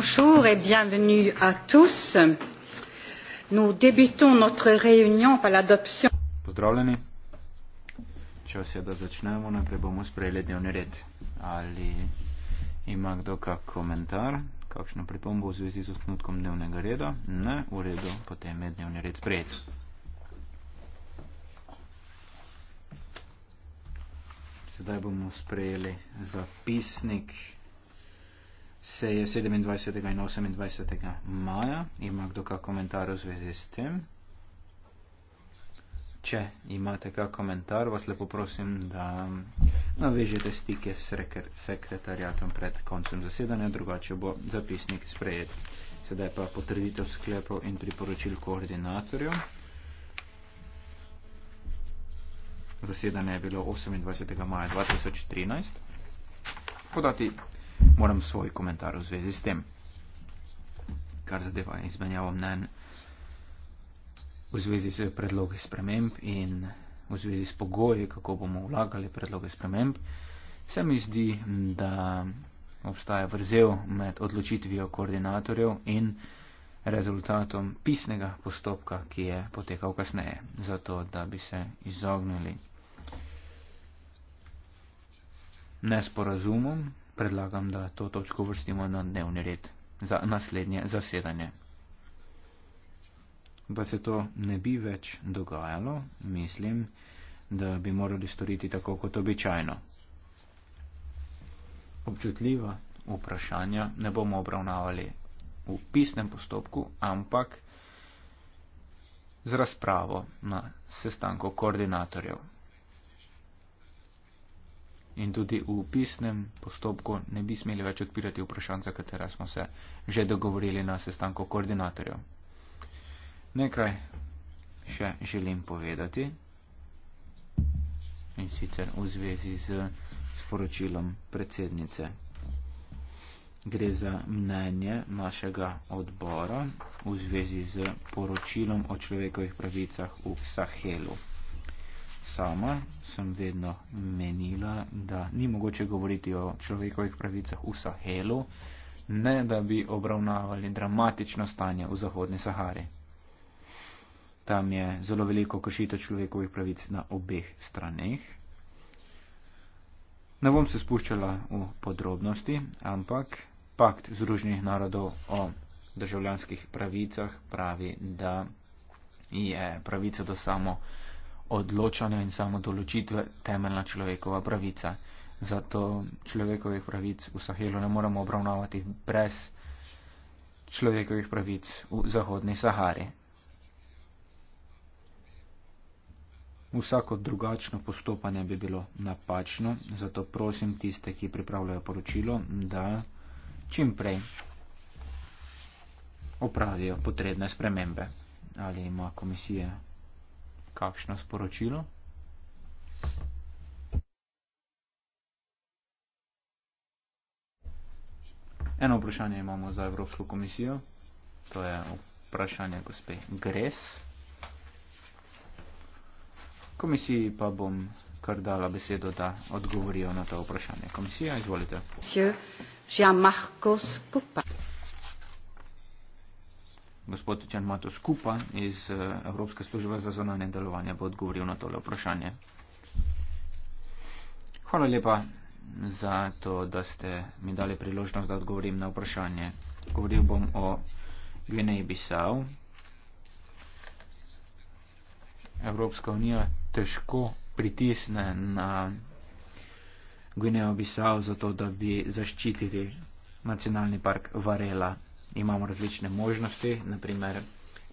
bonjour et bienvenue à tous. Nous débutons notre réunion par l'adoption. Pozdravljeni. Če oseda začnemo, najprej bomo sprejeli dnevni red. Ali ima kdo kak komentar, kakšno pripombo v zvezi z osnutkom dnevnega reda? Ne, v redu, potem je dnevni red sprejet. Sedaj bomo sprejeli zapisnik se je 27. in 28. maja. Ima kdo kak komentar v zvezi s tem? Če imate kak komentar, vas lepo prosim, da navežete stike s sekretarjatom pred koncem zasedanja, drugače bo zapisnik sprejet. Sedaj pa potrditev sklepov in priporočil koordinatorju. Zasedanje je bilo 28. maja 2013. Podati moram svoj komentar v zvezi s tem, kar zadeva izmenjavo mnen v zvezi s predlogi sprememb in v zvezi s pogoji, kako bomo vlagali predloge sprememb, se mi zdi, da obstaja vrzel med odločitvijo koordinatorjev in rezultatom pisnega postopka, ki je potekal kasneje, zato da bi se izognili nesporazumom, predlagam, da to točko vrstimo na dnevni red za naslednje zasedanje. Da se to ne bi več dogajalo, mislim, da bi morali storiti tako kot običajno. Občutljiva vprašanja ne bomo obravnavali v pisnem postopku, ampak z razpravo na sestanku koordinatorjev, in tudi v pisnem postopku ne bi smeli več odpirati vprašanj, za katera smo se že dogovorili na sestanku koordinatorjev. Nekaj še želim povedati in sicer v zvezi z sporočilom predsednice. Gre za mnenje našega odbora v zvezi z poročilom o človekovih pravicah v Sahelu sama sem vedno menila, da ni mogoče govoriti o človekovih pravicah v Sahelu, ne da bi obravnavali dramatično stanje v Zahodni Sahari. Tam je zelo veliko kršitev človekovih pravic na obeh straneh. Ne bom se spuščala v podrobnosti, ampak pakt Združenih narodov o državljanskih pravicah pravi, da je pravica do samo odločanja in samodoločitve temeljna človekova pravica. Zato človekovih pravic v Sahelu ne moremo obravnavati brez človekovih pravic v Zahodni Sahari. Vsako drugačno postopanje bi bilo napačno, zato prosim tiste, ki pripravljajo poročilo, da čim prej opravijo potrebne spremembe ali ima komisija kakšno sporočilo? Eno vprašanje imamo za Evropsko komisijo, to je vprašanje gospe Gres. Komisiji pa bom kar dala besedo, da odgovorijo na to vprašanje. Komisija, izvolite. Monsieur, gospod Tičan Matoš Kupa iz eh, Evropske službe za zonanje delovanje bo odgovoril na tole vprašanje. Hvala lepa za to, da ste mi dali priložnost, da odgovorim na vprašanje. Govoril bom o Gvineji Bisav. Evropska unija težko pritisne na Gvinejo Bisav zato, da bi zaščitili nacionalni park Varela imamo različne možnosti, naprimer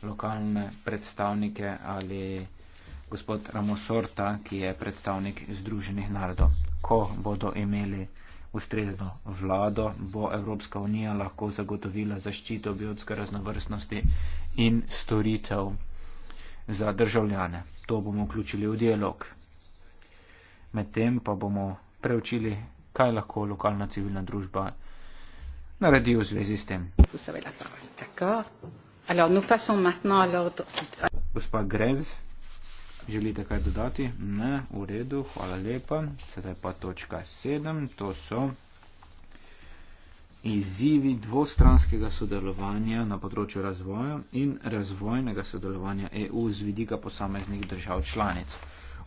lokalne predstavnike ali gospod Ramosorta, ki je predstavnik Združenih narodov. Ko bodo imeli ustrezno vlado, bo Evropska unija lahko zagotovila zaščito biotske raznovrstnosti in storitev za državljane. To bomo vključili v dialog. Medtem pa bomo preučili, kaj lahko lokalna civilna družba naredi v zvezi s tem. Gospa Grez, želite kaj dodati? Ne, v redu, hvala lepa. Sedaj pa točka sedem, to so izzivi dvostranskega sodelovanja na področju razvoja in razvojnega sodelovanja EU z vidika posameznih držav članic.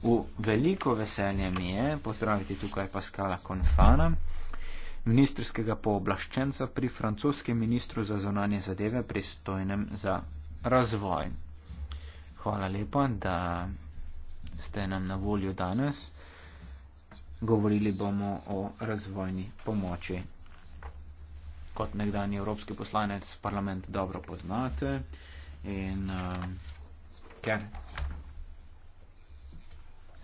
V veliko veselje mi je pozdraviti tukaj Paskala Konfana ministrskega pooblaščenca pri francoskem ministru za zonanje zadeve pristojnem za razvoj. Hvala lepa, da ste nam na voljo danes. Govorili bomo o razvojni pomoči. Kot nekdani evropski poslanec parlament dobro poznate in uh, ker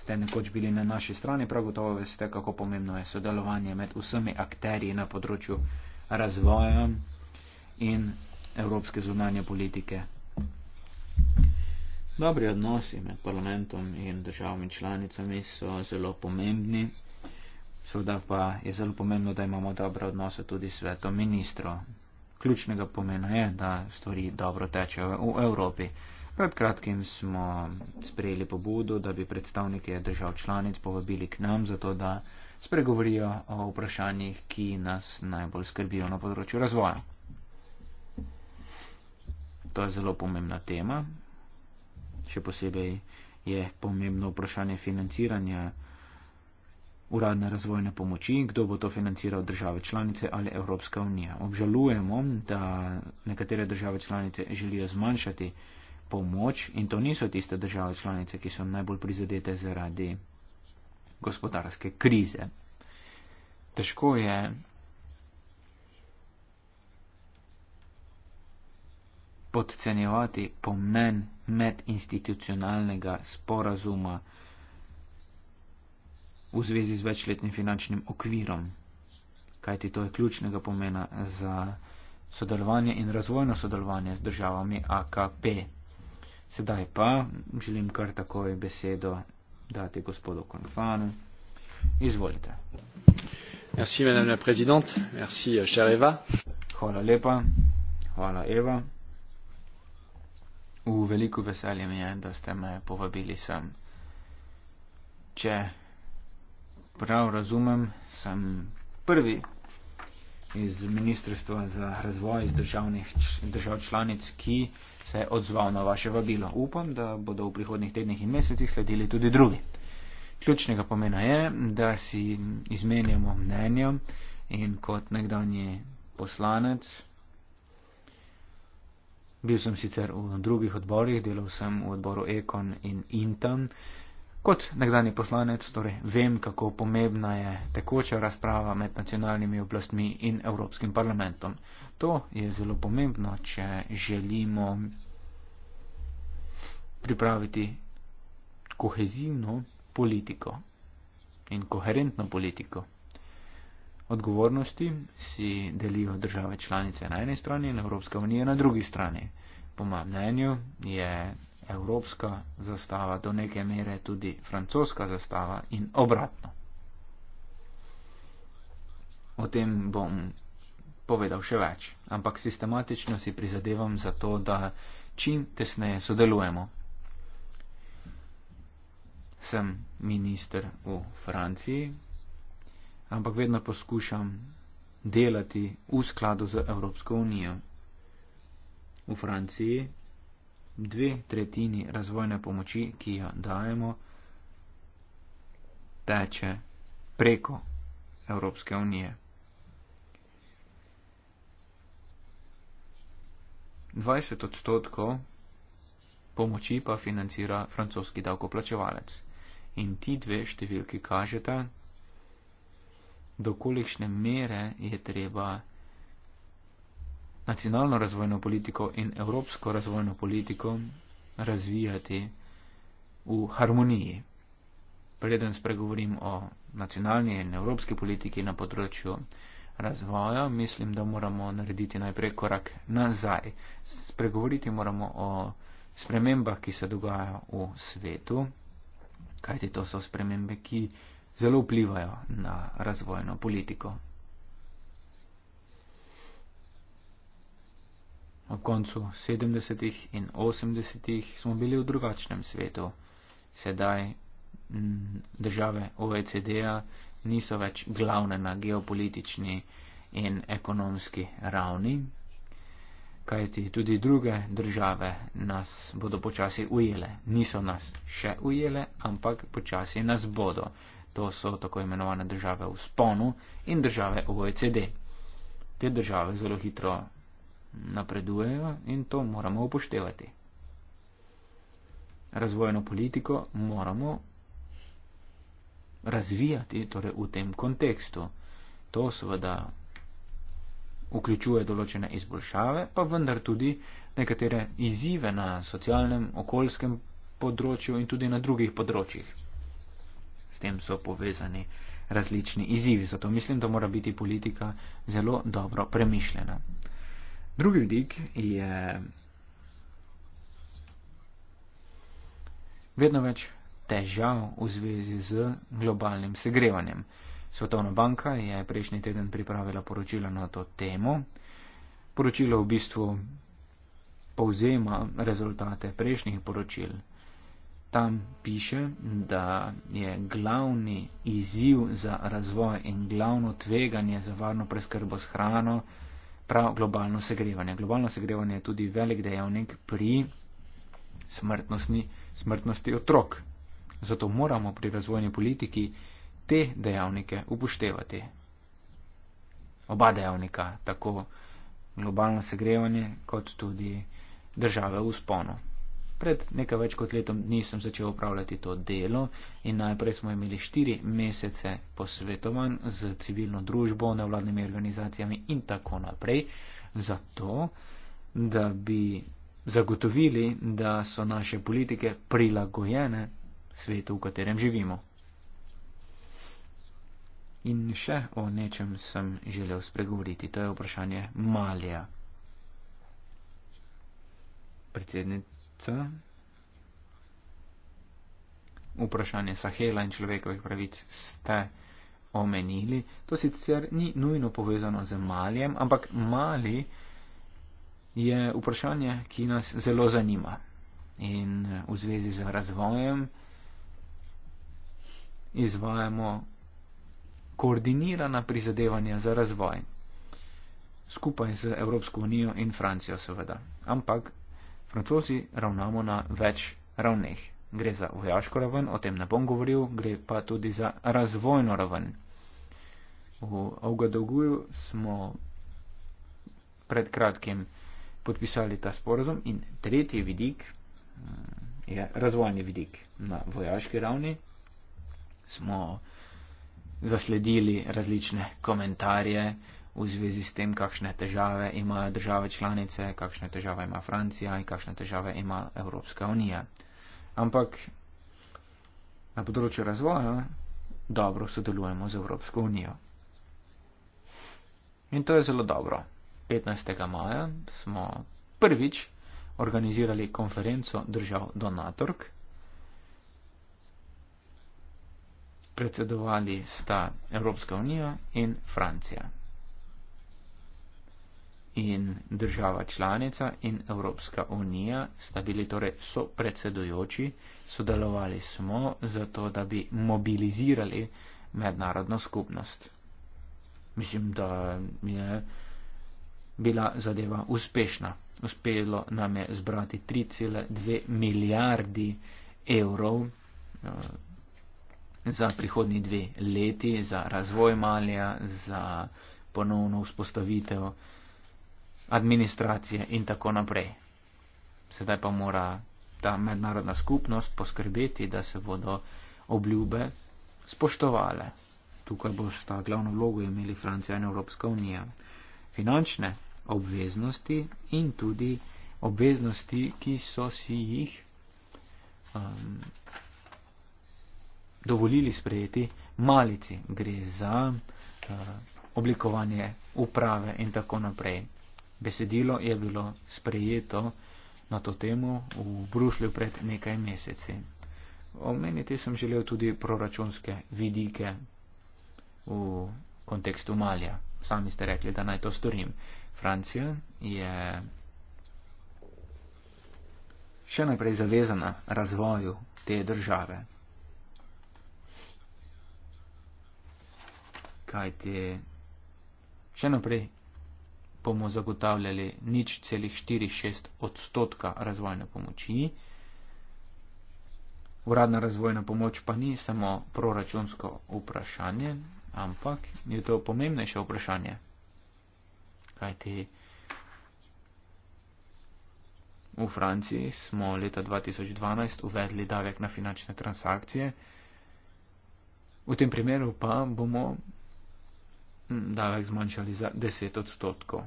ste nekoč bili na naši strani, prav gotovo veste, kako pomembno je sodelovanje med vsemi akterji na področju razvoja in evropske zunanje politike. Dobri odnosi med parlamentom in državami članicami so zelo pomembni, seveda pa je zelo pomembno, da imamo dobre odnose tudi s svetom ministrov. Ključnega pomena je, da stvari dobro tečejo v Evropi. Pred kratkim smo sprejeli pobudo, da bi predstavnike držav članic povabili k nam, zato da spregovorijo o vprašanjih, ki nas najbolj skrbijo na področju razvoja. To je zelo pomembna tema. Še posebej je pomembno vprašanje financiranja uradne razvojne pomoči, kdo bo to financiral države članice ali Evropska unija. Obžalujemo, da nekatere države članice želijo zmanjšati pomoč in to niso tiste države članice, ki so najbolj prizadete zaradi gospodarske krize. Težko je. podcenjevati pomen medinstitucionalnega sporazuma v zvezi z večletnim finančnim okvirom, kajti to je ključnega pomena za sodelovanje in razvojno sodelovanje z državami AKP. Sedaj pa želim kar takoj besedo dati gospodu Konfanu. Izvolite. Merci, madame la présidente. Merci, euh, chère Eva. Hvala lepa. Hvala, Eva. V veliko veselje mi je, da ste me povabili sem. Če prav razumem, sem prvi iz Ministrstva za razvoj iz držav članic, ki se je odzval na vaše vabilo. Upam, da bodo v prihodnih tednih in mesecih sledili tudi drugi. Ključnega pomena je, da si izmenjamo mnenja in kot nekdanji poslanec, bil sem sicer v drugih odborih, delal sem v odboru Ekon in Intam. Kot nekdani poslanec torej vem, kako pomembna je tekoča razprava med nacionalnimi oblastmi in Evropskim parlamentom. To je zelo pomembno, če želimo pripraviti kohezivno politiko in koherentno politiko. Odgovornosti si delijo države članice na eni strani in Evropska unija na drugi strani. Po mojem mnenju je evropska zastava, do neke mere tudi francoska zastava in obratno. O tem bom povedal še več, ampak sistematično si prizadevam za to, da čim tesneje sodelujemo. Sem minister v Franciji, ampak vedno poskušam delati v skladu z Evropsko unijo. V Franciji dve tretjini razvojne pomoči, ki jo dajemo, teče preko Evropske unije. 20 odstotkov pomoči pa financira francoski davkoplačevalec. In ti dve številki kažete, do kolikšne mere je treba nacionalno razvojno politiko in evropsko razvojno politiko razvijati v harmoniji. Preden spregovorim o nacionalni in evropski politiki na področju razvoja, mislim, da moramo narediti najprej korak nazaj. Spregovoriti moramo o spremembah, ki se dogajajo v svetu, kajti to so spremembe, ki zelo vplivajo na razvojno politiko. Na koncu 70-ih in 80-ih smo bili v drugačnem svetu. Sedaj države OECD-a niso več glavne na geopolitični in ekonomski ravni, kajti tudi druge države nas bodo počasi ujele. Niso nas še ujele, ampak počasi nas bodo. To so tako imenovane države v sponu in države OECD. Te države zelo hitro napredujejo in to moramo upoštevati. Razvojno politiko moramo razvijati torej v tem kontekstu. To seveda vključuje določene izboljšave, pa vendar tudi nekatere izzive na socialnem, okoljskem področju in tudi na drugih področjih. S tem so povezani različni izzivi, zato mislim, da mora biti politika zelo dobro premišljena. Drugi vidik je vedno več težav v zvezi z globalnim segrevanjem. Svetovna banka je prejšnji teden pripravila poročilo na to temo. Poročilo v bistvu povzema rezultate prejšnjih poročil. Tam piše, da je glavni izziv za razvoj in glavno tveganje za varno preskrbo s hrano prav globalno segrevanje. Globalno segrevanje je tudi velik dejavnik pri smrtnosti otrok. Zato moramo pri razvojni politiki te dejavnike upoštevati. Oba dejavnika, tako globalno segrevanje kot tudi države v usponu. Pred nekaj več kot letom dni sem začel upravljati to delo in najprej smo imeli štiri mesece posvetovanj z civilno družbo, nevladnimi organizacijami in tako naprej, zato da bi zagotovili, da so naše politike prilagojene svetu, v katerem živimo. In še o nečem sem želel spregovoriti, to je vprašanje Malija. Predsednik C. Vprašanje Sahela in človekovih pravic ste omenili. To sicer ni nujno povezano z Malijem, ampak Mali je vprašanje, ki nas zelo zanima. In eh, v zvezi z razvojem izvajamo koordinirana prizadevanja za razvoj. Skupaj z Evropsko unijo in Francijo seveda. Ampak Francozi ravnamo na več ravneh. Gre za vojaško raven, o tem ne bom govoril, gre pa tudi za razvojno raven. V Augadoguju smo pred kratkim podpisali ta sporozum in tretji vidik mm, je razvojni vidik. Na vojaški ravni smo zasledili različne komentarje, v zvezi s tem, kakšne težave imajo države članice, kakšne težave ima Francija in kakšne težave ima Evropska unija. Ampak na področju razvoja dobro sodelujemo z Evropsko unijo. In to je zelo dobro. 15. maja smo prvič organizirali konferenco držav Donatork. Predsedovali sta Evropska unija in Francija in država članica in Evropska unija sta bili torej so predsedujoči, sodelovali smo zato, da bi mobilizirali mednarodno skupnost. Mislim, da je bila zadeva uspešna. Uspelo nam je zbrati 3,2 milijardi evrov eh, za prihodni dve leti, za razvoj Malija, za ponovno vzpostavitev administracije in tako naprej. Sedaj pa mora ta mednarodna skupnost poskrbeti, da se bodo obljube spoštovale. Tukaj bosta glavno vlogo imeli Francija in Evropska unija. Finančne obveznosti in tudi obveznosti, ki so si jih um, dovolili sprejeti malici. Gre za uh, oblikovanje uprave in tako naprej. Besedilo je bilo sprejeto na to temo v Bruslju pred nekaj meseci. Omeniti sem želel tudi proračunske vidike v kontekstu Malja. Sami ste rekli, da naj to storim. Francija je še naprej zavezana razvoju te države. Kaj ti še naprej bomo zagotavljali nič celih 4,6 odstotka razvojne pomoči. Uradna razvojna pomoč pa ni samo proračunsko vprašanje, ampak je to pomembnejše vprašanje. Kajti v Franciji smo leta 2012 uvedli davek na finančne transakcije, v tem primeru pa bomo davek zmanjšali za 10 odstotkov.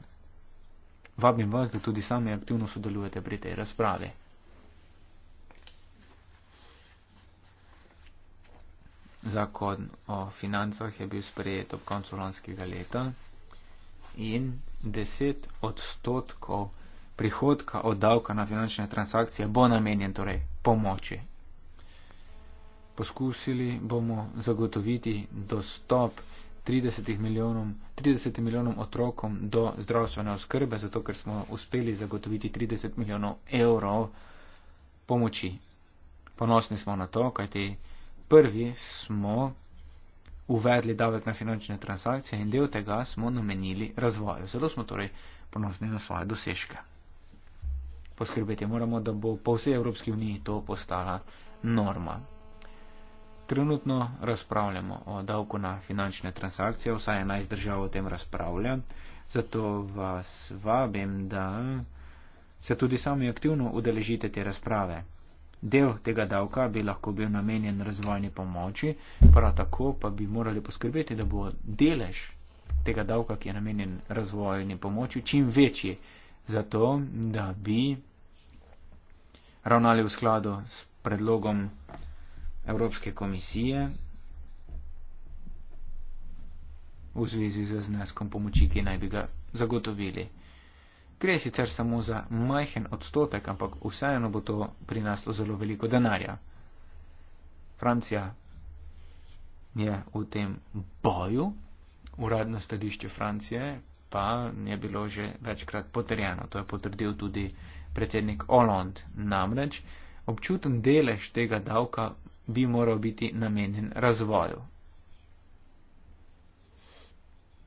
Vabim vas, da tudi sami aktivno sodelujete pri tej razpravi. Zakon o financah je bil sprejet ob koncu lanskega leta in 10 odstotkov prihodka od davka na finančne transakcije bo namenjen torej pomoči. Poskusili bomo zagotoviti dostop 30 milijonom, 30 milijonom otrokom do zdravstvene oskrbe, zato ker smo uspeli zagotoviti 30 milijonov evrov pomoči. Ponosni smo na to, kajti prvi smo uvedli davek na finančne transakcije in del tega smo namenili razvoju. Zelo smo torej ponosni na svoje dosežke. Poskrbeti moramo, da bo po vsej Evropski uniji to postala norma trenutno razpravljamo o davku na finančne transakcije, vsaj 11 držav o tem razpravlja, zato vas vabim, da se tudi sami aktivno udeležite te razprave. Del tega davka bi lahko bil namenjen razvojni pomoči, prav tako pa bi morali poskrbeti, da bo delež tega davka, ki je namenjen razvojni pomoči, čim večji, zato da bi ravnali v skladu s predlogom Evropske komisije v zvezi z zneskom pomoči, ki naj bi ga zagotovili. Gre sicer samo za majhen odstotek, ampak vseeno bo to prineslo zelo veliko denarja. Francija je v tem boju, uradno stališče Francije pa je bilo že večkrat potrjeno. To je potrdil tudi predsednik Hollande. Namreč občuten delež tega davka bi moral biti namenjen razvoju.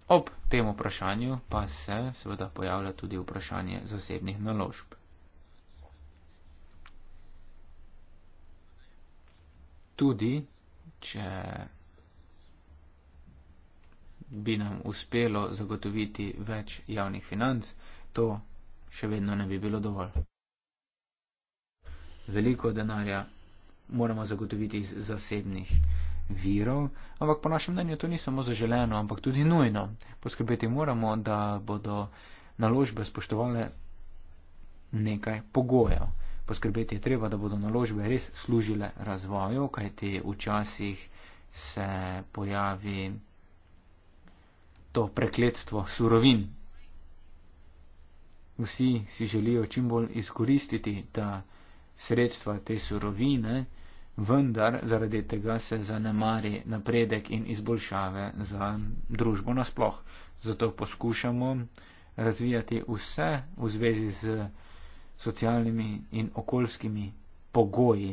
Ob tem vprašanju pa se seveda pojavlja tudi vprašanje zasebnih naložb. Tudi, če bi nam uspelo zagotoviti več javnih financ, to še vedno ne bi bilo dovolj. Veliko denarja moramo zagotoviti iz zasebnih virov, ampak po našem mnenju to ni samo zaželeno, ampak tudi nujno. Poskrbeti moramo, da bodo naložbe spoštovale nekaj pogojev. Poskrbeti je treba, da bodo naložbe res služile razvoju, kajti včasih se pojavi to prekletstvo surovin. Vsi si želijo čim bolj izkoristiti ta sredstva, te surovine, vendar zaradi tega se zanemari napredek in izboljšave za družbo nasploh. Zato poskušamo razvijati vse v zvezi z socialnimi in okoljskimi pogoji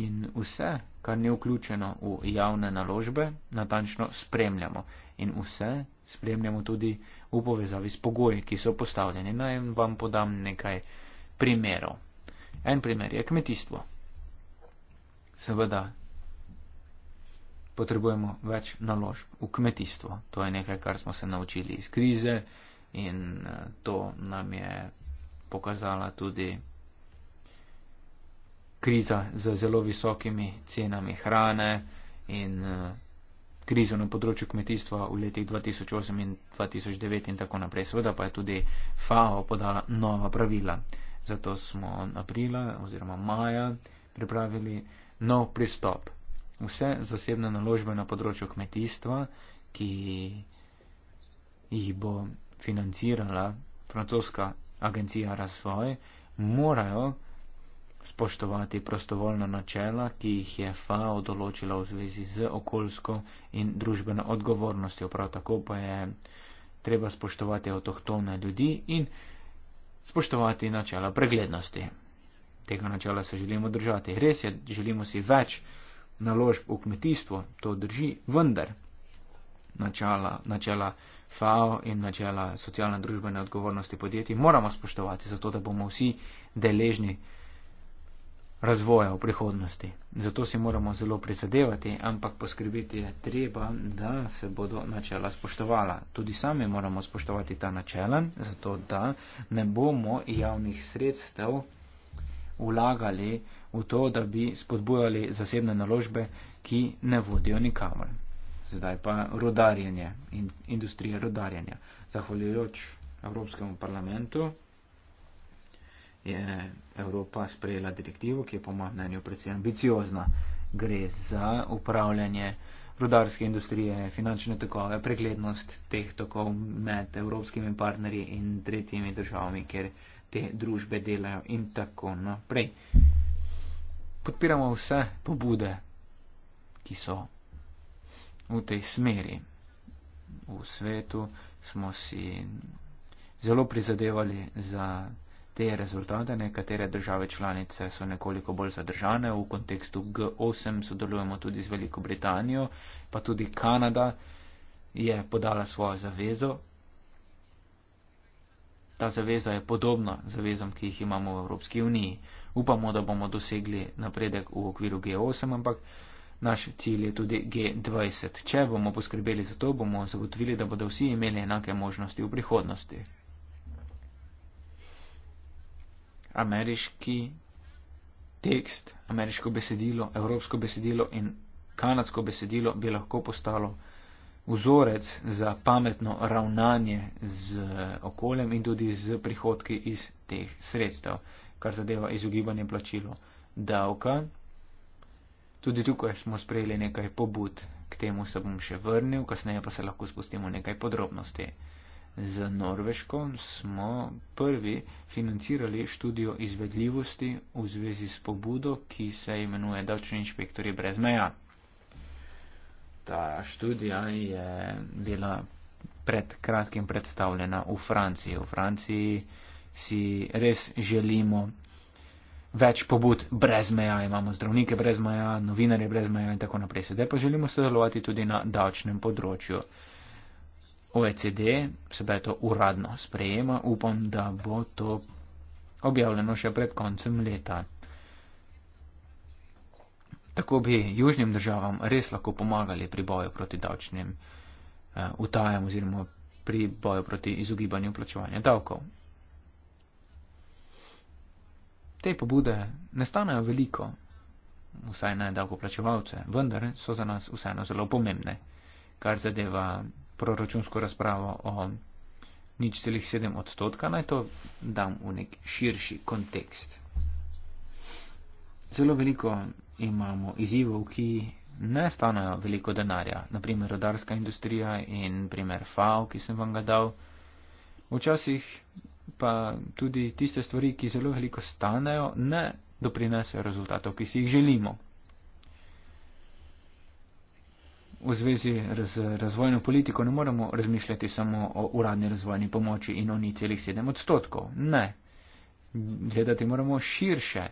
in vse, kar ni vključeno v javne naložbe, natančno spremljamo in vse spremljamo tudi v povezavi s pogoji, ki so postavljeni. Naj vam podam nekaj primerov. En primer je kmetijstvo seveda potrebujemo več naložb v kmetijstvo. To je nekaj, kar smo se naučili iz krize in eh, to nam je pokazala tudi kriza z zelo visokimi cenami hrane in eh, krizo na področju kmetijstva v letih 2008 in 2009 in tako naprej. Seveda pa je tudi FAO podala nova pravila. Zato smo aprila oziroma maja pripravili nov pristop. Vse zasebne naložbe na področju kmetijstva, ki jih bo financirala francoska agencija Razvoj, morajo spoštovati prostovoljna načela, ki jih je FAO določila v zvezi z okoljsko in družbeno odgovornostjo. Prav tako pa je treba spoštovati avtohtone ljudi in spoštovati načela preglednosti tega načela se želimo držati. Res je, želimo si več naložb v kmetijstvo, to drži, vendar načela, načela FAO in načela socialne družbene odgovornosti podjetij moramo spoštovati, zato da bomo vsi deležni razvoja v prihodnosti. Zato si moramo zelo prizadevati, ampak poskrbiti je treba, da se bodo načela spoštovala. Tudi sami moramo spoštovati ta načela, zato da ne bomo javnih sredstev vlagali v to, da bi spodbujali zasebne naložbe, ki ne vodijo nikamor. Zdaj pa rodarjenje in industrija rodarjenja. Zahvaljujoč Evropskemu parlamentu je Evropa sprejela direktivo, ki je po mojem mnenju predvsej ambiciozna. Gre za upravljanje rodarske industrije, finančne tokove, preglednost teh tokov med evropskimi partnerji in tretjimi državami, ker te družbe delajo in tako naprej. Podpiramo vse pobude, ki so v tej smeri. V svetu smo si zelo prizadevali za te rezultate, nekatere države članice so nekoliko bolj zadržane, v kontekstu G8 sodelujemo tudi z Veliko Britanijo, pa tudi Kanada je podala svojo zavezo Ta zaveza je podobna zavezam, ki jih imamo v Evropski uniji. Upamo, da bomo dosegli napredek v okviru G8, ampak naš cilj je tudi G20. Če bomo poskrbeli za to, bomo zagotovili, da bodo vsi imeli enake možnosti v prihodnosti. Ameriški tekst, ameriško besedilo, evropsko besedilo in kanadsko besedilo bi lahko postalo vzorec za pametno ravnanje z okoljem in tudi z prihodki iz teh sredstev, kar zadeva izogibanje plačilo davka. Tudi tukaj smo sprejeli nekaj pobud, k temu se bom še vrnil, kasneje pa se lahko spustimo nekaj podrobnosti. Z Norveško smo prvi financirali študijo izvedljivosti v zvezi s pobudo, ki se imenuje Davčni inšpektori brez meja ta študija je bila pred kratkim predstavljena v Franciji. V Franciji si res želimo več pobud brez meja, imamo zdravnike brez meja, novinarje brez meja in tako naprej. Sedaj pa želimo sodelovati tudi na davčnem področju. OECD sebe to uradno sprejema, upam, da bo to objavljeno še pred koncem leta. Tako bi južnim državam res lahko pomagali pri boju proti davčnim eh, utajam oziroma pri boju proti izogibanju plačevanja davkov. Te pobude ne stanejo veliko, vsaj na davkoplačevalce, vendar so za nas vseeno zelo pomembne, kar zadeva proračunsko razpravo o nič celih sedem odstotka, naj to dam v nek širši kontekst. Zelo veliko imamo izzivov, ki ne stanejo veliko denarja, naprimer rodarska industrija in primer FAO, ki sem vam ga dal. Včasih pa tudi tiste stvari, ki zelo veliko stanejo, ne doprinesejo rezultatov, ki si jih želimo. V zvezi z razvojno politiko ne moremo razmišljati samo o uradni razvojni pomoči in o ni celih 7 odstotkov. Ne. Gledati moramo širše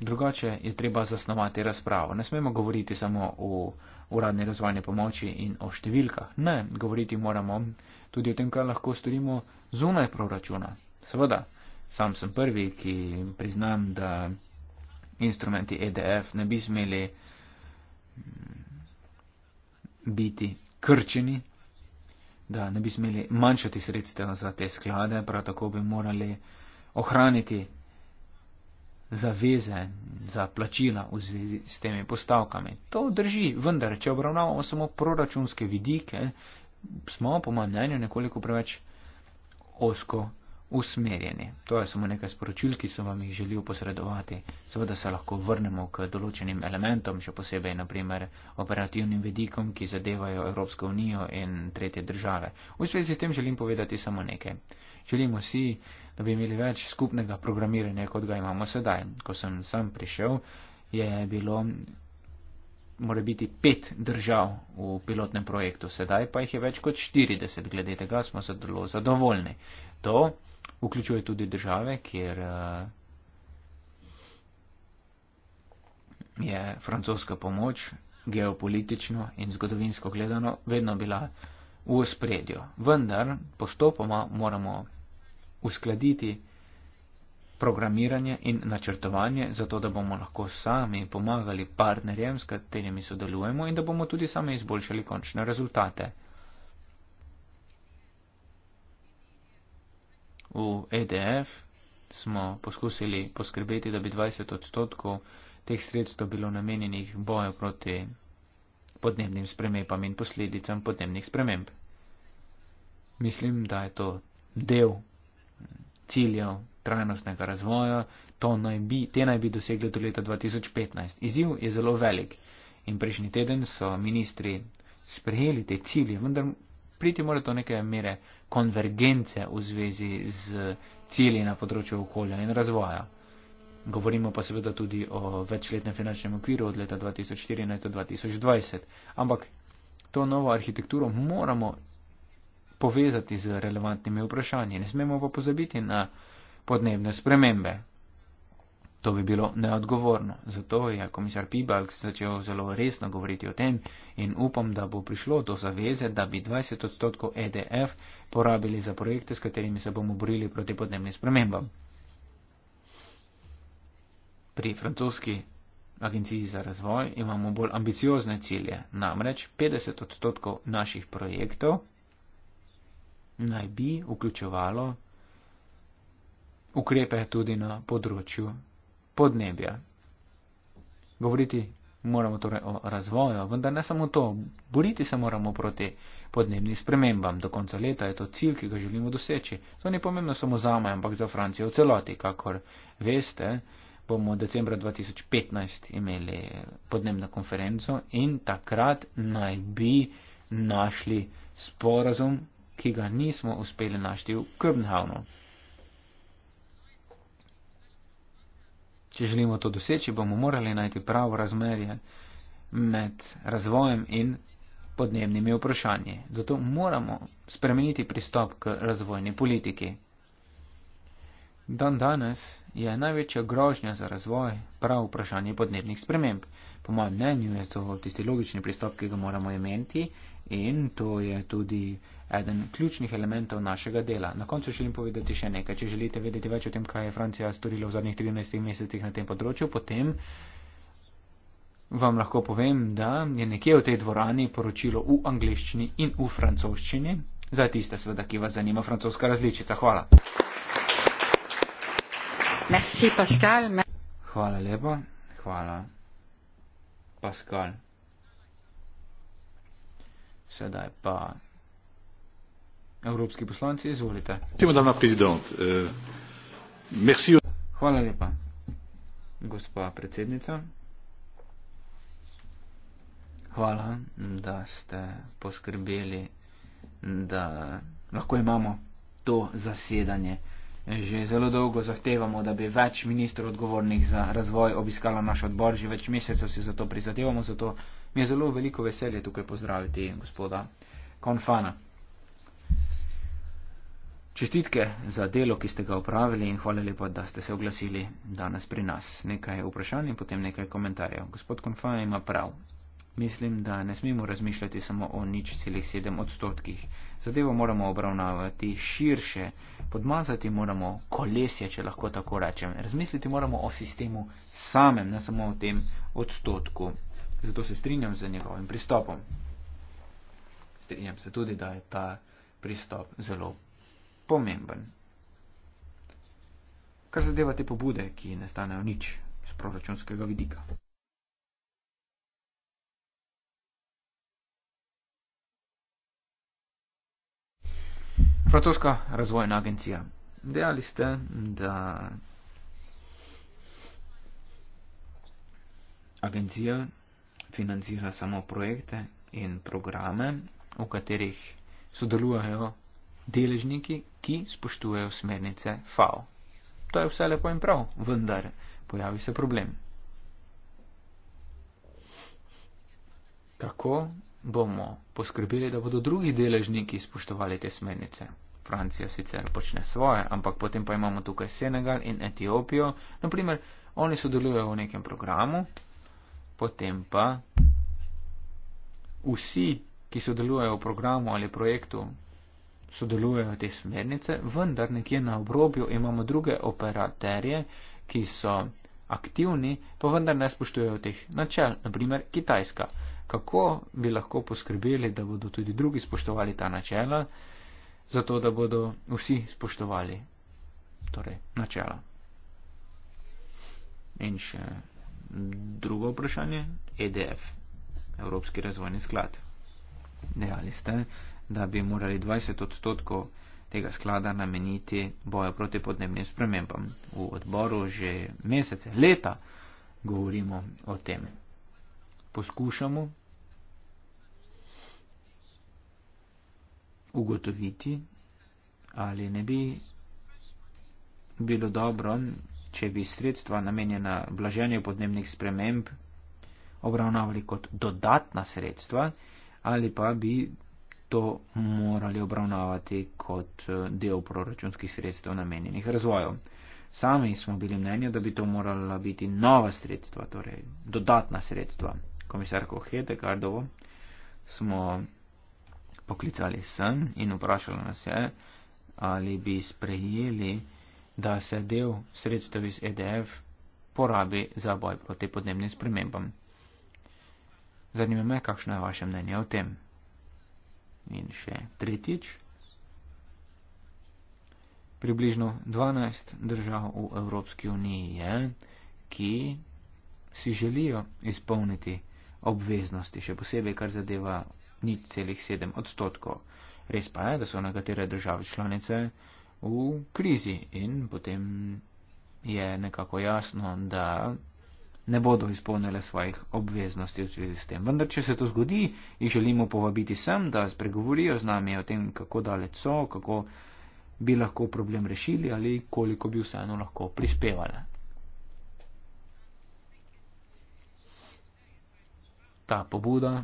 drugače je treba zasnovati razpravo. Ne smemo govoriti samo o uradni razvojni pomoči in o številkah. Ne, govoriti moramo tudi o tem, kaj lahko storimo zunaj proračuna. Seveda, sam sem prvi, ki priznam, da instrumenti EDF ne bi smeli mm, biti krčeni, da ne bi smeli manjšati sredstev za te sklade, prav tako bi morali ohraniti zaveze za plačila v zvezi s temi postavkami. To drži, vendar, če obravnavamo samo proračunske vidike, smo po mojem mnenju nekoliko preveč osko usmerjeni. To je samo nekaj sporočil, ki sem vam jih želel posredovati. Seveda se lahko vrnemo k določenim elementom, še posebej naprimer operativnim vedikom, ki zadevajo Evropsko unijo in tretje države. V zvezi s tem želim povedati samo nekaj. Želimo si, da bi imeli več skupnega programiranja, kot ga imamo sedaj. Ko sem sam prišel, je bilo mora biti pet držav v pilotnem projektu, sedaj pa jih je več kot 40, glede tega smo zelo zadovoljni. To vključuje tudi države, kjer eh, je francoska pomoč geopolitično in zgodovinsko gledano vedno bila v spredju. Vendar postopoma moramo uskladiti programiranje in načrtovanje, zato da bomo lahko sami pomagali partnerjem, s katerimi sodelujemo in da bomo tudi sami izboljšali končne rezultate. V EDF smo poskusili poskrbeti, da bi 20 odstotkov teh sredstev bilo namenjenih boju proti podnebnim spremembam in posledicam podnebnih sprememb. Mislim, da je to del ciljev trajnostnega razvoja, naj bi, te naj bi dosegli do leta 2015. Izziv je zelo velik in prejšnji teden so ministri sprejeli te cilje, vendar priti mora to neke mere konvergence v zvezi z cilji na področju okolja in razvoja. Govorimo pa seveda tudi o večletnem finančnem okviru od leta 2014 do 2020. Ampak to novo arhitekturo moramo povezati z relevantnimi vprašanji. Ne smemo pa pozabiti na podnebne spremembe. To bi bilo neodgovorno. Zato je komisar Pibalk začel zelo resno govoriti o tem in upam, da bo prišlo do zaveze, da bi 20 odstotkov EDF porabili za projekte, s katerimi se bomo borili proti podnebnim spremembam. Pri francoski agenciji za razvoj imamo bolj ambiciozne cilje, namreč 50 odstotkov naših projektov naj bi vključevalo ukrepe tudi na področju podnebja. Govoriti moramo torej o razvoju, vendar ne samo to, boriti se moramo proti podnebnim spremembam. Do konca leta je to cilj, ki ga želimo doseči. To ni pomembno samo za me, ampak za Francijo v celoti, kakor veste bomo decembra 2015 imeli podnebno konferenco in takrat naj bi našli sporazum, ki ga nismo uspeli našti v Köbenhavnu. Če želimo to doseči, bomo morali najti pravo razmerje med razvojem in podnebnimi vprašanji. Zato moramo spremeniti pristop k razvojni politiki. Dan danes je največja grožnja za razvoj prav vprašanje podnebnih sprememb. Po mojem mnenju je to tisti logični pristop, ki ga moramo imeti in to je tudi eden ključnih elementov našega dela. Na koncu želim povedati še nekaj. Če želite vedeti več o tem, kaj je Francija storila v zadnjih 13 mesecih na tem področju, potem vam lahko povem, da je nekje v tej dvorani poročilo v angleščini in v francoščini. Za tiste, sveda, ki vas zanima francoska različica. Hvala. Merci, Pascal. Hvala lepa, hvala, Pascal. Sedaj pa evropski poslanci, izvolite. Euh, hvala lepa, gospa predsednica. Hvala, da ste poskrbeli, da lahko imamo to zasedanje. Že zelo dolgo zahtevamo, da bi več ministrov odgovornih za razvoj obiskala naš odbor, že več mesecev si za to prizadevamo, zato mi je zelo veliko veselje tukaj pozdraviti gospoda Konfana. Čestitke za delo, ki ste ga upravili in hvala lepa, da ste se oglasili danes pri nas. Nekaj vprašanj in potem nekaj komentarjev. Gospod Konfana ima prav. Mislim, da ne smemo razmišljati samo o nič celih sedem odstotkih. Zadevo moramo obravnavati širše, podmazati moramo kolesje, če lahko tako rečem. Razmisliti moramo o sistemu samem, ne samo o tem odstotku. Zato se strinjam z njegovim pristopom. Strinjam se tudi, da je ta pristop zelo pomemben. Kar zadeva te pobude, ki ne stanejo nič z proračunskega vidika. Francoska razvojna agencija. Dejali ste, da agencija financira samo projekte in programe, v katerih sodelujejo deležniki, ki spoštujejo smernice FAO. To je vse lepo in prav, vendar pojavi se problem. Kako bomo poskrbeli, da bodo drugi deležniki spoštovali te smernice? Francija sicer počne svoje, ampak potem pa imamo tukaj Senegal in Etiopijo. Naprimer, oni sodelujejo v nekem programu, potem pa vsi, ki sodelujejo v programu ali projektu, sodelujejo te smernice, vendar nekje na obrobju imamo druge operaterje, ki so aktivni, pa vendar ne spoštujejo teh načel, naprimer Kitajska. Kako bi lahko poskrbeli, da bodo tudi drugi spoštovali ta načela? zato da bodo vsi spoštovali torej, načela. In še drugo vprašanje, EDF, Evropski razvojni sklad. Dejali ste, da bi morali 20 odstotkov tega sklada nameniti boju proti podnebnim spremembam. V odboru že mesece, leta govorimo o tem. Poskušamo ugotoviti, ali ne bi bilo dobro, če bi sredstva namenjena blaženju podnebnih sprememb obravnavali kot dodatna sredstva, ali pa bi to morali obravnavati kot eh, del proračunskih sredstev namenjenih razvojev. Sami smo bili mnenja, da bi to morala biti nova sredstva, torej dodatna sredstva. Komisarko Hedegardovo smo poklicali sen in vprašali nas je, ali bi sprejeli, da se del sredstev iz EDF porabi za boj proti podnebnim spremembam. Zanima me, kakšno je vaše mnenje o tem. In še tretjič. Približno 12 držav v Evropski uniji je, ki si želijo izpolniti obveznosti, še posebej kar zadeva nič celih sedem odstotkov. Res pa je, da so nekatere države članice v krizi in potem je nekako jasno, da ne bodo izpolnile svojih obveznosti v zvezi s tem. Vendar, če se to zgodi, jih želimo povabiti sem, da spregovorijo z nami o tem, kako daleč so, kako bi lahko problem rešili ali koliko bi vseeno lahko prispevali. Ta pobuda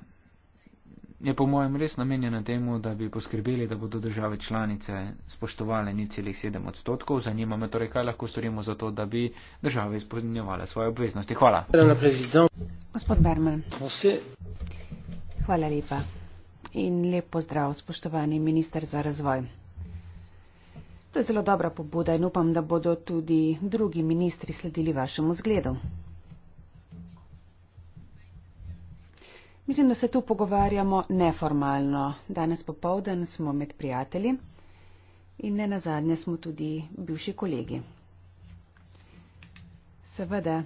je po mojem res namenjena temu, da bi poskrbeli, da bodo države članice spoštovale ni celih sedem odstotkov. Zanima me torej, kaj lahko storimo za to, da bi države izpolnjevale svoje obveznosti. Hvala. Gospod Berman. Vse. Hvala lepa. In lep pozdrav, spoštovani minister za razvoj. To je zelo dobra pobuda in upam, da bodo tudi drugi ministri sledili vašemu zgledu. Mislim, da se tu pogovarjamo neformalno. Danes popovdan smo med prijatelji in ne nazadnje smo tudi bivši kolegi. Seveda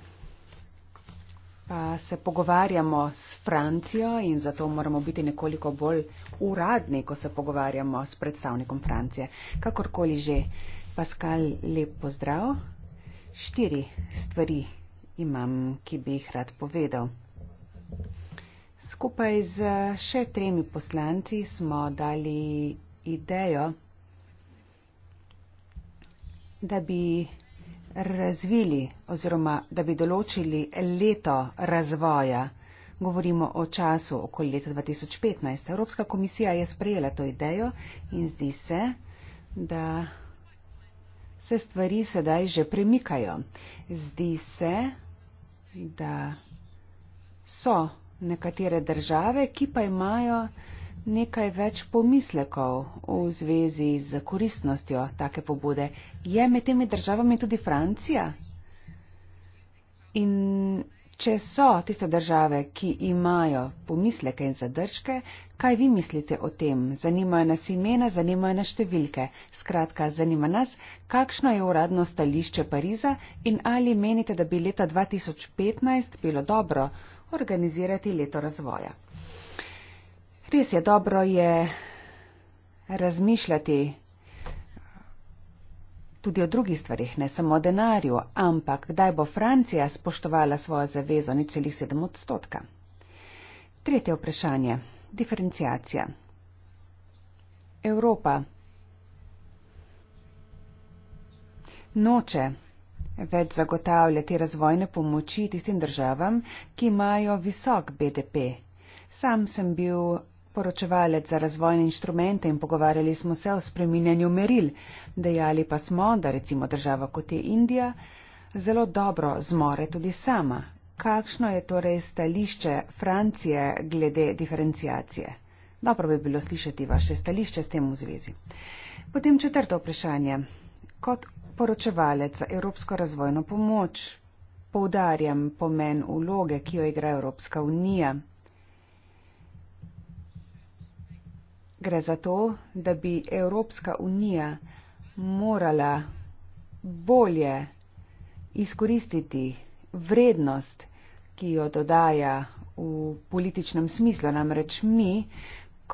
pa se pogovarjamo s Francijo in zato moramo biti nekoliko bolj uradni, ko se pogovarjamo s predstavnikom Francije. Kakorkoli že, Pascal, lep pozdrav. Štiri stvari imam, ki bi jih rad povedal. Skupaj z še tremi poslanci smo dali idejo, da bi razvili oziroma da bi določili leto razvoja. Govorimo o času okoli leta 2015. Evropska komisija je sprejela to idejo in zdi se, da se stvari sedaj že premikajo. Zdi se, da so nekatere države, ki pa imajo nekaj več pomislekov v zvezi z koristnostjo take pobude. Je med temi državami tudi Francija? In če so tiste države, ki imajo pomisleke in zadržke, kaj vi mislite o tem? Zanimajo nas imena, zanimajo nas številke. Skratka, zanima nas, kakšno je uradno stališče Pariza in ali menite, da bi leta 2015 bilo dobro organizirati leto razvoja. Res je, dobro je razmišljati tudi o drugih stvarih, ne samo o denarju, ampak kdaj bo Francija spoštovala svojo zavezo ni celih sedem odstotka. Tretje vprašanje. Diferencijacija. Evropa noče več zagotavljati razvojne pomoči tistim državam, ki imajo visok BDP. Sam sem bil poročevalec za razvojne inštrumente in pogovarjali smo se o spreminjanju meril. Dejali pa smo, da recimo država kot je Indija zelo dobro zmore tudi sama. Kakšno je torej stališče Francije glede diferencijacije? Dobro bi bilo slišati vaše stališče s tem v zvezi. Potem četrto vprašanje. Kot poročevalec za Evropsko razvojno pomoč. Poudarjam pomen vloge, ki jo igra Evropska unija. Gre za to, da bi Evropska unija morala bolje izkoristiti vrednost, ki jo dodaja v političnem smislu. Namreč mi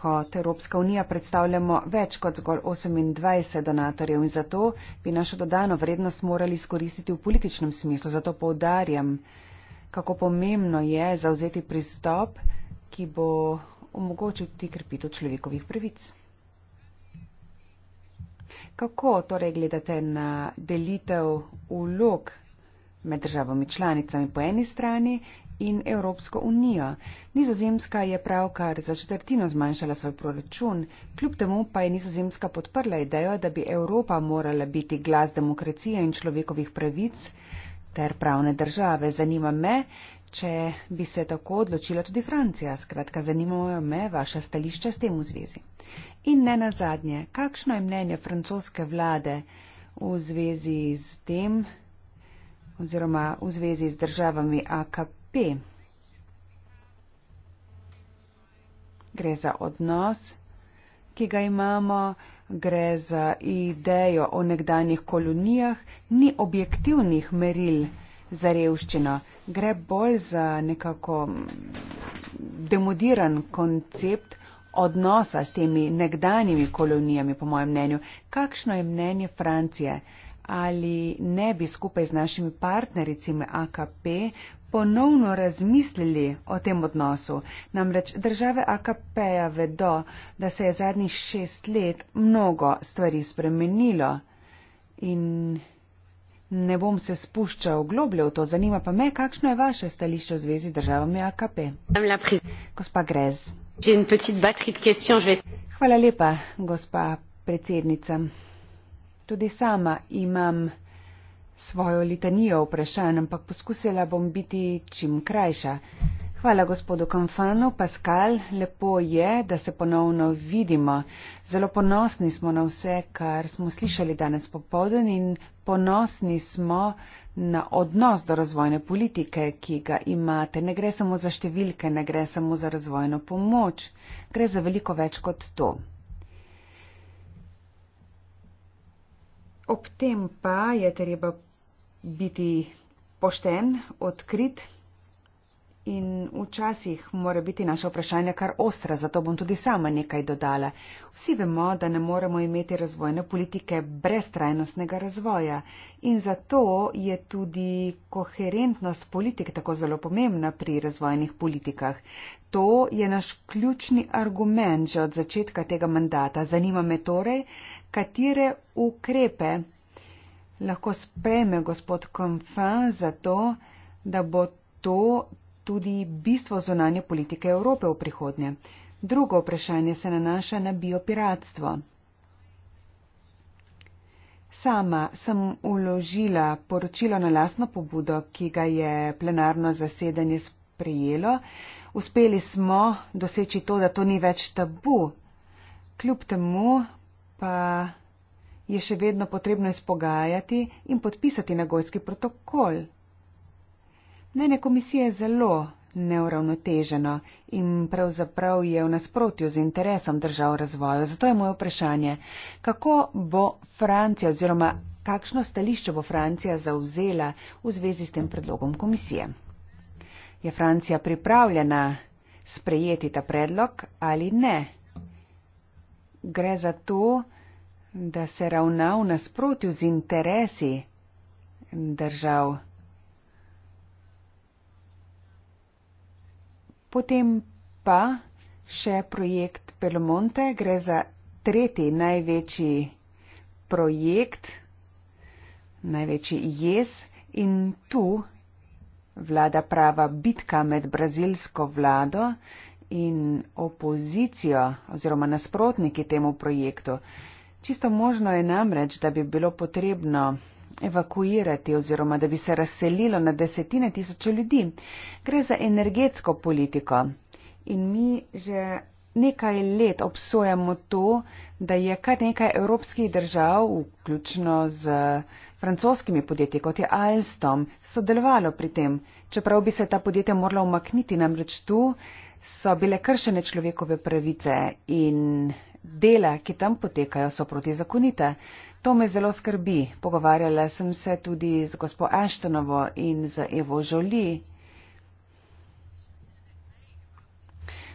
kot Evropska unija predstavljamo več kot zgolj 28 donatorjev in zato bi našo dodano vrednost morali izkoristiti v političnem smislu. Zato poudarjam, kako pomembno je zauzeti pristop, ki bo omogočil ti krepito človekovih pravic. Kako torej gledate na delitev vlog med državami članicami po eni strani in Evropsko unijo. Nizozemska je pravkar za četrtino zmanjšala svoj proračun, kljub temu pa je Nizozemska podprla idejo, da bi Evropa morala biti glas demokracije in človekovih pravic ter pravne države. Zanima me, če bi se tako odločila tudi Francija. Skratka, zanimajo me vaše stališče s tem v zvezi. In ne nazadnje, kakšno je mnenje francoske vlade v zvezi s tem, oziroma v zvezi z državami AKP, P. Gre za odnos, ki ga imamo, gre za idejo o nekdanjih kolonijah, ni objektivnih meril za revščino, gre bolj za nekako mm, demodiran koncept odnosa s temi nekdanjimi kolonijami, po mojem mnenju. Kakšno je mnenje Francije? ali ne bi skupaj z našimi partnericami AKP ponovno razmislili o tem odnosu. Namreč države AKP-ja vedo, da se je zadnjih šest let mnogo stvari spremenilo in ne bom se spuščal globlje v to. Zanima pa me, kakšno je vaše stališče v zvezi z državami AKP. Gospa Grez. Hvala lepa, gospa predsednica. Tudi sama imam svojo litanijo vprašanj, ampak poskusila bom biti čim krajša. Hvala gospodu Konfanu, Pascal, lepo je, da se ponovno vidimo. Zelo ponosni smo na vse, kar smo slišali danes popoldan in ponosni smo na odnos do razvojne politike, ki ga imate. Ne gre samo za številke, ne gre samo za razvojno pomoč, gre za veliko več kot to. Ob tem pa je treba biti pošten, odkrit in včasih mora biti naše vprašanje kar ostra, zato bom tudi sama nekaj dodala. Vsi vemo, da ne moremo imeti razvojne politike brez trajnostnega razvoja in zato je tudi koherentnost politik tako zelo pomembna pri razvojnih politikah. To je naš ključni argument že od začetka tega mandata. Zanima me torej, katere ukrepe lahko sprejme gospod Konfan za to, da bo to tudi bistvo zunanje politike Evrope v prihodnje. Drugo vprašanje se nanaša na biopiratstvo. Sama sem uložila poročilo na lasno pobudo, ki ga je plenarno zasedanje sprejelo, uspeli smo doseči to, da to ni več tabu. Kljub temu pa je še vedno potrebno izpogajati in podpisati nagojski protokol. Mnenje komisije je zelo neuravnoteženo in pravzaprav je v nasprotju z interesom držav razvoja. Zato je moje vprašanje, kako bo Francija oziroma kakšno stališče bo Francija zauzela v zvezi s tem predlogom komisije. Je Francija pripravljena sprejeti ta predlog ali ne? Gre za to, da se ravna v nasprotju z interesi držav. Potem pa še projekt Pelomonte, gre za tretji največji projekt, največji jez in tu vlada prava bitka med brazilsko vlado in opozicijo oziroma nasprotniki temu projektu. Čisto možno je namreč, da bi bilo potrebno evakuirati oziroma da bi se razselilo na desetine tisoče ljudi. Gre za energetsko politiko in mi že nekaj let obsojamo to, da je kar nekaj evropskih držav, vključno z francoskimi podjetji kot je Alstom, sodelovalo pri tem. Čeprav bi se ta podjetja morala umakniti, namreč tu so bile kršene človekove pravice in dela, ki tam potekajo, so protizakonite. To me zelo skrbi. Pogovarjala sem se tudi z gospo Ashtonovo in z Evo Žoli,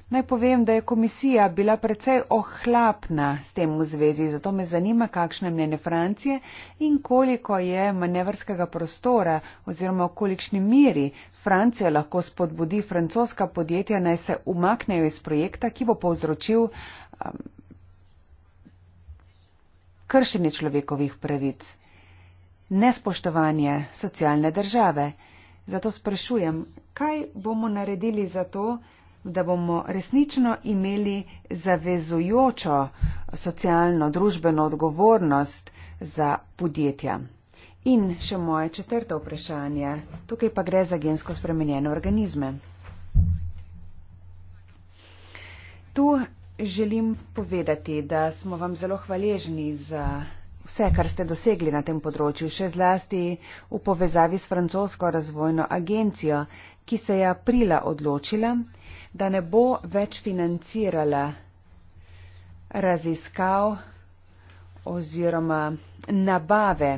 Naj povem, da je komisija bila precej ohlapna s tem v zvezi, zato me zanima, kakšne mnenje Francije in koliko je manevrskega prostora oziroma v kolikšni miri Francija lahko spodbudi francoska podjetja, naj se umaknejo iz projekta, ki bo povzročil um, kršenje človekovih pravic, nespoštovanje socialne države. Zato sprašujem, kaj bomo naredili za to, da bomo resnično imeli zavezujočo socialno, družbeno odgovornost za podjetja. In še moje četrto vprašanje. Tukaj pa gre za gensko spremenjene organizme. Tu želim povedati, da smo vam zelo hvaležni za vse, kar ste dosegli na tem področju, še zlasti v povezavi s francosko razvojno agencijo, ki se je aprila odločila, da ne bo več financirala raziskav oziroma nabave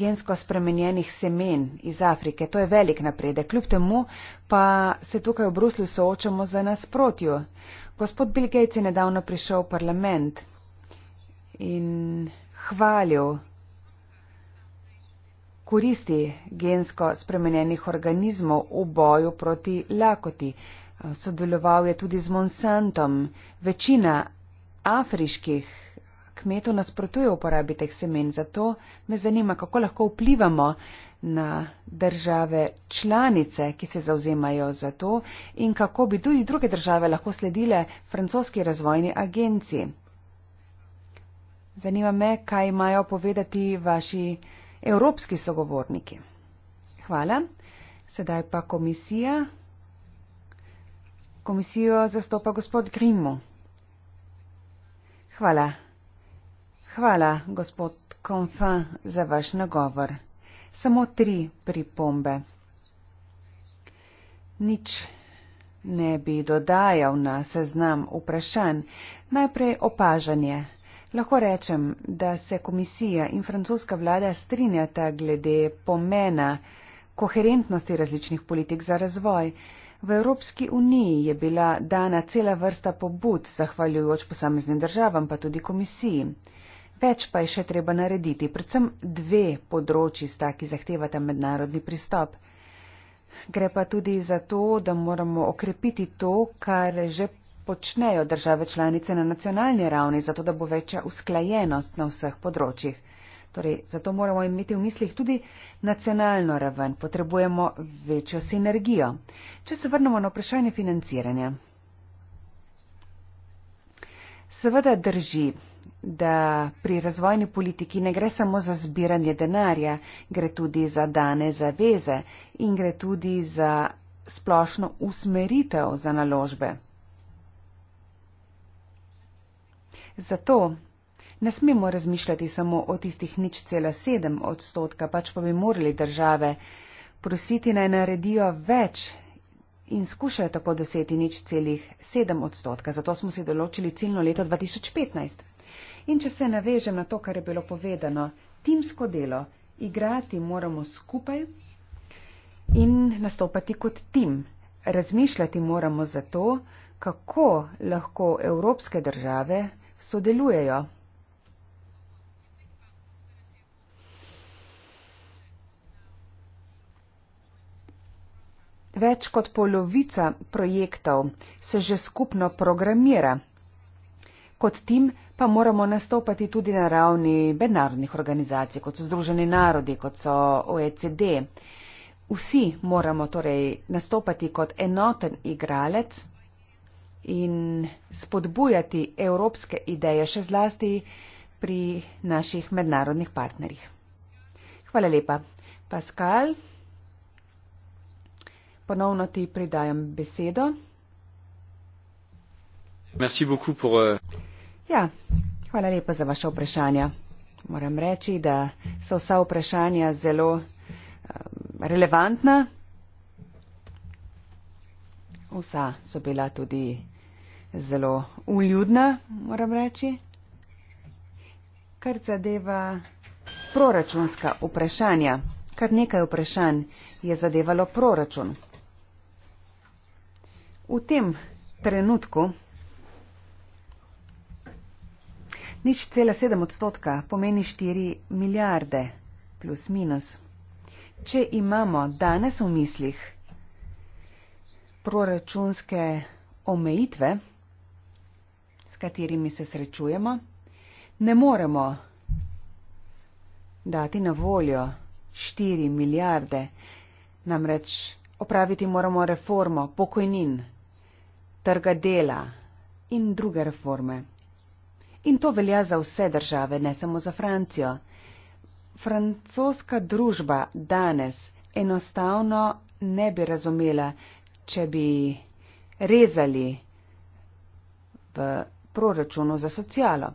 gensko spremenjenih semen iz Afrike. To je velik napredek. Kljub temu pa se tukaj v Bruslju soočamo za nasprotjo. Gospod Bill Gates je nedavno prišel v parlament in hvalil koristi gensko spremenjenih organizmov v boju proti lakoti. Eh, sodeloval je tudi z Monsantom. Večina afriških kmetov nasprotuje uporabi teh semen, zato me zanima, kako lahko vplivamo na države članice, ki se zauzemajo za to in kako bi tudi druge države lahko sledile francoski razvojni agenciji. Zanima me, kaj imajo povedati vaši evropski sogovorniki. Hvala. Sedaj pa komisija. Komisijo zastopa gospod Grimmo. Hvala. Hvala, gospod Konfa, za vaš nagovor. Samo tri pripombe. Nič ne bi dodajal na seznam vprašanj. Najprej opažanje. Lahko rečem, da se komisija in francoska vlada strinjata glede pomena koherentnosti različnih politik za razvoj. V Evropski uniji je bila dana cela vrsta pobud, zahvaljujoč posameznim državam, pa tudi komisiji. Več pa je še treba narediti, predvsem dve področji sta, ki zahtevata mednarodni pristop. Gre pa tudi za to, da moramo okrepiti to, kar že počnejo države članice na nacionalni ravni, zato da bo večja usklajenost na vseh področjih. Torej, zato moramo imeti v mislih tudi nacionalno raven, potrebujemo večjo sinergijo. Če se vrnemo na vprašanje financiranja. Seveda drži, da pri razvojni politiki ne gre samo za zbiranje denarja, gre tudi za dane zaveze in gre tudi za splošno usmeritev za naložbe. Zato Ne smemo razmišljati samo o tistih nič cela sedem odstotka, pač pa bi morali države prositi naj naredijo več in skušajo tako doseti nič celih sedem odstotka. Zato smo si določili ciljno leto 2015. In če se navežem na to, kar je bilo povedano, timsko delo, igrati moramo skupaj in nastopati kot tim. Razmišljati moramo zato, kako lahko evropske države sodelujejo Več kot polovica projektov se že skupno programira. Kot tim pa moramo nastopati tudi na ravni mednarodnih organizacij, kot so Združeni narodi, kot so OECD. Vsi moramo torej nastopati kot enoten igralec in spodbujati evropske ideje še zlasti pri naših mednarodnih partnerjih. Hvala lepa. Pascal ponovno ti predajam besedo. Pour... Euh, ja, hvala lepa za vaše vprašanja. Moram reči, da so vsa vprašanja zelo eh, relevantna. Vsa so bila tudi zelo uljudna, moram reči. Kar zadeva proračunska vprašanja, kar nekaj vprašanj je zadevalo proračun v tem trenutku nič cela sedem odstotka pomeni štiri milijarde plus minus. Če imamo danes v mislih proračunske omejitve, s katerimi se srečujemo, ne moremo dati na voljo 4 milijarde, namreč opraviti moramo reformo pokojnin, trga dela in druge reforme. In to velja za vse države, ne samo za Francijo. Francoska družba danes enostavno ne bi razumela, če bi rezali v proračunu za socialo.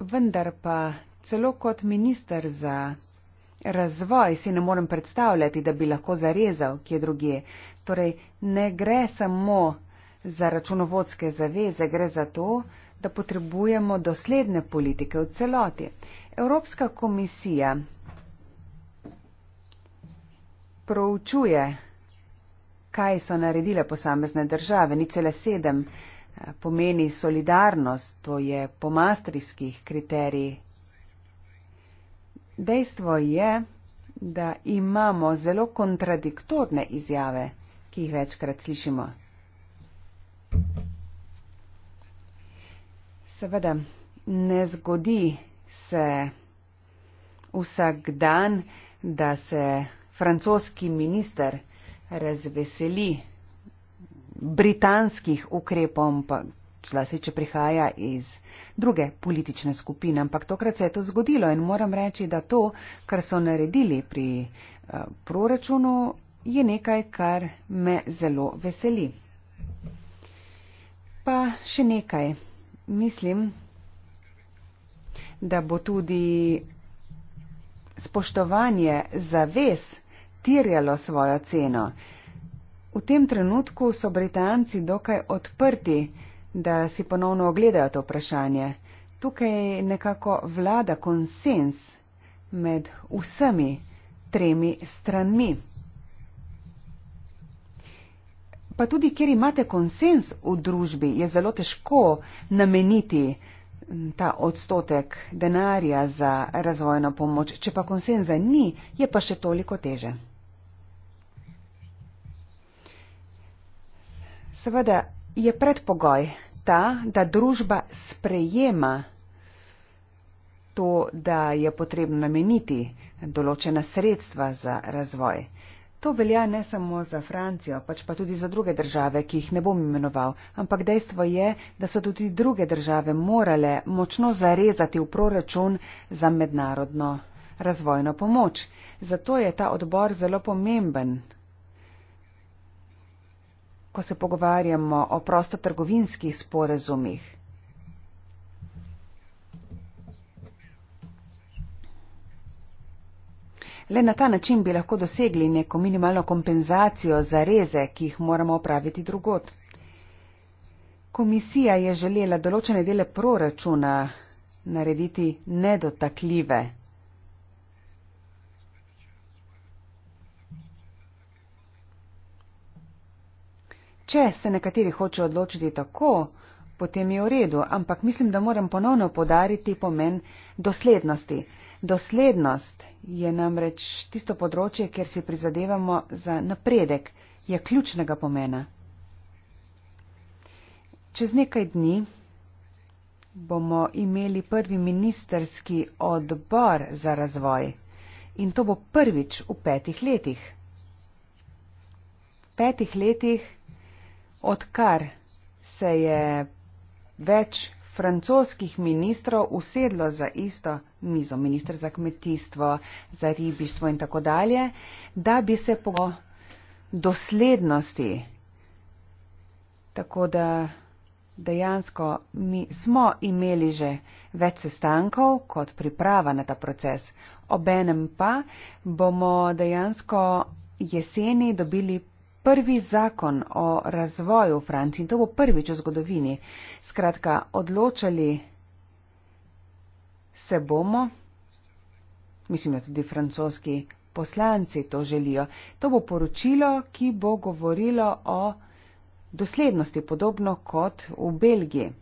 Vendar pa celo kot minister za razvoj si ne morem predstavljati, da bi lahko zarezal kje druge, Torej, ne gre samo za računovodske zaveze, gre za to, da potrebujemo dosledne politike v celoti. Evropska komisija proučuje, kaj so naredile posamezne države. Nicele sedem eh, pomeni solidarnost, to je po mastrijskih kriterij. Dejstvo je, da imamo zelo kontradiktorne izjave ki jih večkrat slišimo. Seveda, ne zgodi se vsak dan, da se francoski minister razveseli britanskih ukrepom, pa zlasti, če prihaja iz druge politične skupine. Ampak tokrat se je to zgodilo in moram reči, da to, kar so naredili pri uh, proračunu, je nekaj, kar me zelo veseli. Pa še nekaj. Mislim, da bo tudi spoštovanje zaves tirjalo svojo ceno. V tem trenutku so Britanci dokaj odprti, da si ponovno ogledajo to vprašanje. Tukaj nekako vlada konsens med vsemi tremi stranmi pa tudi kjer imate konsens v družbi, je zelo težko nameniti ta odstotek denarja za razvojno pomoč. Če pa konsenza ni, je pa še toliko teže. Seveda je predpogoj ta, da družba sprejema to, da je potrebno nameniti določena sredstva za razvoj. To velja ne samo za Francijo, pač pa tudi za druge države, ki jih ne bom imenoval, ampak dejstvo je, da so tudi druge države morale močno zarezati v proračun za mednarodno razvojno pomoč. Zato je ta odbor zelo pomemben. Ko se pogovarjamo o prostotrgovinskih sporezumih, Le na ta način bi lahko dosegli neko minimalno kompenzacijo za reze, ki jih moramo opraviti drugot. Komisija je želela določene dele proračuna narediti nedotakljive. Če se nekateri hoče odločiti tako, potem je v redu, ampak mislim, da moram ponovno podariti pomen doslednosti. Doslednost je namreč tisto področje, kjer si prizadevamo za napredek, je ključnega pomena. Čez nekaj dni bomo imeli prvi ministerski odbor za razvoj in to bo prvič v petih letih. V petih letih, odkar se je več francoskih ministrov usedlo za isto mizo, ministr za kmetijstvo, za ribištvo in tako dalje, da bi se po doslednosti. Tako da dejansko mi smo imeli že več sestankov kot priprava na ta proces. Obenem pa bomo dejansko jeseni dobili prvi zakon o razvoju v Franciji in to bo prvič v zgodovini. Skratka, odločali se bomo, mislim, da tudi francoski poslanci to želijo. To bo poročilo, ki bo govorilo o doslednosti, podobno kot v Belgiji.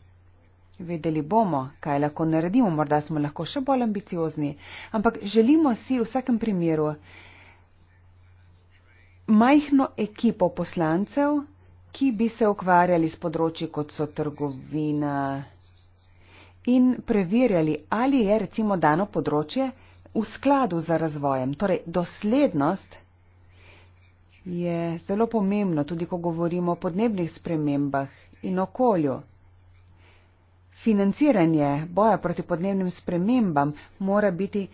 Vedeli bomo, kaj lahko naredimo, morda smo lahko še bolj ambiciozni, ampak želimo si v vsakem primeru majhno ekipo poslancev, ki bi se ukvarjali s področji, kot so trgovina in preverjali, ali je recimo dano področje v skladu z razvojem. Torej, doslednost je zelo pomembna tudi, ko govorimo o podnebnih spremembah in okolju. Financiranje boja proti podnebnim spremembam mora biti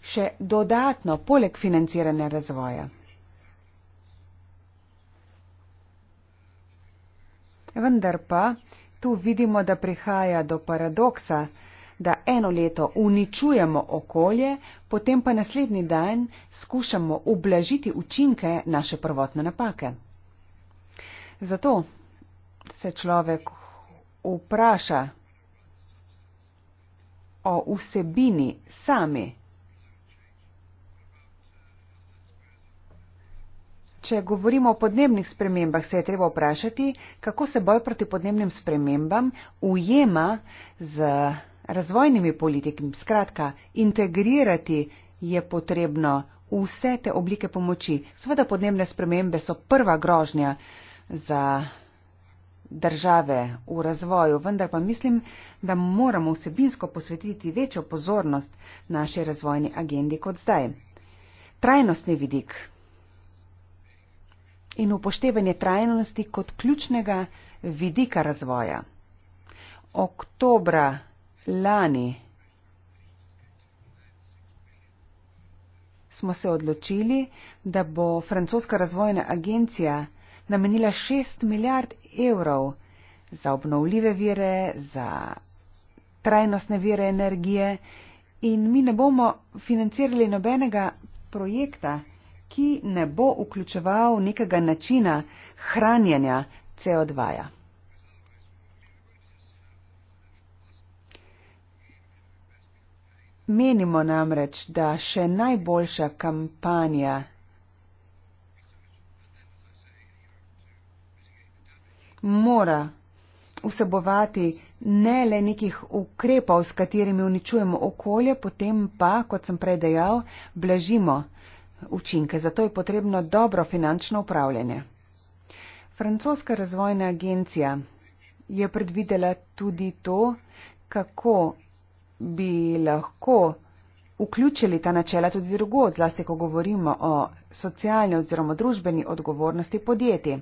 še dodatno poleg financiranja razvoja. Vendar pa tu vidimo, da prihaja do paradoksa, da eno leto uničujemo okolje, potem pa naslednji dan skušamo ublažiti učinke naše prvotne napake. Zato se človek vpraša o vsebini sami. Če govorimo o podnebnih spremembah, se je treba vprašati, kako se boj proti podnebnim spremembam ujema z razvojnimi politikami. Skratka, integrirati je potrebno vse te oblike pomoči. Sveda podnebne spremembe so prva grožnja za države v razvoju, vendar pa mislim, da moramo vsebinsko posvetiti večjo pozornost naši razvojni agendi kot zdaj. Trajnostni vidik in upoštevanje trajnosti kot ključnega vidika razvoja. Oktobra lani smo se odločili, da bo Francoska razvojna agencija namenila 6 milijard evrov za obnovljive vire, za trajnostne vire energije in mi ne bomo financirali nobenega projekta, ki ne bo vključeval nekega načina hranjenja CO2. -ja. Menimo namreč, da še najboljša kampanja mora vsebovati ne le nekih ukrepov, s katerimi uničujemo okolje, potem pa, kot sem prej dejal, blažimo učinke, zato je potrebno dobro finančno upravljanje. Francoska razvojna agencija je predvidela tudi to, kako bi lahko vključili ta načela tudi drugo, zlasti, ko govorimo o socialni oziroma družbeni odgovornosti podjetij.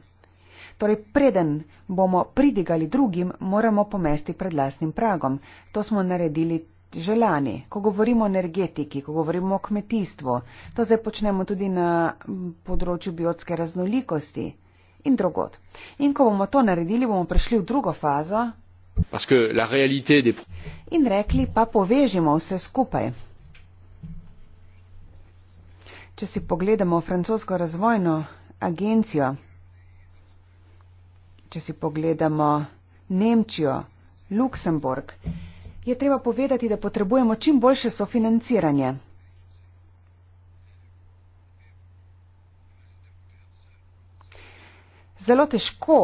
Torej, preden bomo pridigali drugim, moramo pomesti pred lasnim pragom. To smo naredili že lani, ko govorimo o energetiki, ko govorimo o kmetijstvu, to zdaj počnemo tudi na področju biotske raznolikosti in drugod. In ko bomo to naredili, bomo prišli v drugo fazo des... in rekli, pa povežimo vse skupaj. Če si pogledamo francosko razvojno agencijo, če si pogledamo Nemčijo, Luksemburg, je treba povedati, da potrebujemo čim boljše sofinanciranje. Zelo težko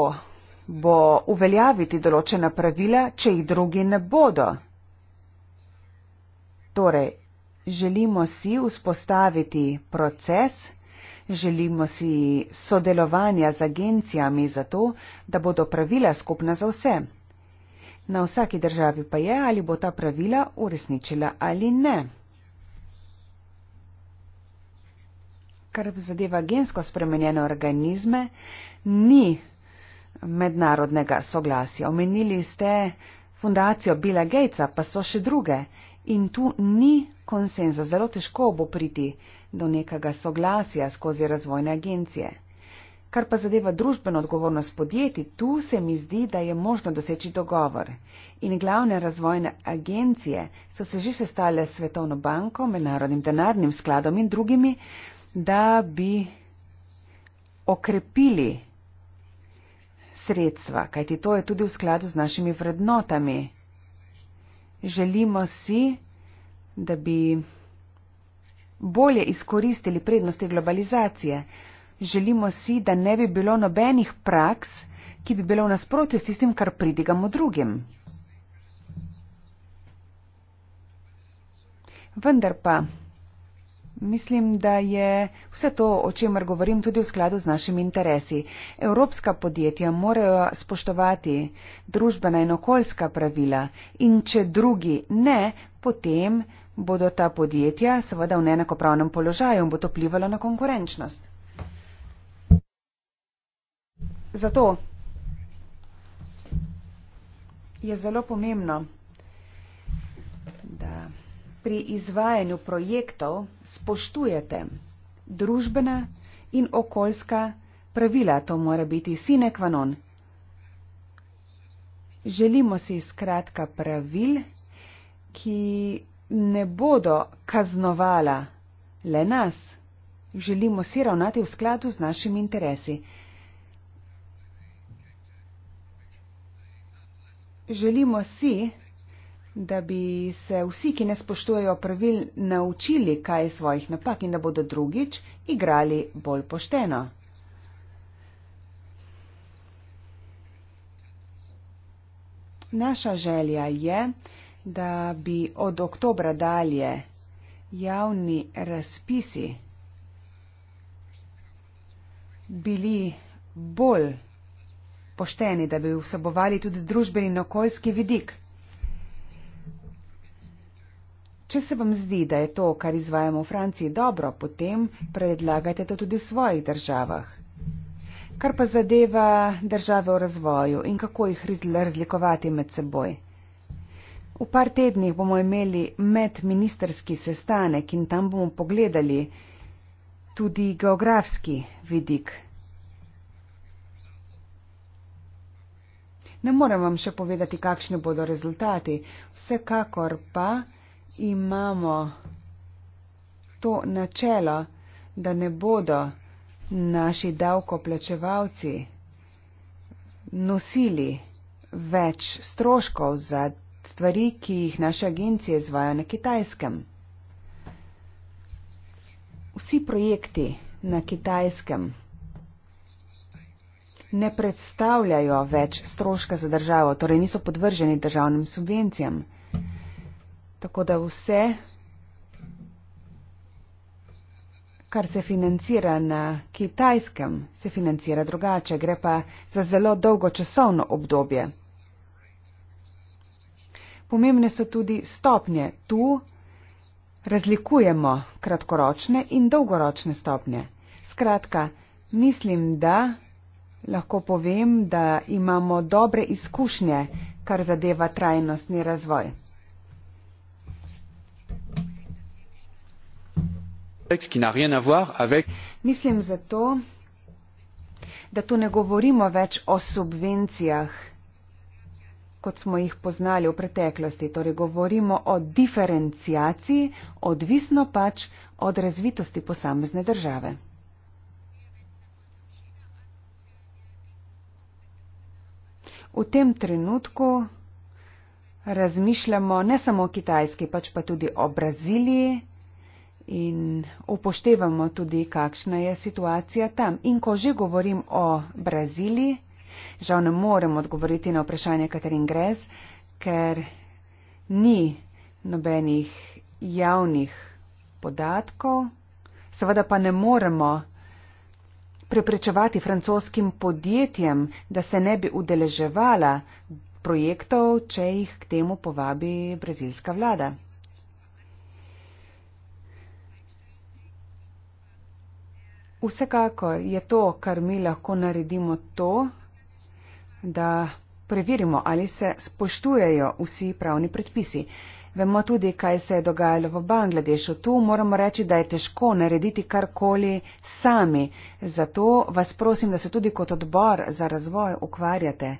bo uveljaviti določena pravila, če jih drugi ne bodo. Torej, želimo si vzpostaviti proces, želimo si sodelovanja z agencijami za to, da bodo pravila skupna za vse. Na vsaki državi pa je, ali bo ta pravila uresničila ali ne. Kar zadeva gensko spremenjene organizme, ni mednarodnega soglasja. Omenili ste fundacijo Bila Gatesa, pa so še druge. In tu ni konsenza. Zelo težko bo priti do nekega soglasja skozi razvojne agencije. Kar pa zadeva družbeno odgovornost podjetij, tu se mi zdi, da je možno doseči dogovor. In glavne razvojne agencije so se že sestale s Svetovno banko, Mednarodnim denarnim skladom in drugimi, da bi okrepili sredstva, kajti to je tudi v skladu z našimi vrednotami. Želimo si, da bi bolje izkoristili prednosti globalizacije. Želimo si, da ne bi bilo nobenih praks, ki bi bile v nasprotju s tistim, kar pridigamo drugim. Vendar pa mislim, da je vse to, o čemer govorim, tudi v skladu z našimi interesi. Evropska podjetja morajo spoštovati družbena in okoljska pravila in če drugi ne, potem bodo ta podjetja seveda v neenakopravnem položaju in bo to plivalo na konkurenčnost. Zato je zelo pomembno, da pri izvajanju projektov spoštujete družbena in okoljska pravila. To mora biti sine qua non. Želimo si skratka pravil, ki ne bodo kaznovala le nas. Želimo si ravnati v skladu z našimi interesi. Želimo si, da bi se vsi, ki ne spoštujejo pravil, naučili kaj svojih napak in da bodo drugič igrali bolj pošteno. Naša želja je, da bi od oktobra dalje javni razpisi bili bolj pošteni, da bi vsebovali tudi družbeni in okoljski vidik. Če se vam zdi, da je to, kar izvajamo v Franciji, dobro, potem predlagajte to tudi v svojih državah. Kar pa zadeva države v razvoju in kako jih razlikovati med seboj. V par tednih bomo imeli medministerski sestanek in tam bomo pogledali tudi geografski vidik Ne morem vam še povedati, kakšni bodo rezultati. Vsekakor pa imamo to načelo, da ne bodo naši davkoplačevalci nosili več stroškov za stvari, ki jih naše agencije izvajo na kitajskem. Vsi projekti na kitajskem ne predstavljajo več stroška za državo, torej niso podvrženi državnim subvencijam. Tako da vse, kar se financira na kitajskem, se financira drugače, gre pa za zelo dolgo časovno obdobje. Pomembne so tudi stopnje. Tu razlikujemo kratkoročne in dolgoročne stopnje. Skratka, mislim, da Lahko povem, da imamo dobre izkušnje, kar zadeva trajnostni razvoj. Mislim zato, da tu ne govorimo več o subvencijah, kot smo jih poznali v preteklosti. Torej govorimo o diferencijaciji, odvisno pač od razvitosti posamezne države. v tem trenutku razmišljamo ne samo o Kitajski, pač pa tudi o Braziliji in upoštevamo tudi, kakšna je situacija tam. In ko že govorim o Braziliji, žal ne morem odgovoriti na vprašanje, katerim grez, ker ni nobenih javnih podatkov, seveda pa ne moremo preprečevati francoskim podjetjem, da se ne bi udeleževala projektov, če jih k temu povabi brazilska vlada. Vsekakor je to, kar mi lahko naredimo, to, da preverimo, ali se spoštujejo vsi pravni predpisi. Vemo tudi, kaj se je dogajalo v Bangladešu. Tu moramo reči, da je težko narediti karkoli sami. Zato vas prosim, da se tudi kot odbor za razvoj ukvarjate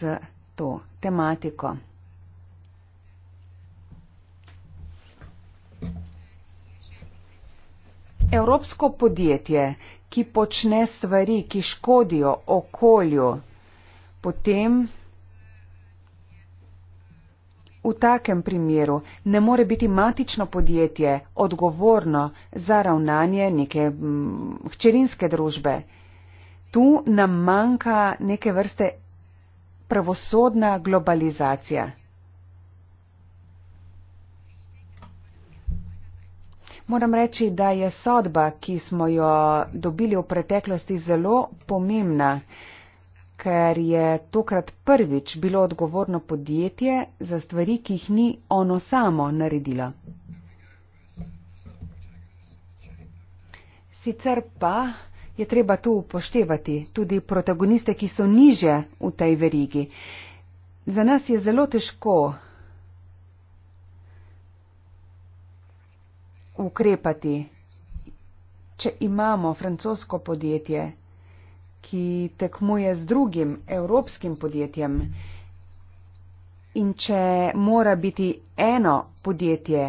z to tematiko. Evropsko podjetje, ki počne stvari, ki škodijo okolju, potem V takem primeru ne more biti matično podjetje odgovorno za ravnanje neke mm, hčerinske družbe. Tu nam manjka neke vrste pravosodna globalizacija. Moram reči, da je sodba, ki smo jo dobili v preteklosti, zelo pomembna ker je tokrat prvič bilo odgovorno podjetje za stvari, ki jih ni ono samo naredila. Sicer pa je treba tu upoštevati tudi protagoniste, ki so niže v tej verigi. Za nas je zelo težko ukrepati, če imamo francosko podjetje ki tekmuje z drugim evropskim podjetjem. In če mora biti eno podjetje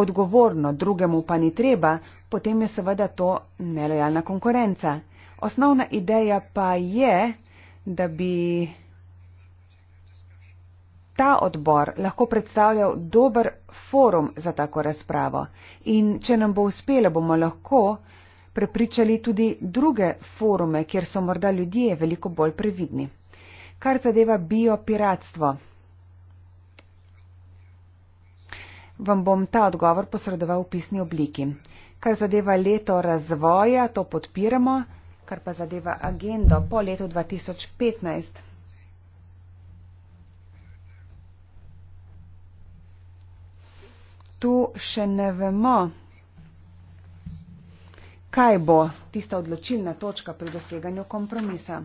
odgovorno, drugemu pa ni treba, potem je seveda to nelojalna konkurenca. Osnovna ideja pa je, da bi ta odbor lahko predstavljal dober forum za tako razpravo. In če nam bo uspelo, bomo lahko prepričali tudi druge forume, kjer so morda ljudje veliko bolj previdni. Kar zadeva biopiratstvo. Vam bom ta odgovor posredoval v pisni obliki. Kar zadeva leto razvoja, to podpiramo, kar pa zadeva agendo po letu 2015. Tu še ne vemo, kaj bo tista odločilna točka pri doseganju kompromisa.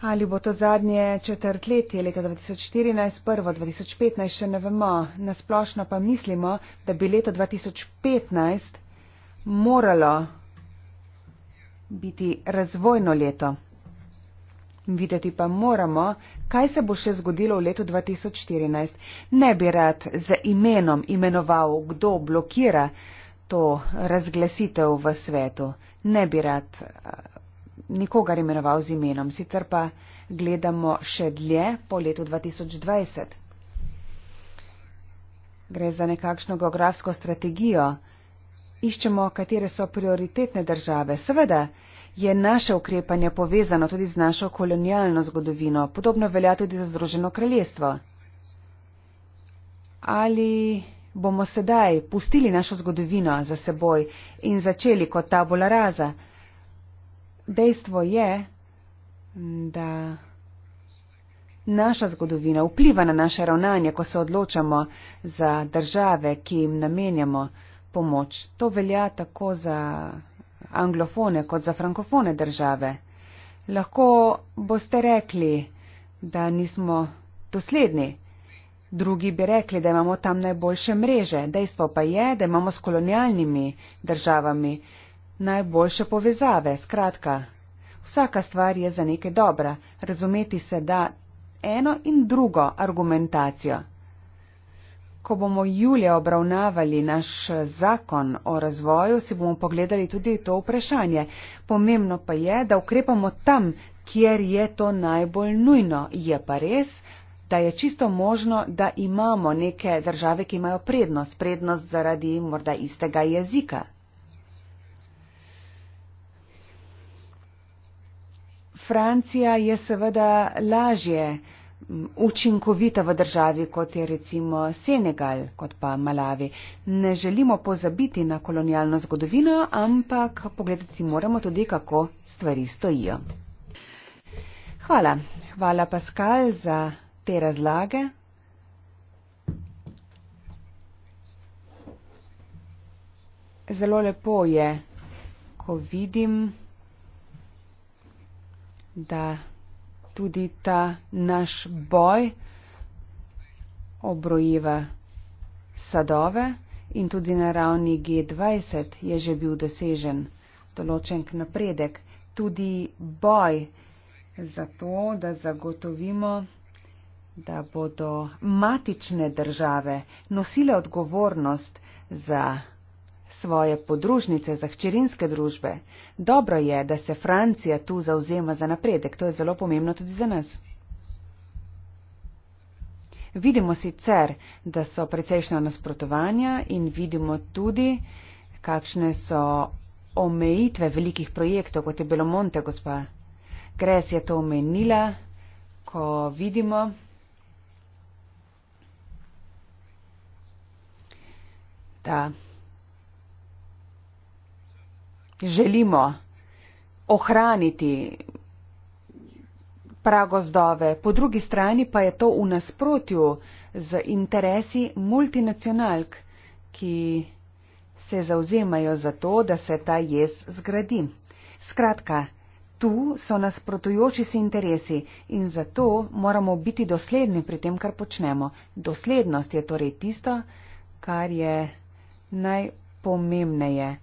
Ali bo to zadnje četrtletje leta 2014, prvo 2015, še ne vemo. Nasplošno pa mislimo, da bi leto 2015 moralo biti razvojno leto. Videti pa moramo, kaj se bo še zgodilo v letu 2014. Ne bi rad z imenom imenoval, kdo blokira to razglasitev v svetu. Ne bi rad eh, nikogar imenoval z imenom. Sicer pa gledamo še dlje po letu 2020. Gre za nekakšno geografsko strategijo. Iščemo, katere so prioritetne države. Seveda, je naše ukrepanje povezano tudi z našo kolonialno zgodovino. Podobno velja tudi za Združeno kraljestvo. Ali bomo sedaj pustili našo zgodovino za seboj in začeli kot tabula raza? Dejstvo je, da naša zgodovina vpliva na naše ravnanje, ko se odločamo za države, ki jim namenjamo pomoč. To velja tako za anglofone kot za frankofone države. Lahko boste rekli, da nismo dosledni. Drugi bi rekli, da imamo tam najboljše mreže. Dejstvo pa je, da imamo s kolonialnimi državami najboljše povezave. Skratka, vsaka stvar je za nekaj dobra. Razumeti se da eno in drugo argumentacijo ko bomo julija obravnavali naš zakon o razvoju, si bomo pogledali tudi to vprašanje. Pomembno pa je, da ukrepamo tam, kjer je to najbolj nujno. Je pa res, da je čisto možno, da imamo neke države, ki imajo prednost, prednost zaradi morda istega jezika. Francija je seveda lažje učinkovita v državi, kot je recimo Senegal, kot pa Malavi. Ne želimo pozabiti na kolonialno zgodovino, ampak pogledati moramo tudi, kako stvari stojijo. Hvala. Hvala, Pascal, za te razlage. Zelo lepo je, ko vidim, da tudi ta naš boj obrojeva sadove in tudi na ravni G20 je že bil dosežen določen napredek. Tudi boj za to, da zagotovimo, da bodo matične države nosile odgovornost za svoje podružnice za hčerinske družbe. Dobro je, da se Francija tu zauzema za napredek, to je zelo pomembno tudi za nas. Vidimo sicer, da so precejšnja nasprotovanja in vidimo tudi, kakšne so omejitve velikih projektov, kot je bilo Monte, gospa. Gres je to omenila, ko vidimo. Da želimo ohraniti pragozdove, po drugi strani pa je to v nasprotju z interesi multinacionalk, ki se zauzemajo za to, da se ta jez zgradi. Skratka, tu so nasprotujoči si interesi in zato moramo biti dosledni pri tem, kar počnemo. Doslednost je torej tisto, kar je najpomembnejše.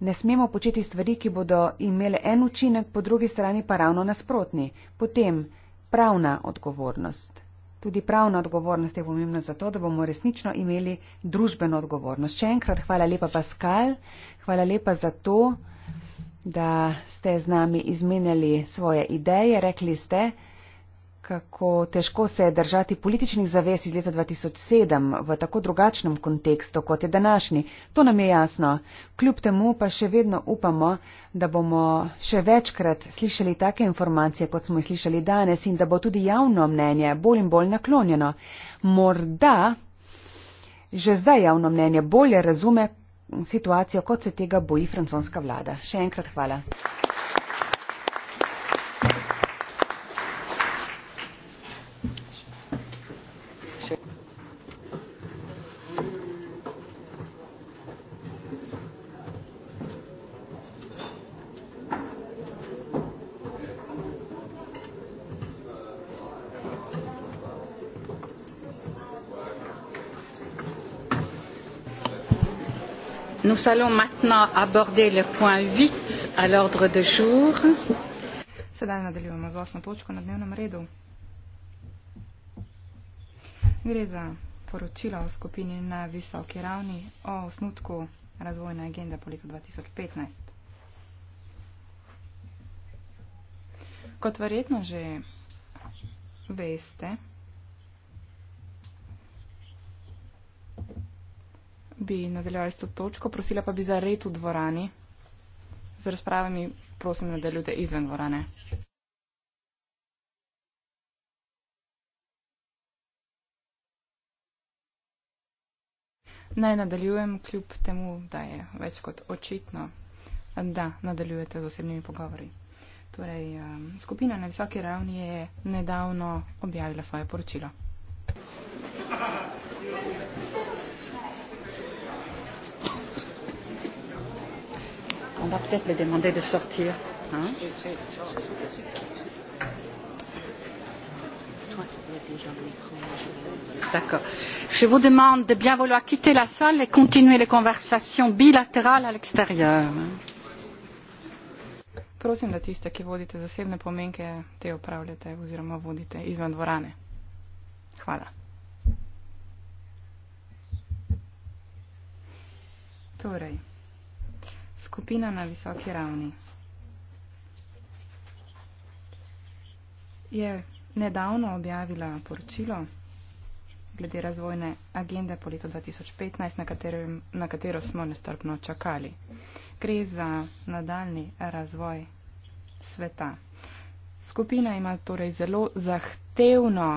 Ne smemo početi stvari, ki bodo imele en učinek, po drugi strani pa ravno nasprotni. Potem pravna odgovornost. Tudi pravna odgovornost je pomembna zato, da bomo resnično imeli družbeno odgovornost. Še enkrat hvala lepa, Pascal. Hvala lepa za to, da ste z nami izmenjali svoje ideje. Rekli ste, da kako težko se je držati političnih zaves iz leta 2007 v tako drugačnem kontekstu, kot je današnji. To nam je jasno. Kljub temu pa še vedno upamo, da bomo še večkrat slišali take informacije, kot smo jih slišali danes in da bo tudi javno mnenje bolj in bolj naklonjeno. Morda že zdaj javno mnenje bolje razume situacijo, kot se tega boji francoska vlada. Še enkrat hvala. Nous allons maintenant aborder le point 8 à l'ordre du jour. Sedaj nadaljujemo z osmo točko na dnevnem redu. Gre za poročilo o skupini na visoki ravni o osnutku razvojne agende po letu 2015. Kot verjetno že veste, bi nadaljevali s to točko. Prosila pa bi za red v dvorani. Z razpravami prosim nadaljujte izven dvorane. Naj nadaljujem kljub temu, da je več kot očitno, da nadaljujete z osebnimi pogovori. Torej, um, skupina na visoki ravni je nedavno objavila svoje poročilo. Ha ha ha! on va peut-être les demander de sortir. Hein D'accord. Je vous demande de bien vouloir quitter la salle et continuer les conversations bilatérales à l'extérieur. Prosim, da tiste, ki vodite zasebne pomenke, te opravljate oziroma vodite izven dvorane. Hvala. Torej skupina na visoki ravni. Je nedavno objavila poročilo glede razvojne agende po letu 2015, na katero, na katero smo nestrpno čakali. Gre za nadaljni razvoj sveta. Skupina ima torej zelo zahtevno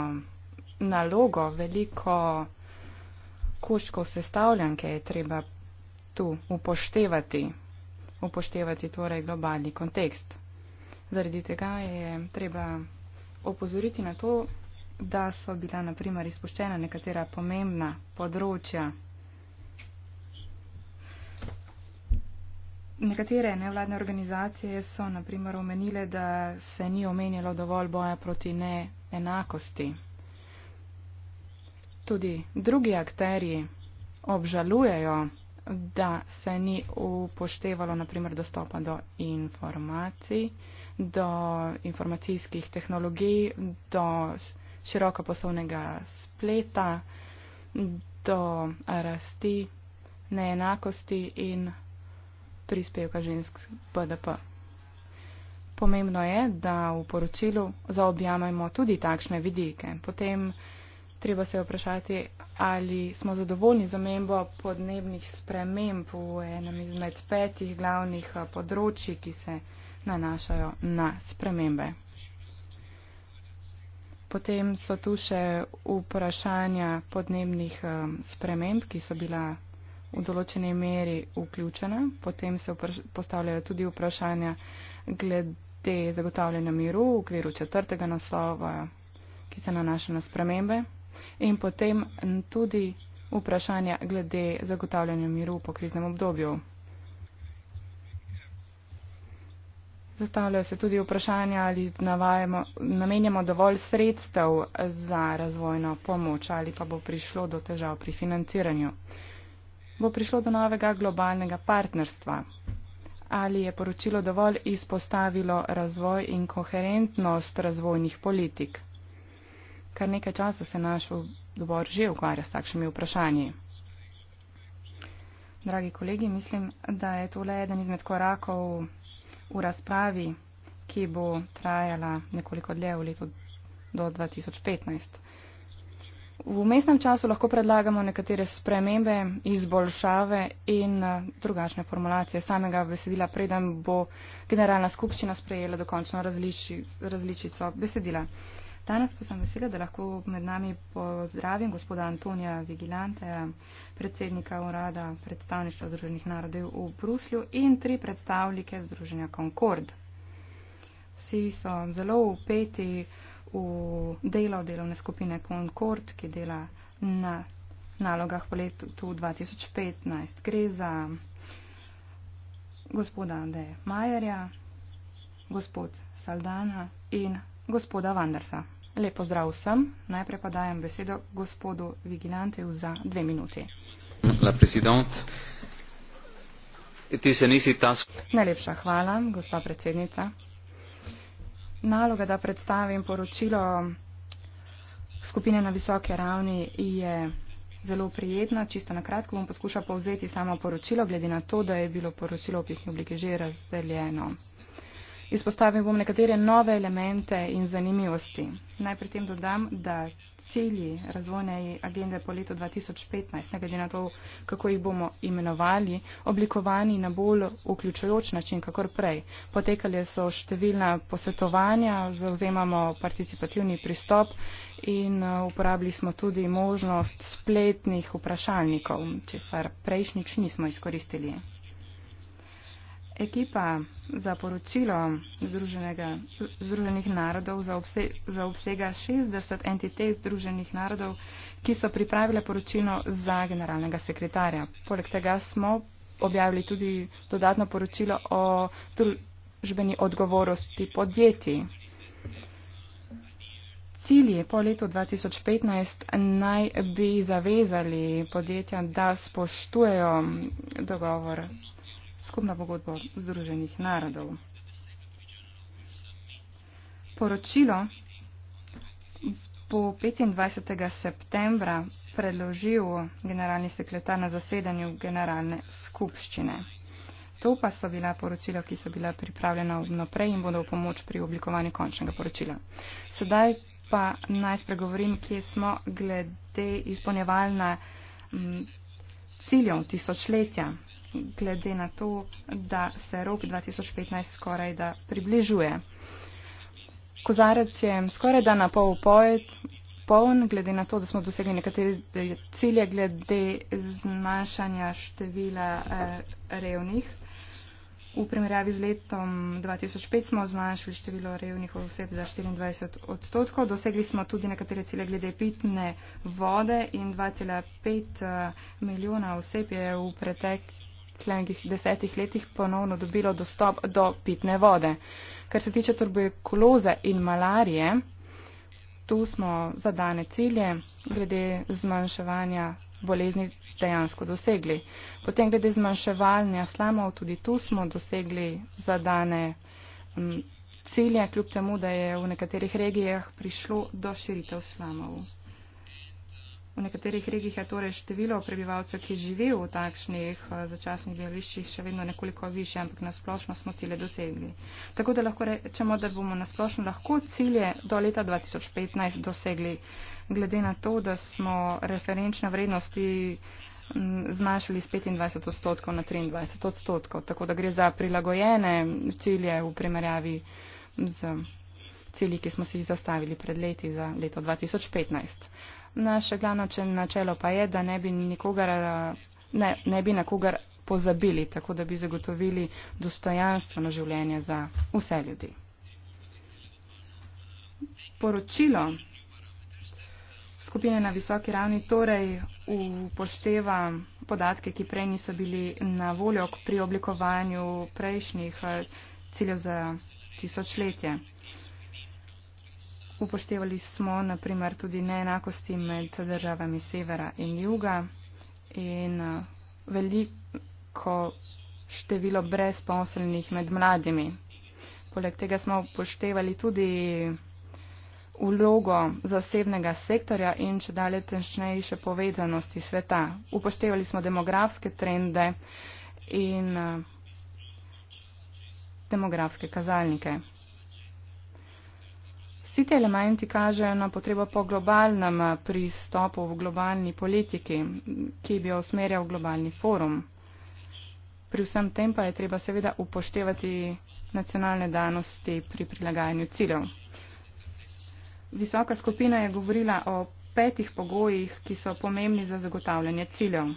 nalogo, veliko koščkov sestavljanke je treba tu upoštevati upoštevati torej globalni kontekst. Zaradi tega je treba opozoriti na to, da so bila naprimer izpuščena nekatera pomembna področja. Nekatere nevladne organizacije so naprimer omenile, da se ni omenjalo dovolj boja proti neenakosti. Tudi drugi akteri obžalujejo da se ni upoštevalo naprimer dostopa do informacij, do informacijskih tehnologij, do široko poslovnega spleta, do rasti neenakosti in prispevka žensk BDP. Pomembno je, da v poročilu zaobjamemo tudi takšne vidike. Potem treba se vprašati, ali smo zadovoljni z omembo podnebnih sprememb v enem izmed petih glavnih eh, področji, ki se nanašajo na spremembe. Potem so tu še vprašanja podnebnih eh, sprememb, ki so bila v določenej meri vključena. Potem se postavljajo tudi vprašanja glede zagotavljanja miru v okviru četrtega naslova, ki se nanaša na spremembe in potem tudi vprašanja glede zagotavljanja miru po kriznem obdobju. Zastavljajo se tudi vprašanja, ali namenjamo dovolj sredstev za razvojno pomoč ali pa bo prišlo do težav pri financiranju. Bo prišlo do novega globalnega partnerstva? Ali je poročilo dovolj izpostavilo razvoj in koherentnost razvojnih politik? kar nekaj časa se naš odbor že ukvarja s takšnimi vprašanji. Dragi kolegi, mislim, da je to le eden izmed korakov v razpravi, ki bo trajala nekoliko dlje v letu do 2015. V umestnem času lahko predlagamo nekatere spremembe, izboljšave in eh, drugačne formulacije samega besedila, preden bo generalna skupščina sprejela dokončno različico besedila. Danes pa sem vesela, da lahko med nami pozdravim gospoda Antonija Vigilante, predsednika urada predstavništva Združenih narodov v Bruslju in tri predstavnike Združenja Concord. Vsi so zelo upeti v delo delovne skupine Concord, ki dela na nalogah po letu 2015. Gre za gospoda Ande Majerja, gospod Saldana in gospoda Vandersa. Lepo zdrav vsem. Najprej pa dajem besedo gospodu Vigilanteju za dve minuti. La Ti se nisi tas... Najlepša hvala, gospa predsednica. Naloga, da predstavim poročilo skupine na visoke ravni, je zelo prijetna. Čisto na kratko bom poskušal povzeti samo poročilo, glede na to, da je bilo poročilo v pisni obliki že razdeljeno. Izpostavim bom nekatere nove elemente in zanimivosti. Najprej tem dodam, da cilji razvojne agende po letu 2015, ne glede na to, kako jih bomo imenovali, oblikovani na bolj vključujoč način, kakor prej. Potekali so številna posvetovanja, zauzemamo participativni pristop in uh, uporabili smo tudi možnost spletnih vprašalnikov, česar prejšnjič nismo izkoristili ekipa za poročilo Združenih narodov za, obse, za obsega 60 entitet Združenih narodov, ki so pripravile poročilo za generalnega sekretarja. Poleg tega smo objavili tudi dodatno poročilo o družbeni odgovorosti podjetij. Cilj je po letu 2015 naj bi zavezali podjetja, da spoštujejo dogovor skupna pogodba Združenih narodov. Poročilo bo 25. septembra predložil generalni sekretar na zasedanju generalne skupščine. To pa so bila poročila, ki so bila pripravljena vnaprej in bodo v pomoč pri oblikovanju končnega poročila. Sedaj pa naj spregovorim, kje smo glede izpolnjevalna ciljev tisočletja glede na to, da se rok 2015 skoraj da približuje. Kozarec je skoraj da na pol pojet, poln, glede na to, da smo dosegli nekatere cilje glede zmanjšanja števila eh, revnih. V primerjavi z letom 2005 smo zmanjšali število revnih oseb za 24 odstotkov. Dosegli smo tudi nekatere cilje glede pitne vode in 2,5 eh, milijona oseb je v preteklosti klenih desetih letih ponovno dobilo dostop do pitne vode. Kar se tiče tuberkuloze in malarije, tu smo zadane cilje glede zmanjševanja bolezni dejansko dosegli. Potem glede zmanjševanja slamov, tudi tu smo dosegli zadane cilje, kljub temu, da je v nekaterih regijah prišlo do širitev slamov. V nekaterih regijih je torej število prebivalcev, ki živijo v takšnih eh, začasnih bivališčih, še vedno nekoliko više, ampak na splošno smo cilje dosegli. Tako da lahko rečemo, da bomo na splošno lahko cilje do leta 2015 dosegli, glede na to, da smo referenčne vrednosti zmanjšali z 25 odstotkov na 23 odstotkov. Tako da gre za prilagojene cilje v primerjavi z cilji, ki smo si jih zastavili pred leti za leto 2015. Naše glavno načelo pa je, da ne bi, nikogar, ne, ne bi na kogar pozabili, tako da bi zagotovili dostojanstveno življenje za vse ljudi. Poročilo skupine na visoki ravni torej upošteva podatke, ki prej niso bili na voljo pri oblikovanju prejšnjih eh, ciljev za tisočletje. Upoštevali smo naprimer tudi neenakosti med državami severa in juga in eh, veliko število brezposelnih med mladimi. Poleg tega smo upoštevali tudi vlogo zasebnega sektorja in če dalje tenšnejše povezanosti sveta. Upoštevali smo demografske trende in eh, demografske kazalnike. Vsi te elementi kažejo na potrebo po globalnem eh, pristopu v globalni politiki, ki bi jo usmerjal globalni forum. Pri vsem tem pa je treba seveda upoštevati nacionalne danosti pri prilagajanju ciljev. Visoka skupina je govorila o petih pogojih, ki so pomembni za zagotavljanje ciljev.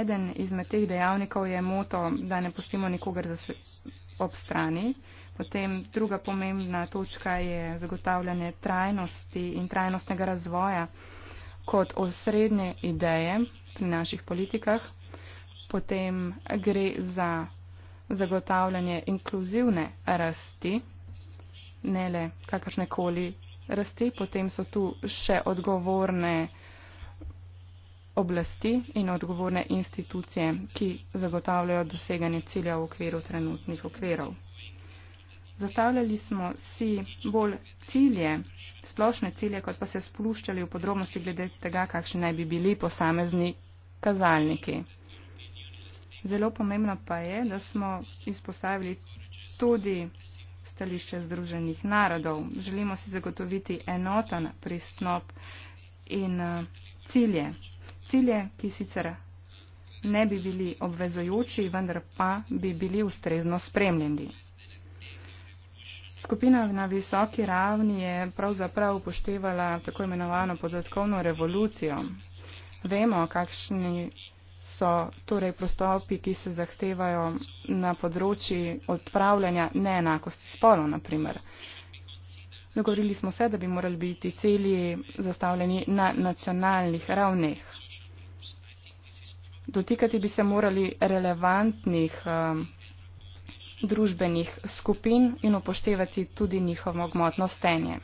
Eden izmed teh dejavnikov je moto, da ne pustimo nikogar ob strani. Potem druga pomembna točka je zagotavljanje trajnosti in trajnostnega razvoja kot osrednje ideje pri naših politikah. Potem gre za zagotavljanje inkluzivne rasti, ne le kakršne koli rasti. Potem so tu še odgovorne oblasti in odgovorne institucije, ki zagotavljajo doseganje cilja v okviru trenutnih okvirov. Zastavljali smo si bolj cilje, splošne cilje, kot pa se spluščali v podrobnosti glede tega, kakšni naj bi bili posamezni kazalniki. Zelo pomembno pa je, da smo izpostavili tudi stališče Združenih narodov. Želimo si zagotoviti enoten pristop in eh, cilje. Cilje, ki sicer ne bi bili obvezojoči, vendar pa bi bili ustrezno spremljeni. Skupina na visoki ravni je pravzaprav upoštevala tako imenovano podatkovno revolucijo. Vemo, kakšni so torej prostopi, ki se zahtevajo na področji odpravljanja neenakosti spolov, naprimer. Dogovorili smo se, da bi morali biti cilji zastavljeni na nacionalnih ravneh. Dotikati bi se morali relevantnih um, družbenih skupin in upoštevati tudi njihovo gmotno stenje.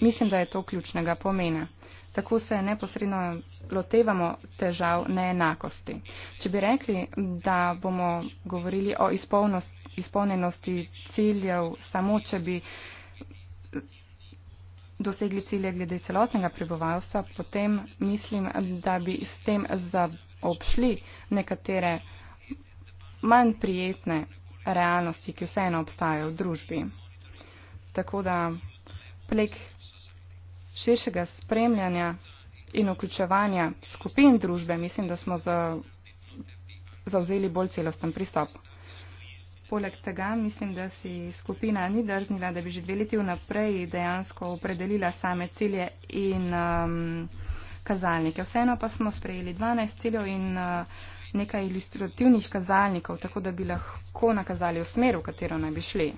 Mislim, da je to ključnega pomena. Tako se neposredno lotevamo težav neenakosti. Če bi rekli, da bomo govorili o izpolnjenosti ciljev samo, če bi dosegli cilje glede celotnega prebivalstva, potem mislim, da bi s tem zaobšli nekatere manj prijetne realnosti, ki vseeno obstajajo v družbi. Tako da plek širšega spremljanja in vključevanja skupin družbe mislim, da smo zauzeli bolj celosten pristop. Poleg tega mislim, da si skupina ni drznila, da bi že dve leti vnaprej dejansko opredelila same cilje in um, kazalnike. Vseeno pa smo sprejeli 12 ciljev in uh, nekaj ilustrativnih kazalnikov, tako da bi lahko nakazali v smer, v katero naj bi šli.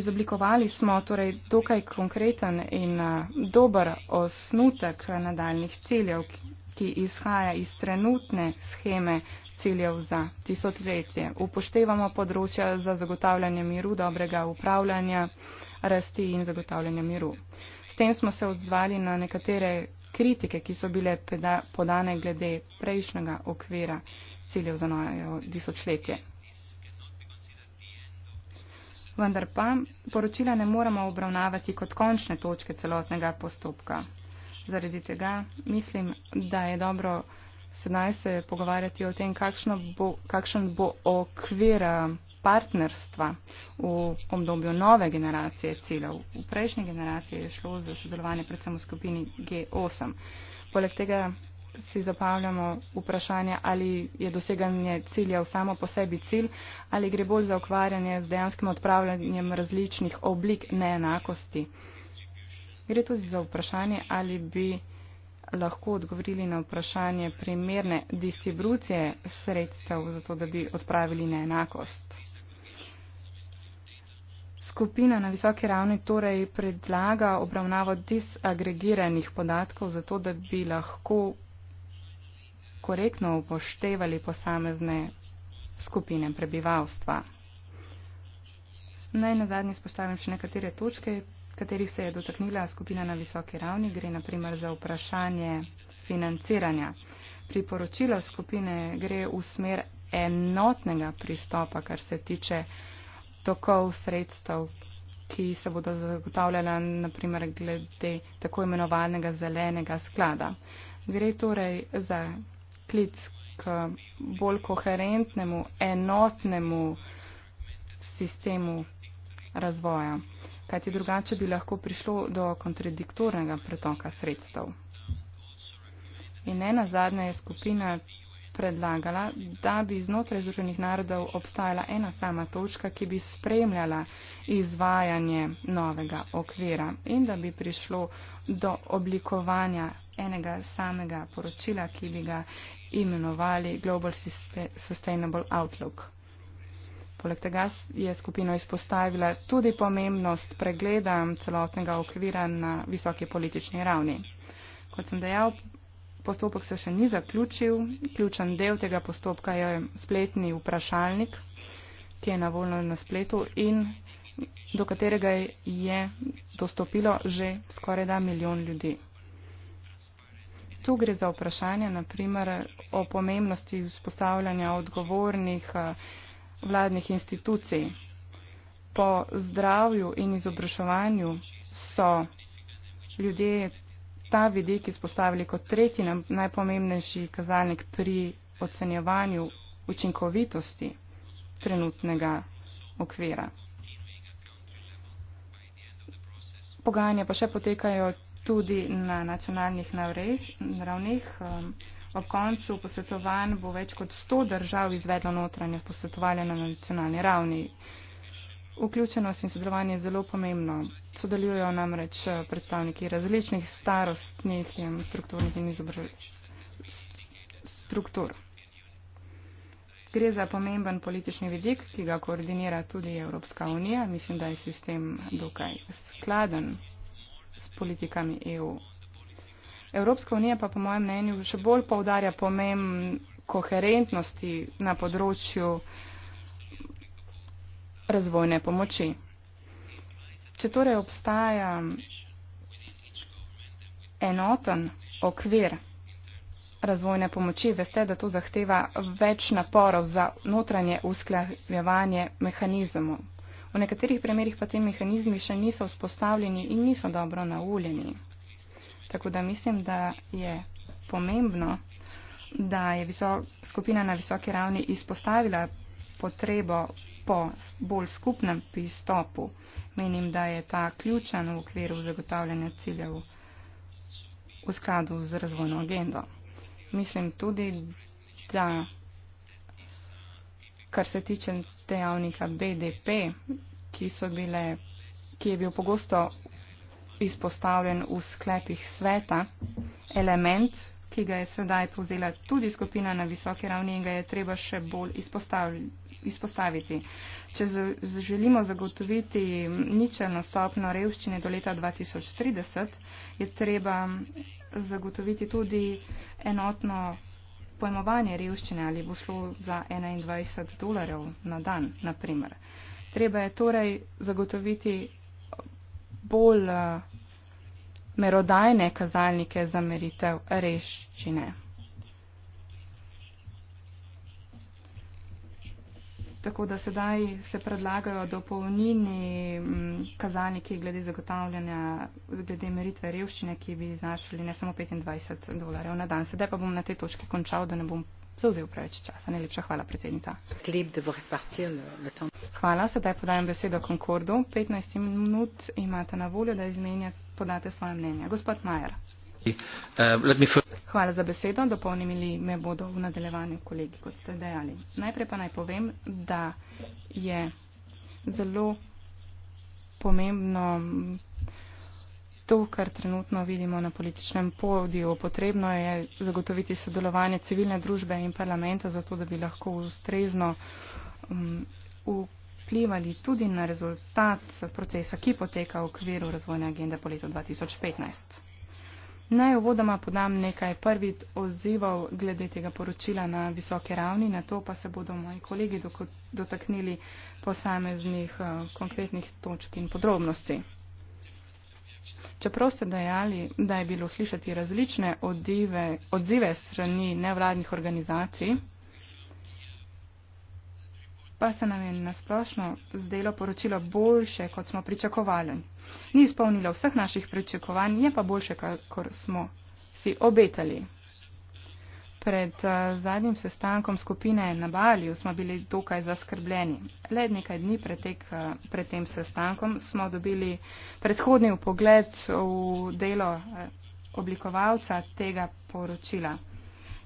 Izoblikovali smo torej dokaj konkreten in dober osnutek nadaljnih ciljev, ki izhaja iz trenutne scheme ciljev za tisočletje. Upoštevamo področja za zagotavljanje miru, dobrega upravljanja, rasti in zagotavljanje miru. S tem smo se odzvali na nekatere kritike, ki so bile podane glede prejšnjega okvira ciljev za nojo tisočletje. Vendar pa poročila ne moramo obravnavati kot končne točke celotnega postopka. Zaradi tega mislim, da je dobro sedaj se pogovarjati o tem, bo, kakšen bo okvir. Uh, partnerstva v obdobju nove generacije ciljev. V prejšnji generaciji je šlo za sodelovanje predvsem v skupini G8. Poleg tega si zapavljamo vprašanje, ali je doseganje ciljev samo po sebi cilj, ali gre bolj za ukvarjanje z dejanskim odpravljanjem različnih oblik neenakosti. Gre tudi za vprašanje, ali bi lahko odgovorili na vprašanje primerne distribucije sredstev za to, da bi odpravili neenakost skupina na visoki ravni torej predlaga obravnavo disagregiranih podatkov, zato da bi lahko korektno upoštevali posamezne skupine prebivalstva. Naj na zadnji spostavim še nekatere točke, katerih se je dotaknila skupina na visoki ravni. Gre naprimer za vprašanje financiranja. Priporočilo skupine gre v smer enotnega pristopa, kar se tiče tokov sredstev, ki se bodo zagotavljala naprimer glede tako imenovanega zelenega sklada. Gre torej za klic k bolj koherentnemu, enotnemu sistemu razvoja, kajti drugače bi lahko prišlo do kontradiktornega pretoka sredstev. In ena zadnja je skupina predlagala, da bi znotraj Združenih narodov obstajala ena sama točka, ki bi spremljala izvajanje novega okvira in da bi prišlo do oblikovanja enega samega poročila, ki bi ga imenovali Global Sustainable Outlook. Poleg tega je skupina izpostavila tudi pomembnost pregleda celostnega okvira na visoki politični ravni. Kot sem dejal, Postopek se še ni zaključil. Ključen del tega postopka je spletni vprašalnik, ki je na voljo na spletu in do katerega je dostopilo že skoraj da milijon ljudi. Tu gre za vprašanje, naprimer, o pomembnosti vzpostavljanja odgovornih eh, vladnih institucij. Po zdravju in izobraževanju so ljudje ta vidik izpostavili kot tretji najpomembnejši kazalnik pri ocenjevanju učinkovitosti trenutnega okvira. Pogajanja pa še potekajo tudi na nacionalnih ravneh. Ob koncu posvetovanj bo več kot 100 držav izvedlo notranje posvetovanje na nacionalni ravni. Vključenost in sodelovanje je zelo pomembno. Sodelujejo namreč eh, predstavniki različnih starostnih in strukturnih in izobraževalnih struktur. Gre za pomemben politični vidik, ki ga koordinira tudi Evropska unija. Mislim, da je sistem dokaj skladen s politikami EU. Evropska unija pa po mojem mnenju še bolj povdarja pomen koherentnosti na področju razvojne pomoči. Če torej obstaja enoten okvir razvojne pomoči, veste, da to zahteva več naporov za notranje usklajevanje mehanizmov. V nekaterih primerjih pa ti mehanizmi še niso vzpostavljeni in niso dobro nauljeni. Tako da mislim, da je pomembno, da je visok, skupina na visoki ravni izpostavila potrebo po bolj skupnem pristopu. Menim, da je ta ključen v okviru zagotavljanja ciljev v skladu z razvojno agendo. Mislim tudi, da kar se tiče dejavnika BDP, ki, bile, ki je bil pogosto izpostavljen v sklepih sveta, element, ki ga je sedaj povzela tudi skupina na visoki ravni in ga je treba še bolj izpostavljati izpostaviti. Če želimo zagotoviti ničelno stopno revščine do leta 2030, je treba zagotoviti tudi enotno pojmovanje revščine ali bo šlo za 21 dolarjev na dan, naprimer. Treba je torej zagotoviti bolj merodajne kazalnike za meritev reščine. Tako da sedaj se predlagajo dopolnini mm, kazalniki glede zagotavljanja, glede meritve revščine, ki bi znašali ne samo 25 dolarjev na dan. Sedaj pa bom na tej točki končal, da ne bom zauzel preveč časa. Najlepša hvala, predsednica. Hvala, sedaj podajam besedo Concordu. 15 minut imate na voljo, da izmenjate svoje mnenje. Gospod Majer. Uh, Hvala za besedo. Dopolnili me bodo v nadaljevanju kolegi, kot ste dejali. Najprej pa naj povem, da je zelo pomembno to, kar trenutno vidimo na političnem podiju. Potrebno je zagotoviti sodelovanje civilne družbe in parlamenta, zato da bi lahko ustrezno um, vplivali tudi na rezultat procesa, ki poteka v okviru razvojne agende po letu 2015. Naj uvodoma podam nekaj prvih odzivov glede tega poročila na visoke ravni, na to pa se bodo moji kolegi dotaknili posameznih eh, konkretnih točk in podrobnosti. Čeprav ste dejali, da je bilo slišati različne odzive, odzive strani nevladnih organizacij, pa se nam je nasplošno zdelo poročilo boljše, kot smo pričakovali. Ni izpolnilo vseh naših pričakovanj, je pa boljše, kot smo si obetali. Pred eh, zadnjim sestankom skupine na Balju smo bili dokaj zaskrbljeni. Le nekaj dni pred, tek, eh, pred tem sestankom smo dobili predhodni pogled v delo eh, oblikovalca tega poročila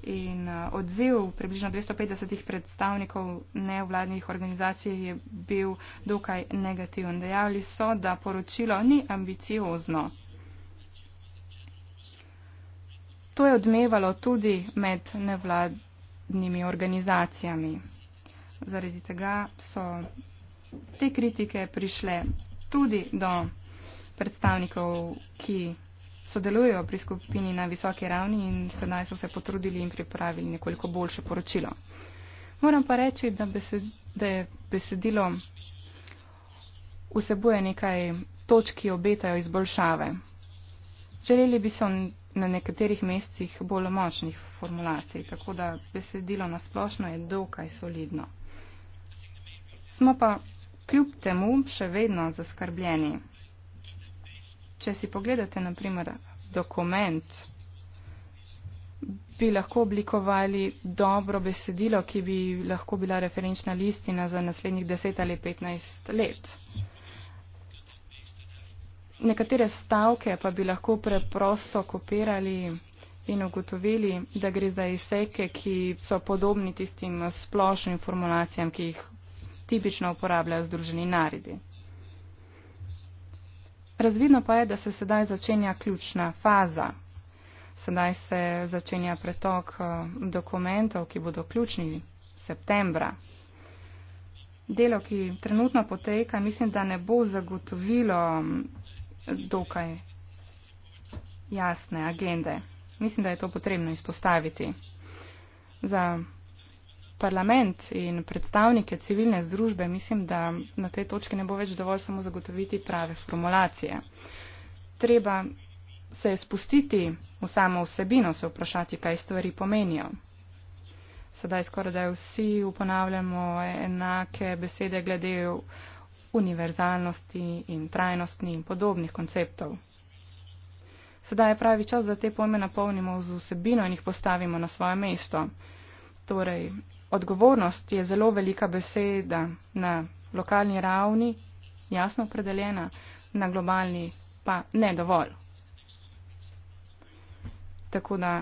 in eh, odziv približno 250 predstavnikov nevladnih organizacij je bil dokaj negativen. Dejavili so, da poročilo ni ambiciozno. To je odmevalo tudi med nevladnimi organizacijami. Zaradi tega so te kritike prišle tudi do predstavnikov, ki sodelujejo pri skupini na visoki ravni in sedaj so se potrudili in pripravili nekoliko boljše poročilo. Moram pa reči, da, besed, da je besedilo vsebuje nekaj točk, ki obetajo izboljšave. Želeli bi se na nekaterih mestih bolj močnih formulacij, tako da besedilo nasplošno je dokaj solidno. Smo pa kljub temu še vedno zaskrbljeni če si pogledate, naprimer, dokument, bi lahko oblikovali dobro besedilo, ki bi lahko bila referenčna listina za naslednjih 10 ali 15 let. Nekatere stavke pa bi lahko preprosto kopirali in ugotovili, da gre za izseke, ki so podobni tistim splošnim formulacijam, ki jih tipično uporabljajo združeni naredi. Razvidno pa je, da se sedaj začenja ključna faza. Sedaj se začenja pretok eh, dokumentov, ki bodo ključni septembra. Delo, ki trenutno poteka, mislim, da ne bo zagotovilo mm, dokaj jasne agende. Mislim, da je to potrebno izpostaviti. Za parlament in predstavnike civilne združbe, mislim, da na tej točki ne bo več dovolj samo zagotoviti prave formulacije. Treba se je spustiti v samo vsebino, se vprašati, kaj stvari pomenijo. Sedaj skoraj da vsi uponavljamo enake besede glede univerzalnosti in trajnosti in podobnih konceptov. Sedaj je pravi čas, da te pojme napolnimo z vsebino in jih postavimo na svoje mesto. Torej, odgovornost je zelo velika beseda na lokalni ravni, jasno opredeljena, na globalni pa ne dovolj. Tako da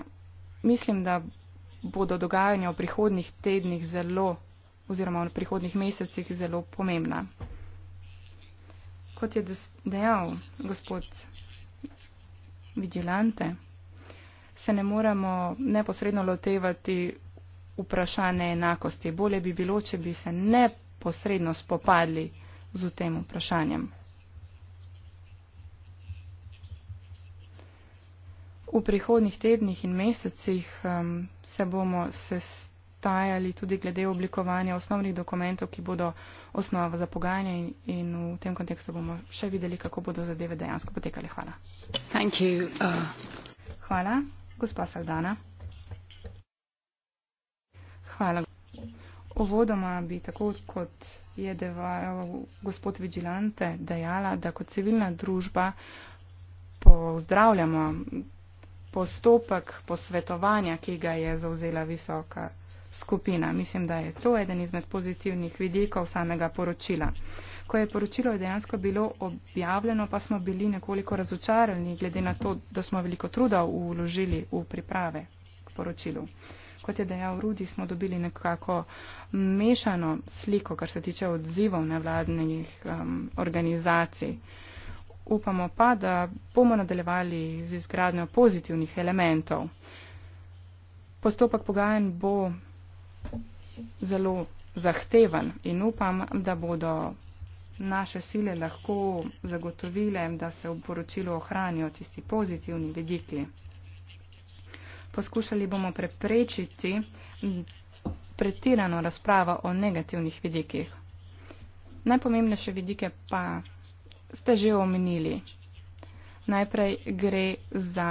mislim, da bodo dogajanja v prihodnih tednih zelo oziroma v prihodnih mesecih zelo pomembna. Kot je dejal gospod Vigilante, se ne moremo neposredno lotevati vprašanje enakosti. Bolje bi bilo, če bi se neposredno spopadli z tem vprašanjem. V prihodnih tednih in mesecih um, se bomo sestajali tudi glede oblikovanja osnovnih dokumentov, ki bodo osnova za pogajanje in, in v tem kontekstu bomo še videli, kako bodo zadeve dejansko potekali. Hvala. Uh. Hvala, gospa Saldana. Hvala. Uvodoma bi tako kot je deval gospod Vigilante dejala, da kot civilna družba pozdravljamo postopek posvetovanja, ki ga je zauzela visoka skupina. Mislim, da je to eden izmed pozitivnih vidikov samega poročila. Ko je poročilo dejansko bilo objavljeno, pa smo bili nekoliko razočarani, glede na to, da smo veliko truda vložili v priprave k poročilu. Uh, kot je dejal Rudi, smo dobili nekako mešano sliko, kar se tiče odzivov nevladnih um, organizacij. Upamo pa, da bomo nadaljevali z izgradnjo pozitivnih elementov. Postopek pogajanj bo zelo zahteven in upam, da bodo naše sile lahko zagotovile, da se v poročilu ohranijo tisti pozitivni vidiki. Poskušali bomo preprečiti pretirano razpravo o negativnih vidikih. Najpomembnejše vidike pa ste že omenili. Najprej gre za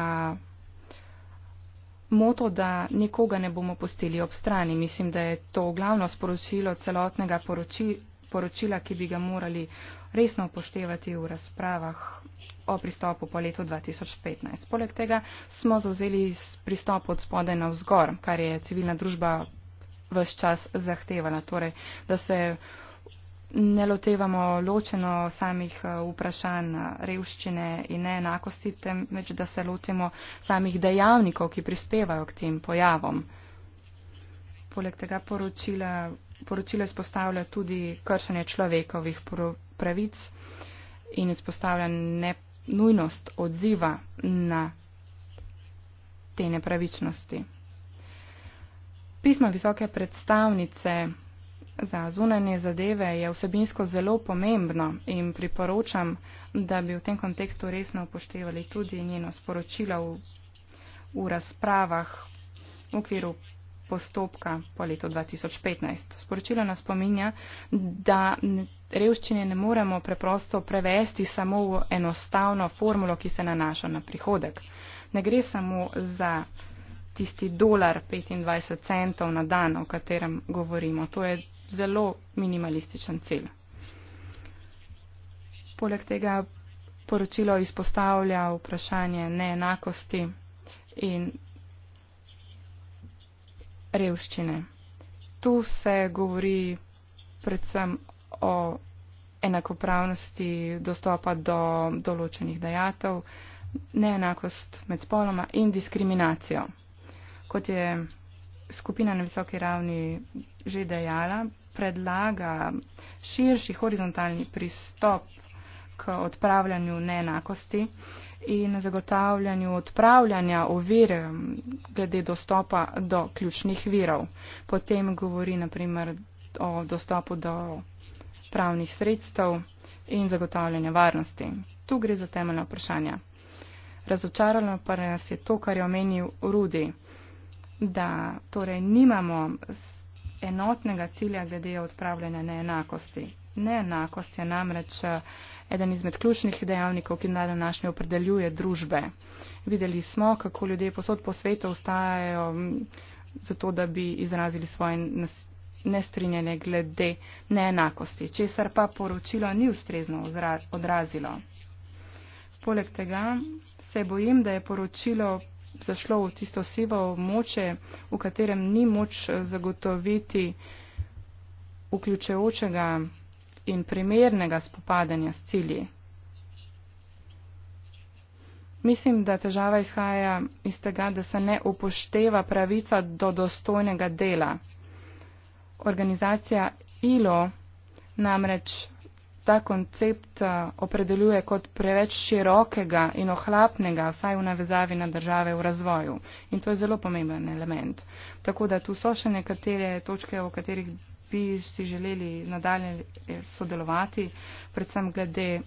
moto, da nikoga ne bomo pustili ob strani. Mislim, da je to glavno sporočilo celotnega poroči, poročila, ki bi ga morali resno upoštevati v razpravah o pristopu po letu 2015. Poleg tega smo zauzeli pristop od spode na vzgor, kar je civilna družba vse čas zahtevala, torej, da se ne lotevamo ločeno samih eh, vprašanj revščine in neenakosti, temveč da se lotimo samih dejavnikov, ki prispevajo k tem pojavom. Poleg tega poročila, poročilo izpostavlja tudi kršenje človekovih pravic in izpostavlja ne, nujnost odziva na te nepravičnosti. Pisma visoke predstavnice za zunanje zadeve je vsebinsko zelo pomembno in priporočam, da bi v tem kontekstu resno upoštevali tudi njeno sporočilo v, v razpravah v okviru postopka po letu 2015. Sporočilo nas pominja, da revščine ne moremo preprosto prevesti samo v enostavno formulo, ki se nanaša na prihodek. Ne gre samo za tisti dolar 25 centov na dan, o katerem govorimo. To je zelo minimalističen cilj. Poleg tega poročilo izpostavlja vprašanje neenakosti in revščine. Tu se govori predvsem o enakopravnosti dostopa do določenih dejatev, neenakost med spoloma in diskriminacijo. Kot je skupina na visoki ravni že dejala, predlaga širši horizontalni pristop k odpravljanju neenakosti. Uh, in zagotavljanju odpravljanja ovire glede dostopa do ključnih virov. Potem govori naprimer o dostopu do pravnih sredstev in zagotavljanja varnosti. Tu gre za temeljna vprašanja. Razočaralo pa nas je to, kar je omenil Rudi, da torej nimamo enotnega cilja glede odpravljanja neenakosti. Neenakost je namreč eh, eden izmed ključnih dejavnikov, ki na današnje opredeljuje družbe. Videli smo, kako ljudje posod po svetu ustajajo zato, da bi izrazili svoje nestrinjene glede neenakosti, česar pa poročilo ni ustrezno odrazilo. Poleg tega se bojim, da je poročilo zašlo v tisto sivo moče, v katerem ni moč eh, zagotoviti vključujočega in primernega spopadanja s cilji. Mislim, da težava izhaja iz tega, da se ne upošteva pravica do dostojnega dela. Organizacija ILO namreč ta koncept eh, opredeljuje kot preveč širokega in ohlapnega, vsaj v navezavi na države v razvoju. In to je zelo pomemben element. Tako da tu so še nekatere točke, o katerih bi si želeli nadalje sodelovati, predvsem glede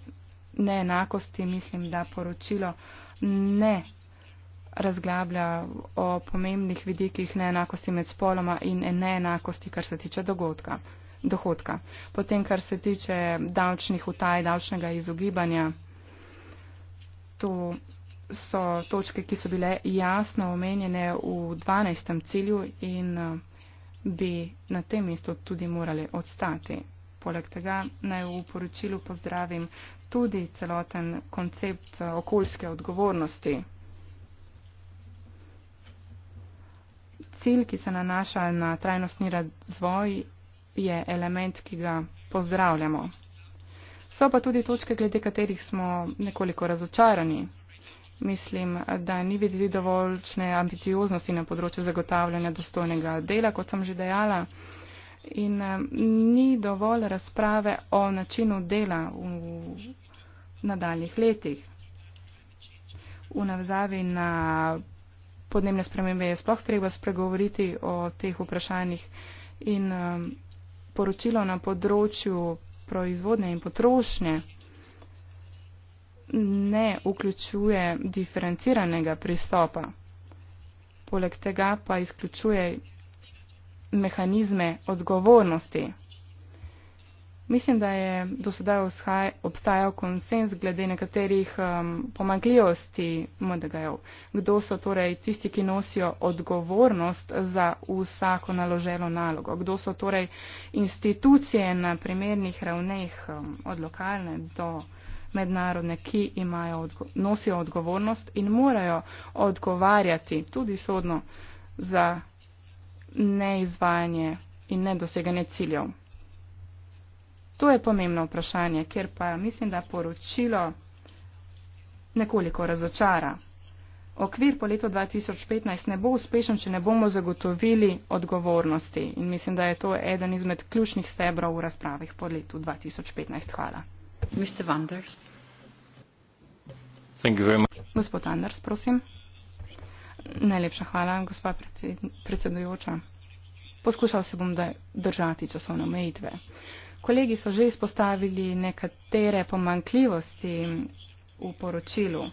neenakosti. Mislim, da poročilo ne razglablja o pomembnih vidikih neenakosti med spoloma in neenakosti, kar se tiče dogodka, dohodka. Potem, kar se tiče davčnih utaj, davčnega izogibanja, to so točke, ki so bile jasno omenjene v 12. cilju in bi na tem mestu tudi morali odstati. Poleg tega naj v poročilu pozdravim tudi celoten koncept okoljske odgovornosti. Cilj, ki se nanaša na trajnostni razvoj, je element, ki ga pozdravljamo. So pa tudi točke, glede katerih smo nekoliko razočarani. Mislim, da ni videti dovoljšne ambicioznosti na področju zagotavljanja dostojnega dela, kot sem že dejala. In eh, ni dovolj razprave o načinu dela v nadaljih letih. V navzavi na podnebne spremembe je sploh treba spregovoriti o teh vprašanjih in eh, poročilo na področju proizvodnje in potrošnje ne vključuje diferenciranega pristopa. Poleg tega pa izključuje mehanizme odgovornosti. Mislim, da je do sedaj obstajal konsens glede nekaterih um, pomagljivosti MDG-jev. Kdo so torej tisti, ki nosijo odgovornost za vsako naloženo nalogo? Kdo so torej institucije na primernih ravneh um, od lokalne do mednarodne, ki imajo, odgo nosijo odgovornost in morajo odgovarjati tudi sodno za neizvajanje in nedoseganje ciljev. To je pomembno vprašanje, ker pa mislim, da poročilo nekoliko razočara. Okvir po letu 2015 ne bo uspešen, če ne bomo zagotovili odgovornosti. In mislim, da je to eden izmed ključnih stebrov v razpravih po letu 2015. Hvala. Mr. Anders. Gospod Anders, prosim. Najlepša hvala, gospa predsedujoča. Poskušal se bom držati časovne omejitve. Kolegi so že izpostavili nekatere pomankljivosti v poročilu.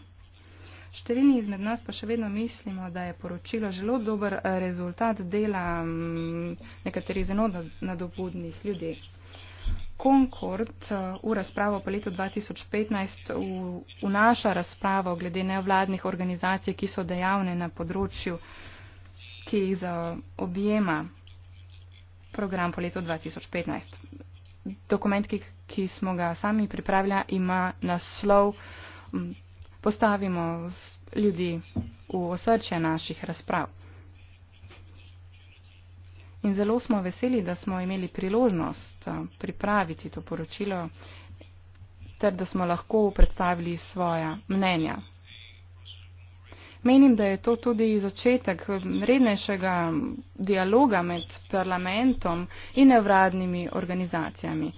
Številni izmed nas pa še vedno mislimo, da je poročilo zelo dober rezultat dela nekaterih zelo nadobudnih ljudi. Concord eh, v razpravo po letu 2015 vnaša razpravo glede nevladnih organizacij, ki so dejavne na področju, ki jih zaobjema program po letu 2015. Dokument, ki, ki smo ga sami pripravili, ima naslov Postavimo ljudi v osrče naših razprav. In zelo smo veseli, da smo imeli priložnost eh, pripraviti to poročilo ter da smo lahko predstavili svoja mnenja. Menim, da je to tudi začetek eh, rednejšega dialoga med parlamentom in nevradnimi organizacijami.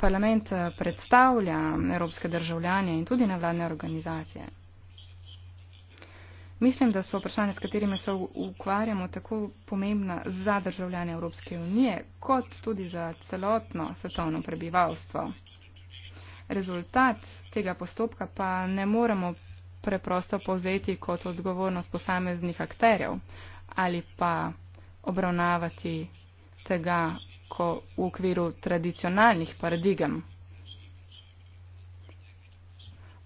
Parlament eh, predstavlja evropske državljanje in tudi nevladne organizacije. Mislim, da so vprašanja, s katerimi se ukvarjamo, tako pomembna za državljane Evropske unije, kot tudi za celotno svetovno prebivalstvo. Rezultat tega postopka pa ne moremo preprosto povzeti kot odgovornost posameznih akterjev ali pa obravnavati tega ko v okviru tradicionalnih paradigem.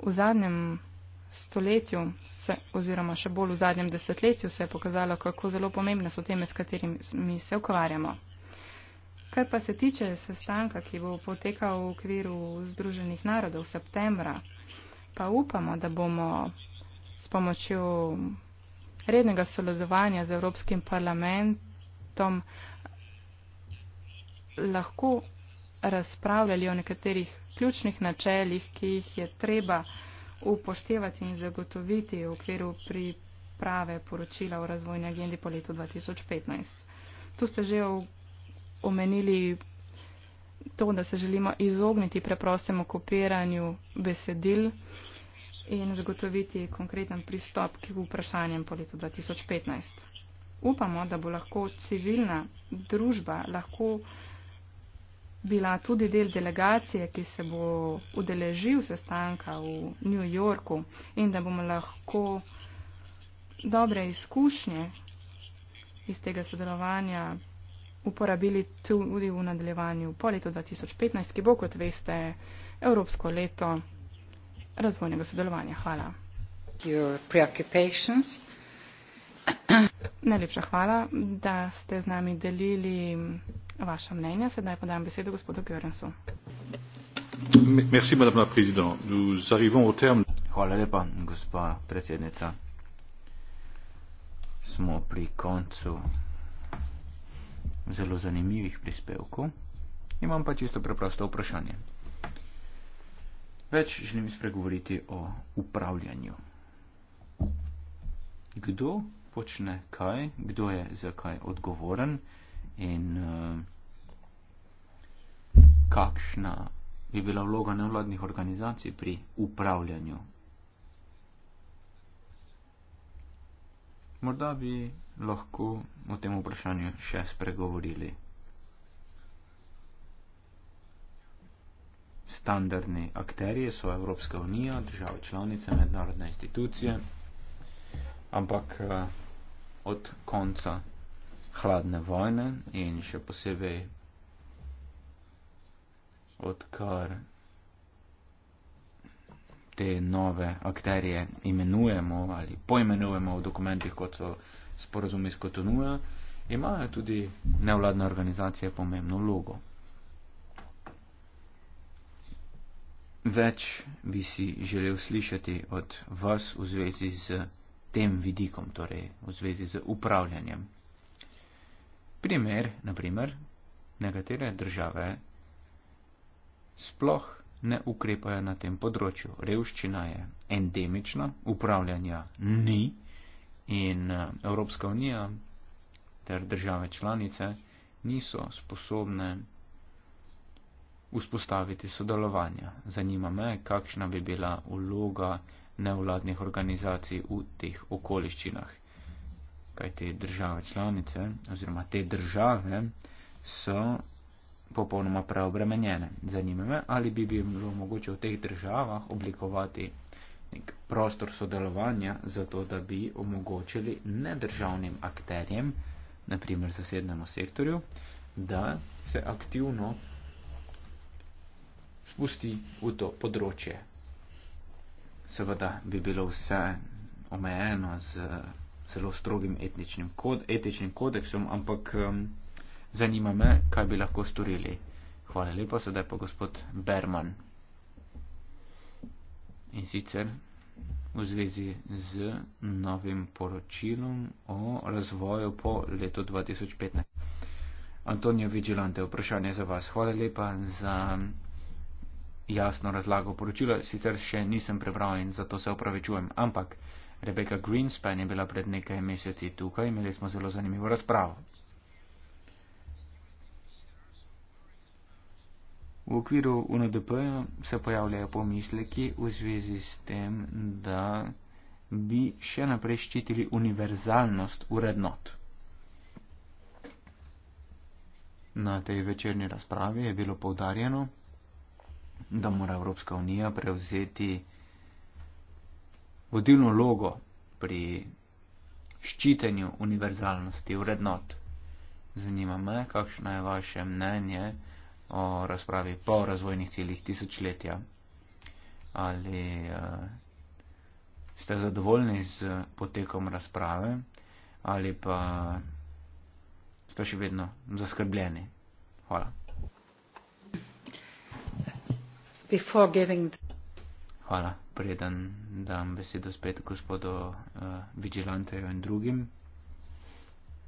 V zadnjem stoletju se, oziroma še bolj v zadnjem desetletju se je pokazalo, kako zelo pomembne so teme, s katerimi se ukvarjamo. Kar pa se tiče sestanka, ki bo potekal v okviru Združenih narodov v septembra, pa upamo, da bomo s pomočjo rednega sodelovanja z Evropskim parlamentom lahko razpravljali o nekaterih ključnih načeljih, ki jih je treba upoštevati in zagotoviti v okviru priprave poročila o razvojni agendi po letu 2015. Tu ste že omenili to, da se želimo izogniti preprostemu kopiranju besedil in zagotoviti konkreten pristop k vprašanjem po letu 2015. Upamo, da bo lahko civilna družba lahko bila tudi del delegacije, ki se bo udeležil sestanka v New Yorku in da bomo lahko dobre izkušnje iz tega sodelovanja uporabili tudi v nadaljevanju po letu 2015, ki bo, kot veste, Evropsko leto razvojnega sodelovanja. Hvala. Your preoccupations. Najlepša hvala, da ste z nami delili vaša mnenja. Sedaj podajam besedo gospodu Görensu. Hvala lepa, gospa predsednica. Smo pri koncu zelo zanimivih prispevkov. Imam pa čisto preprosto vprašanje. Več želim spregovoriti o upravljanju. Kdo počne kaj, kdo je za kaj odgovoren in uh, kakšna bi bila vloga nevladnih organizacij pri upravljanju. Morda bi lahko o tem vprašanju še spregovorili. Standardni akterje so Evropska unija, države članice, mednarodne institucije, ampak uh, od konca hladne vojne in še posebej odkar te nove akterje imenujemo ali poimenujemo v dokumentih, kot so sporozumi s Kotonuja, imajo tudi nevladne organizacije pomembno vlogo. Več bi si želel slišati od vas v zvezi z tem vidikom, torej v zvezi z upravljanjem. Primer, naprimer, nekatere države sploh ne ukrepajo na tem področju. Revščina je endemična, upravljanja ni in eh, Evropska unija ter države članice niso sposobne vzpostaviti sodelovanja. Zanima me, kakšna bi bila vloga nevladnih organizacij v teh okoliščinah. Kaj te države članice oziroma te države so popolnoma preobremenjene. Zanima me, ali bi bilo mogoče v teh državah oblikovati nek prostor sodelovanja za to, da bi omogočili nedržavnim akterjem, naprimer zasednemu sektorju, da se aktivno spusti v to področje seveda bi bilo vse omejeno z zelo strogim etničnim kod, etičnim kodeksom, ampak um, zanima me, kaj bi lahko storili. Hvala lepa, sedaj pa gospod Berman. In sicer v zvezi z novim poročilom o razvoju po letu 2015. Antonijo Vigilante, vprašanje za vas. Hvala lepa za jasno razlago poročila, sicer še nisem prebral in zato se opravičujem, ampak Rebecca Greenspan je bila pred nekaj meseci tukaj, imeli smo zelo zanimivo razpravo. V okviru UNDP se pojavljajo pomisleki v zvezi s tem, da bi še naprej ščitili univerzalnost urednot. Na tej večerni razpravi je bilo poudarjeno, da mora Evropska unija prevzeti vodilno logo pri ščitenju univerzalnosti vrednot. Zanima me, kakšno je vaše mnenje o razpravi po razvojnih ciljih tisočletja. Ali uh, ste zadovoljni z potekom razprave ali pa ste še vedno zaskrbljeni. Hvala. Hvala, preden dam besedo spet gospodu uh, Vigilanteju in drugim,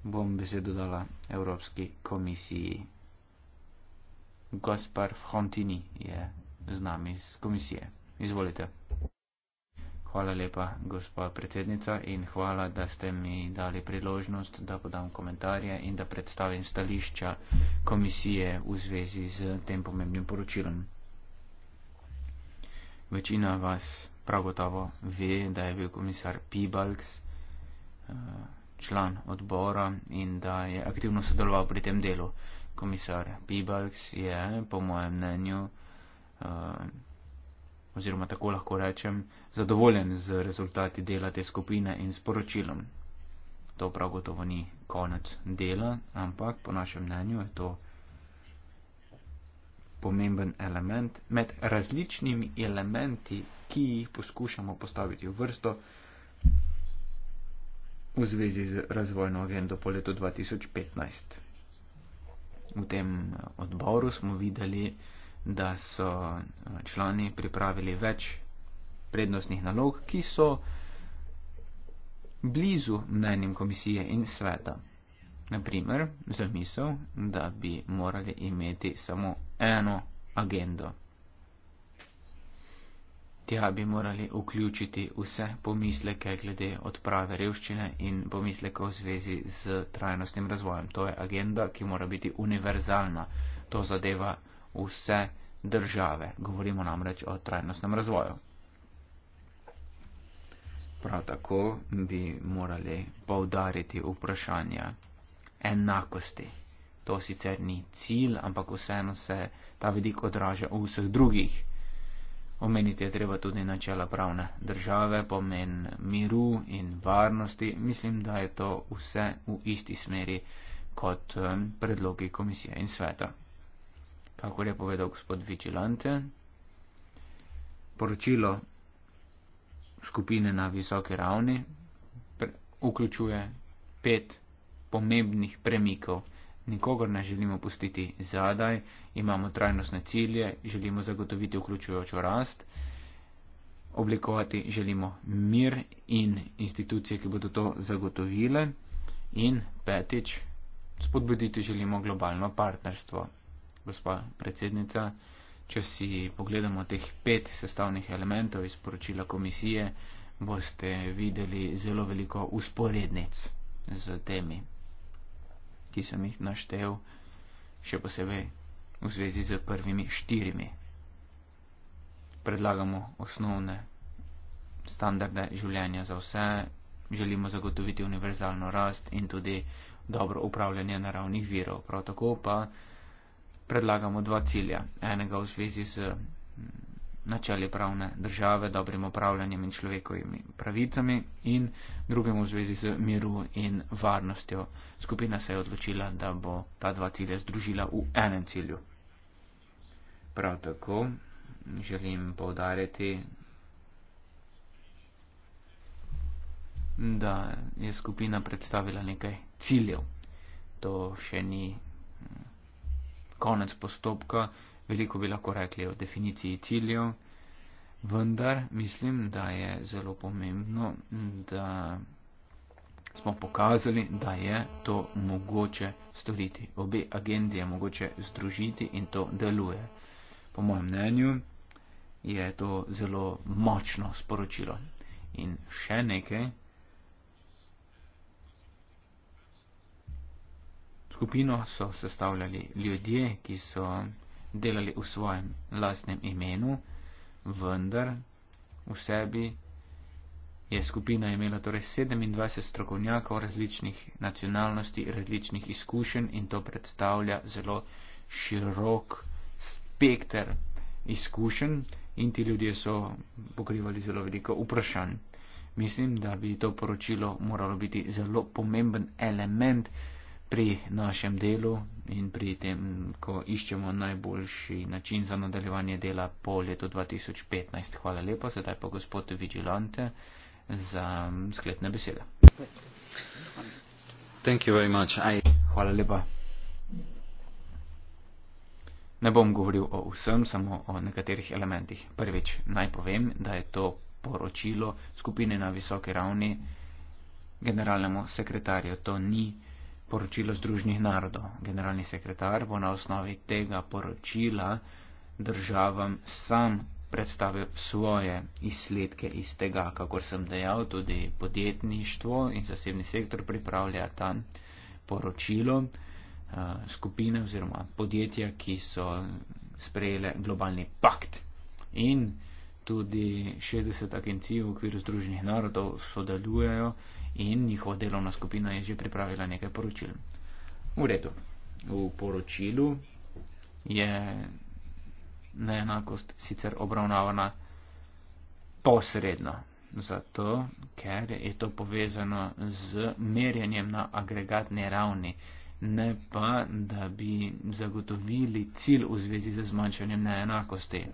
bom besedo dala Evropski komisiji. Gospar Frontini je z nami iz komisije. Izvolite. Hvala lepa, gospa predsednica, in hvala, da ste mi dali priložnost, da podam komentarje in da predstavim stališča komisije v zvezi z tem pomembnim poročilom. Večina vas prav gotovo ve, da je bil komisar Pibalks eh, član odbora in da je aktivno sodeloval pri tem delu. Komisar Pibalks je, po mojem mnenju, eh, oziroma tako lahko rečem, zadovoljen z rezultati dela te skupine in s poročilom. To prav gotovo ni konec dela, ampak po našem mnenju je to pomemben element med različnimi elementi, ki jih poskušamo postaviti v vrsto v zvezi z razvojno agendo po letu 2015. V tem odboru smo videli, da so eh, člani pripravili več prednostnih nalog, ki so blizu mnenjem komisije in sveta. Naprimer, zamisel, da bi morali imeti samo eno agendo. Tja bi morali vključiti vse pomisleke glede odprave revščine in pomisleke v zvezi z trajnostnim razvojem. To je agenda, ki mora biti univerzalna. To zadeva vse države. Govorimo namreč o trajnostnem razvoju. Prav tako bi morali poudariti vprašanja enakosti. To sicer ni cilj, ampak vseeno se ta vidik odraža v vseh drugih. Omeniti je treba tudi načela pravne države, pomen miru in varnosti. Mislim, da je to vse v isti smeri kot predlogi komisije in sveta. Kako je povedal gospod Vigilante, poročilo skupine na visoki ravni pre, vključuje pet pomembnih premikov. Nikogor ne želimo pustiti zadaj, imamo trajnostne cilje, želimo zagotoviti vključujočo rast, oblikovati želimo mir in institucije, ki bodo to zagotovile in petič, spodbuditi želimo globalno partnerstvo. Gospa predsednica, če si pogledamo teh pet sestavnih elementov iz poročila komisije, boste videli zelo veliko usporednic z temi ki sem jih naštel, še posebej v zvezi z prvimi štirimi. Predlagamo osnovne standarde življenja za vse, želimo zagotoviti univerzalno rast in tudi dobro upravljanje naravnih virov. Prav tako pa predlagamo dva cilja. Enega v zvezi z načeli pravne države, dobrim upravljanjem in človekovimi pravicami in drugemu v zvezi z miru in varnostjo. Skupina se je odločila, da bo ta dva cilja združila v enem cilju. Prav tako želim povdarjati, da je skupina predstavila nekaj ciljev. To še ni mm, konec postopka. Veliko bi lahko rekli o definiciji ciljev, vendar mislim, da je zelo pomembno, da smo pokazali, da je to mogoče storiti. Obe agendi je mogoče združiti in to deluje. Po mojem mnenju je to zelo močno sporočilo. In še nekaj. Skupino so sestavljali ljudje, ki so delali v svojem lastnem imenu, vendar v sebi je skupina imela torej 27 strokovnjakov različnih nacionalnosti, različnih izkušenj in to predstavlja zelo širok spekter izkušenj in ti ljudje so pokrivali zelo veliko vprašanj. Mislim, da bi to poročilo moralo biti zelo pomemben element, pri našem delu in pri tem, ko iščemo najboljši način za nadaljevanje dela po letu 2015. Hvala lepa, sedaj pa gospod Vigilante za sklepne besede. Hvala lepa. Ne bom govoril o vsem, samo o nekaterih elementih. Prvič naj povem, da je to poročilo skupine na visoki ravni generalnemu sekretarju. To ni poročilo Združenih narodov. Generalni sekretar bo na osnovi tega poročila državam sam predstavil svoje izsledke iz tega, kakor sem dejal, tudi podjetništvo in zasebni sektor pripravlja ta poročilo eh, skupine oziroma podjetja, ki so sprejele globalni pakt. In tudi 60 agencij v okviru Združenih narodov sodelujejo in njihova delovna skupina je že pripravila nekaj poročil. V redu. V poročilu je neenakost sicer obravnavana posredno, zato ker je to povezano z merjenjem na agregatni ravni, ne pa, da bi zagotovili cilj v zvezi z zmanjšanjem neenakosti.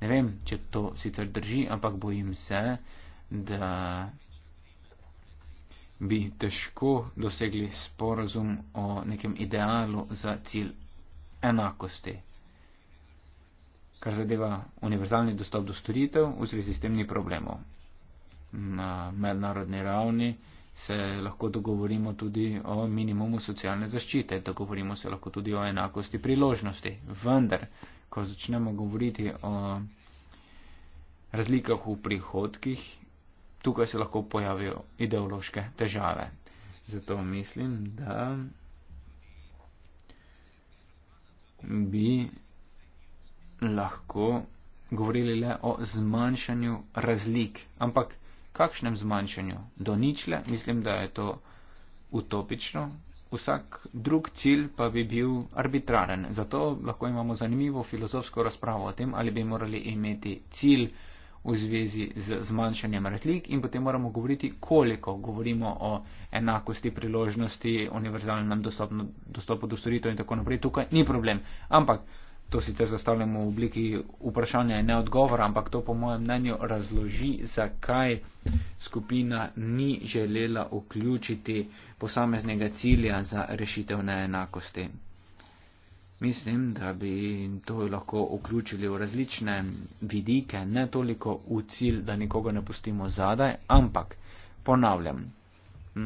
Ne vem, če to sicer drži, ampak bojim se, da bi težko dosegli sporazum o nekem idealu za cilj enakosti. Kar zadeva univerzalni dostop do storitev, v zvezi s tem ni problemov. Na mednarodni ravni se lahko dogovorimo tudi o minimumu socialne zaščite, dogovorimo se lahko tudi o enakosti priložnosti. Vendar, ko začnemo govoriti o razlikah v prihodkih, tukaj se lahko pojavijo ideološke težave. Zato mislim, da bi lahko govorili le o zmanjšanju razlik. Ampak kakšnem zmanjšanju? Do ničle? Mislim, da je to utopično. Vsak drug cilj pa bi bil arbitraren. Zato lahko imamo zanimivo filozofsko razpravo o tem, ali bi morali imeti cilj v zvezi z zmanjšanjem razlik in potem moramo govoriti, koliko govorimo o enakosti, priložnosti, univerzalnem dostopno, dostopu do storitev in tako naprej. Tukaj ni problem. Ampak to sicer zastavljamo v obliki vprašanja in ne odgovora, ampak to po mojem mnenju razloži, zakaj skupina ni želela vključiti posameznega cilja za rešitev neenakosti mislim, da bi to lahko vključili v različne vidike, ne toliko v cilj, da nikoga ne pustimo zadaj, ampak ponavljam,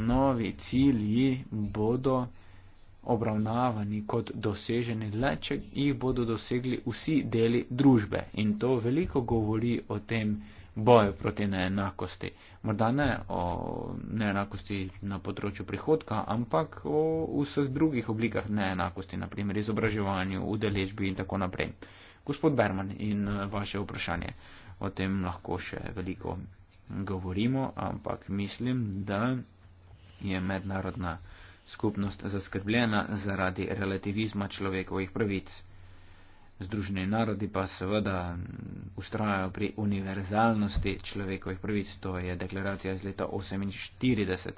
novi cilji bodo obravnavani kot doseženi le, če jih bodo dosegli vsi deli družbe. In to veliko govori o tem, boju proti neenakosti. Morda ne o neenakosti na področju prihodka, ampak o vseh drugih oblikah neenakosti, naprimer izobraževanju, udeležbi in tako naprej. Gospod Berman in eh, vaše vprašanje. O tem lahko še veliko govorimo, ampak mislim, da je mednarodna skupnost zaskrbljena zaradi relativizma človekovih pravic. Združeni narodi pa seveda ustrajajo pri univerzalnosti človekovih pravic, to je deklaracija iz leta 1948,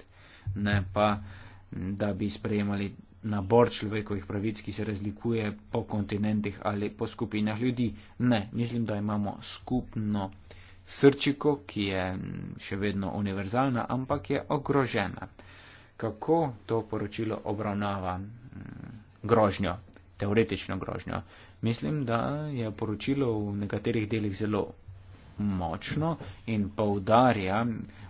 ne pa, da bi sprejemali nabor človekovih pravic, ki se razlikuje po kontinentih ali po skupinah ljudi. Ne, mislim, da imamo skupno srčiko, ki je še vedno univerzalna, ampak je ogrožena. Kako to poročilo obravnava mm, grožnjo, teoretično grožnjo? Mislim, da je poročilo v nekaterih delih zelo močno in poudarja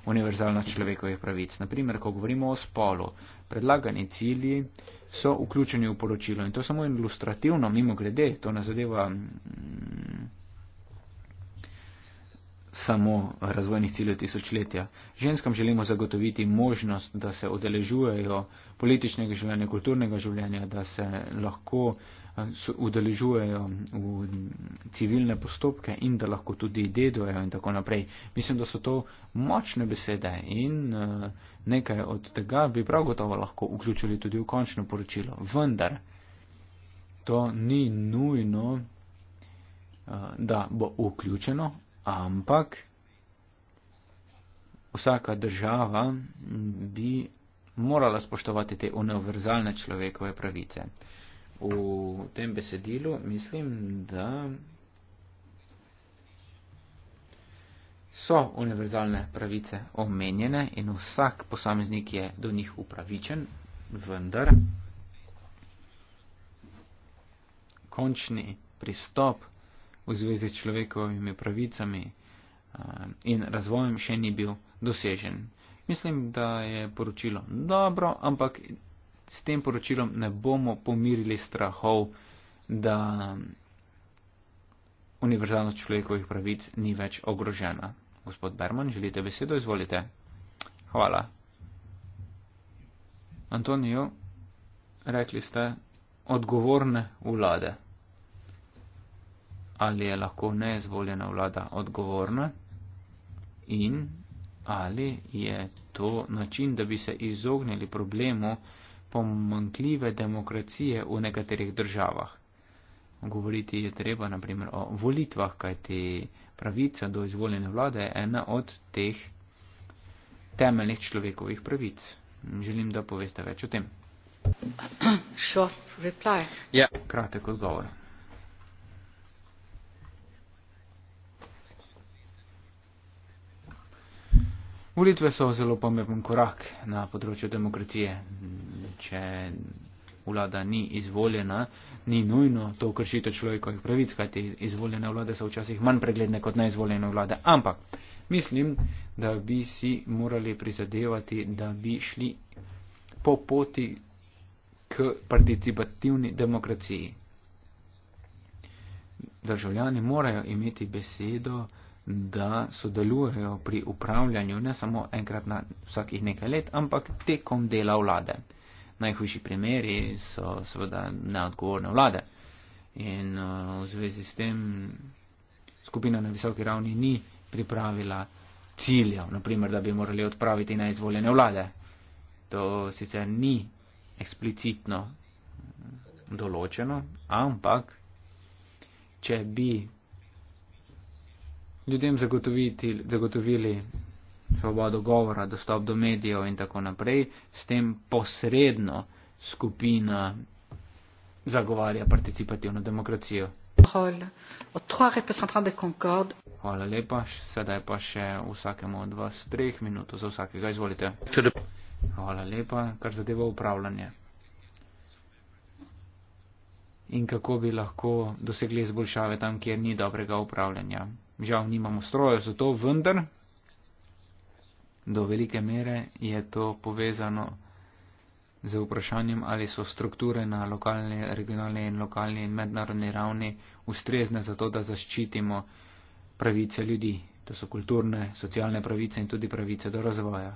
univerzalno človekovih pravic. Naprimer, ko govorimo o spolu, predlagani cilji so vključeni v poročilo in to samo ilustrativno, mimo grede, to ne zadeva mm, samo razvojnih ciljev tisočletja. Ženskam želimo zagotoviti možnost, da se odeležujejo političnega življenja, kulturnega življenja, da se lahko uh, Eh, udeležujejo v civilne postopke in da lahko tudi dedujejo in tako naprej. Mislim, da so to močne besede in eh, nekaj od tega bi prav gotovo lahko vključili tudi v končno poročilo. Vendar to ni nujno, eh, da bo vključeno, ampak vsaka država bi morala spoštovati te univerzalne človekove pravice v tem besedilu mislim, da so univerzalne pravice omenjene in vsak posameznik je do njih upravičen, vendar končni pristop v zvezi s človekovimi pravicami eh, in razvojem še ni bil dosežen. Mislim, da je poročilo dobro, ampak s tem poročilom ne bomo pomirili strahov, da univerzalnost človekovih pravic ni več ogrožena. Gospod Berman, želite besedo? Izvolite. Hvala. Antonijo, rekli ste odgovorne vlade. Ali je lahko neizvoljena vlada odgovorna in ali je to način, da bi se izognili problemu, pomankljive demokracije v nekaterih državah. Govoriti je treba naprimer o volitvah, kajti pravica do izvoljene vlade je ena od teh temeljnih človekovih pravic. Želim, da poveste več o tem. Short reply. Ja. Kratek odgovor. Volitve so zelo pomemben korak na področju demokracije če vlada ni izvoljena, ni nujno to kršitev človekovih pravic, kajti izvoljene vlade so včasih manj pregledne kot neizvoljene vlade. Ampak mislim, da bi si morali prizadevati, da bi šli po poti k participativni demokraciji. Državljani morajo imeti besedo, da sodelujejo pri upravljanju ne samo enkrat na vsakih nekaj let, ampak tekom dela vlade najhujši primeri so seveda neodgovorne vlade. In uh, v zvezi s tem skupina na visoki ravni ni pripravila ciljev, naprimer, da bi morali odpraviti neizvoljene vlade. To sicer ni eksplicitno določeno, ampak če bi ljudem zagotovili svobodo govora, dostop do medijev in tako naprej, s tem posredno skupina zagovarja participativno demokracijo. Hvala lepa, sedaj pa še vsakemu od vas treh minut za vsakega, izvolite. Hvala lepa, kar zadeva upravljanje. In kako bi lahko dosegli izboljšave tam, kjer ni dobrega upravljanja. Žal nimamo strojev za to, vendar Do velike mere je to povezano z vprašanjem, ali so strukture na lokalni, regionalni in lokalni in mednarodni ravni ustrezne za to, da zaščitimo pravice ljudi. To so kulturne, socialne pravice in tudi pravice do razvoja.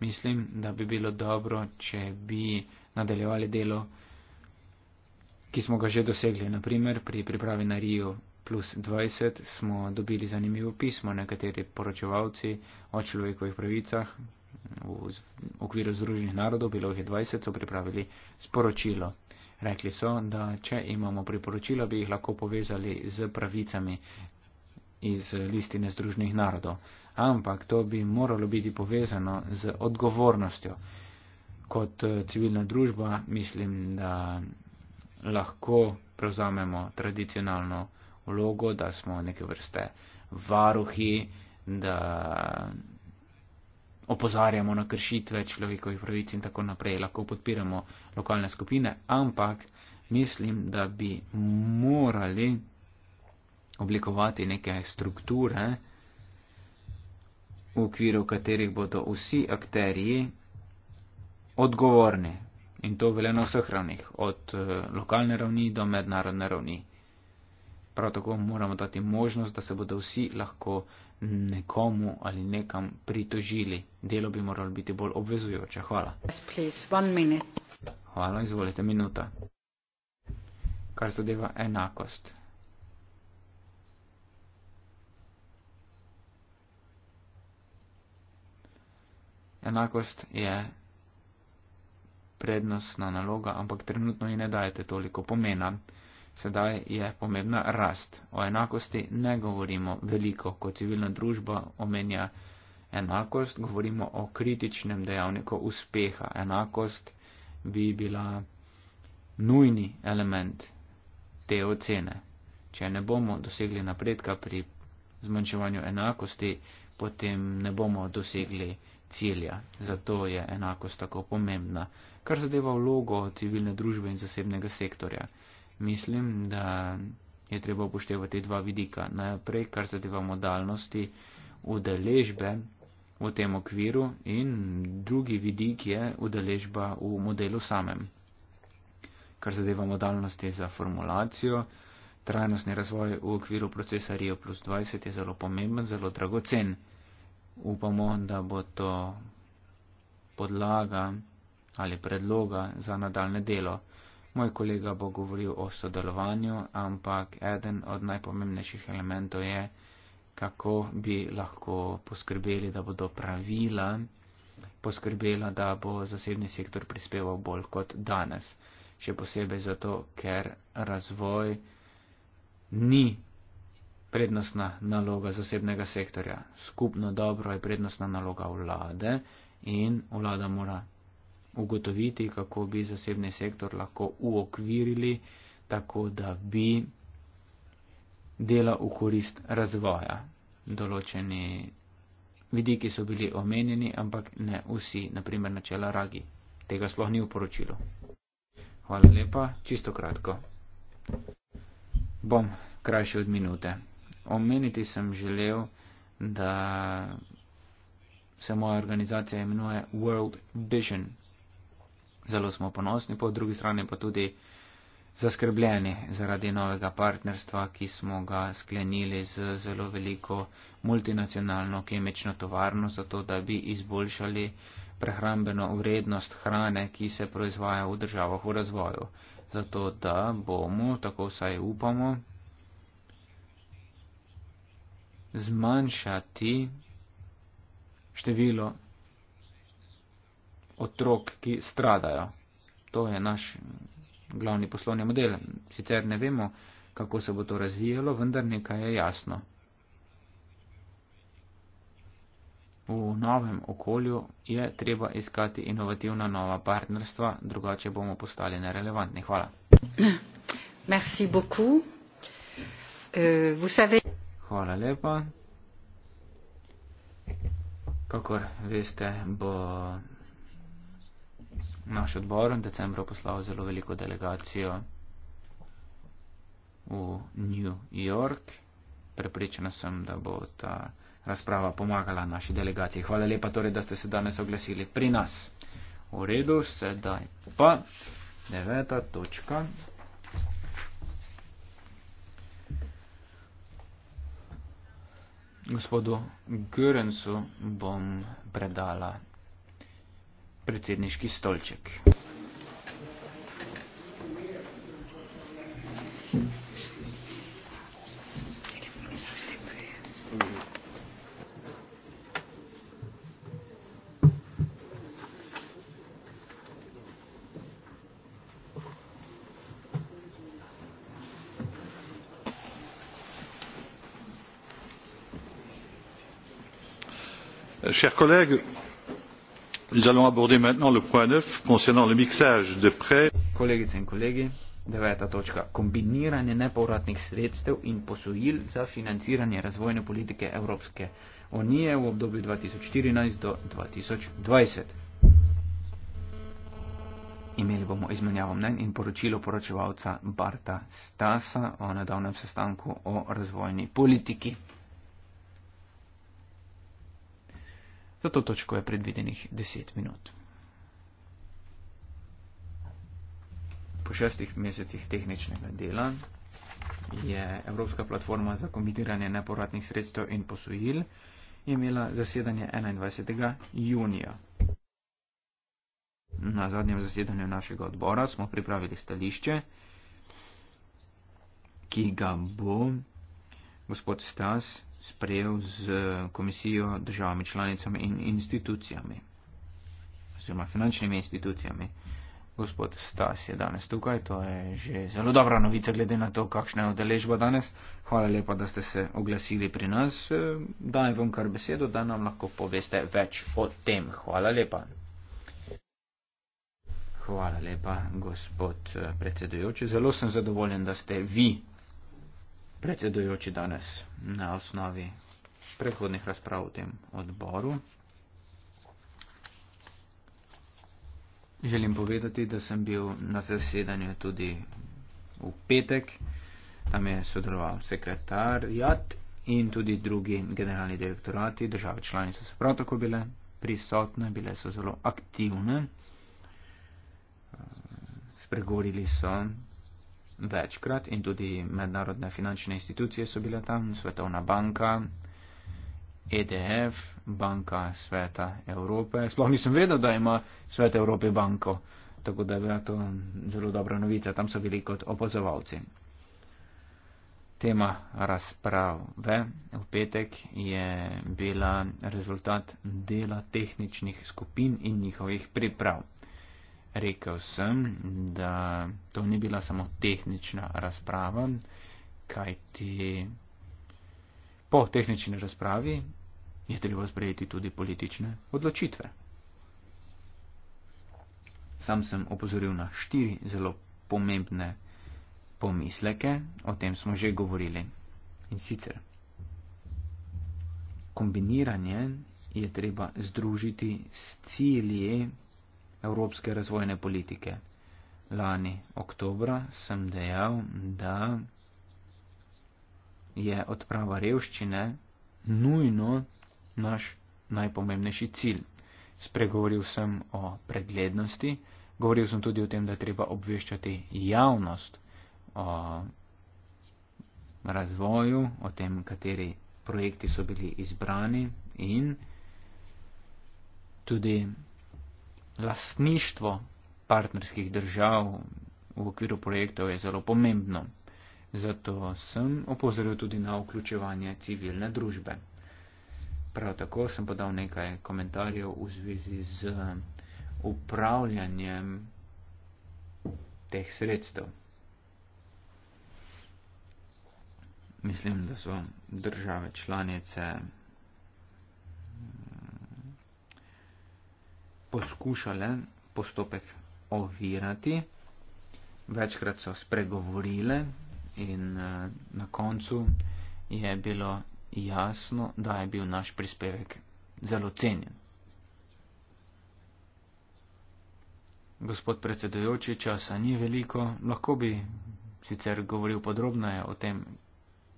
Mislim, da bi bilo dobro, če bi nadaljevali delo, ki smo ga že dosegli, naprimer pri pripravi na Rio plus 20 smo dobili zanimivo pismo nekateri poročevalci o človekovih pravicah v okviru Združenih narodov, bilo jih je 20, so pripravili sporočilo. Rekli so, da če imamo priporočila, bi jih lahko povezali z pravicami iz listine Združenih narodov. Ampak to bi moralo biti povezano z odgovornostjo. Kot eh, civilna družba mislim, da lahko prevzamemo tradicionalno vlogo, da smo neke vrste varuhi, da opozarjamo na kršitve človekovih pravic in tako naprej, lahko podpiramo lokalne skupine, ampak mislim, da bi morali oblikovati neke strukture, v okviru katerih bodo vsi akteriji odgovorni. In to velja na vseh ravnih, od eh, lokalne ravni do mednarodne ravni prav tako moramo dati možnost, da se bodo vsi lahko nekomu ali nekam pritožili. Delo bi moralo biti bolj obvezujoče. Hvala. Hvala, izvolite, minuta. Kar zadeva enakost. Enakost je prednostna naloga, ampak trenutno ji ne dajete toliko pomena. Sedaj je pomembna rast. O enakosti ne govorimo veliko, kot civilna družba omenja enakost, govorimo o kritičnem dejavniku uspeha. Enakost bi bila nujni element te ocene. Če ne bomo dosegli napredka pri zmanjševanju enakosti, potem ne bomo dosegli cilja. Zato je enakost tako pomembna. Kar zadeva vlogo civilne družbe in zasebnega sektorja mislim, da je treba upoštevati dva vidika. Najprej, kar zadeva modalnosti udeležbe v tem okviru in drugi vidik je udeležba v modelu samem. Kar zadeva modalnosti za formulacijo, trajnostni razvoj v okviru procesa Rio plus 20 je zelo pomemben, zelo dragocen. Upamo, da bo to podlaga ali predloga za nadaljne delo. Moj kolega bo govoril o sodelovanju, ampak eden od najpomembnejših elementov je, kako bi lahko poskrbeli, da bodo pravila poskrbela, da bo zasebni sektor prispeval bolj kot danes. Še posebej zato, ker razvoj ni prednostna naloga zasebnega sektorja. Skupno dobro je prednostna naloga vlade in vlada mora ugotoviti, kako bi zasebni sektor lahko uokvirili, tako da bi dela v korist razvoja. Določeni vidiki so bili omenjeni, ampak ne vsi, naprimer načela ragi. Tega sloh ni v poročilu. Hvala lepa, čisto kratko. Bom krajši od minute. Omeniti sem želel, da se moja organizacija imenuje World Vision zelo smo ponosni, po drugi strani pa tudi zaskrbljeni zaradi novega partnerstva, ki smo ga sklenili z zelo veliko multinacionalno kemično tovarno, zato da bi izboljšali prehrambeno vrednost hrane, ki se proizvaja v državah v razvoju. Zato da bomo, tako vsaj upamo, zmanjšati število otrok, ki stradajo. To je naš glavni poslovni model. Sicer ne vemo, kako se bo to razvijalo, vendar nekaj je jasno. V novem okolju je treba iskati inovativna nova partnerstva, drugače bomo postali nerelevantni. Hvala. Merci beaucoup. Uh, vous savez... Hvala lepa. Kakor veste, bo naš odbor v decembru poslal zelo veliko delegacijo v New York. Prepričana sem, da bo ta razprava pomagala naši delegaciji. Hvala lepa torej, da ste se danes oglasili pri nas. V redu, sedaj pa deveta točka. Gospodu Görencu bom predala predsedniški stolček. chers collègues je voudrais vous remercier pour votre présence ce soir allons aborder maintenant le point neuf concernant le mixage de prêts. kolegice in kolegi deveta točka kombiniranje nepovratnih sredstev in posojil za financiranje razvojne politike evropske unije v obdobju 2014 do 2020. Imeli bomo izmenjavo mnen in poročilo poročevalca Barta Stasa o nedavnem sestanku o razvojni politiki. Za to točko je predvidenih 10 minut. Po šestih mesecih tehničnega dela je Evropska platforma za komitiranje nepovratnih sredstev in posojil imela zasedanje 21. junija. Na zadnjem zasedanju našega odbora smo pripravili stališče, ki ga bo gospod Stas sprejel z eh, komisijo državami članicami in institucijami, oziroma finančnimi institucijami. Gospod Stas je danes tukaj, to je že zelo dobra novica glede na to, kakšna je odeležba danes. Hvala lepa, da ste se oglasili pri nas. Eh, dajem vam kar besedo, da nam lahko poveste več o tem. Hvala lepa. Hvala lepa, gospod eh, predsedujoči. Zelo sem zadovoljen, da ste vi predsedujoči danes na osnovi prehodnih razprav v tem odboru. Želim povedati, da sem bil na zasedanju tudi v petek, tam je sodeloval sekretar JAT in tudi drugi generalni direktorati, države članice so prav tako bile prisotne, bile so zelo aktivne. Spregovorili so večkrat in tudi mednarodne finančne institucije so bile tam, Svetovna banka, EDF, Banka Sveta Evrope. Sploh nisem vedel, da ima Svet Evrope banko, tako da je bila to zelo dobra novica, tam so bili kot opazovalci. Tema razprave v petek je bila rezultat dela tehničnih skupin in njihovih priprav rekel sem, da to ni bila samo tehnična razprava, kaj ti po tehnični razpravi je treba sprejeti tudi politične odločitve. Sam sem opozoril na štiri zelo pomembne pomisleke, o tem smo že govorili. In sicer kombiniranje je treba združiti s cilji evropske razvojne politike. Lani oktobra sem dejal, da je odprava revščine nujno naš najpomembnejši cilj. Spregovoril sem o preglednosti, govoril sem tudi o tem, da je treba obveščati javnost o razvoju, o tem, kateri projekti so bili izbrani in tudi lastništvo partnerskih držav v okviru projektov je zelo pomembno. Zato sem opozoril tudi na vključevanje civilne družbe. Prav tako sem podal nekaj komentarjev v zvezi z upravljanjem teh sredstev. Mislim, da so države članice poskušale postopek ovirati, večkrat so spregovorile in eh, na koncu je bilo jasno, da je bil naš prispevek zelo cenjen. Gospod predsedujoči, časa ni veliko, lahko bi sicer govoril podrobneje o tem,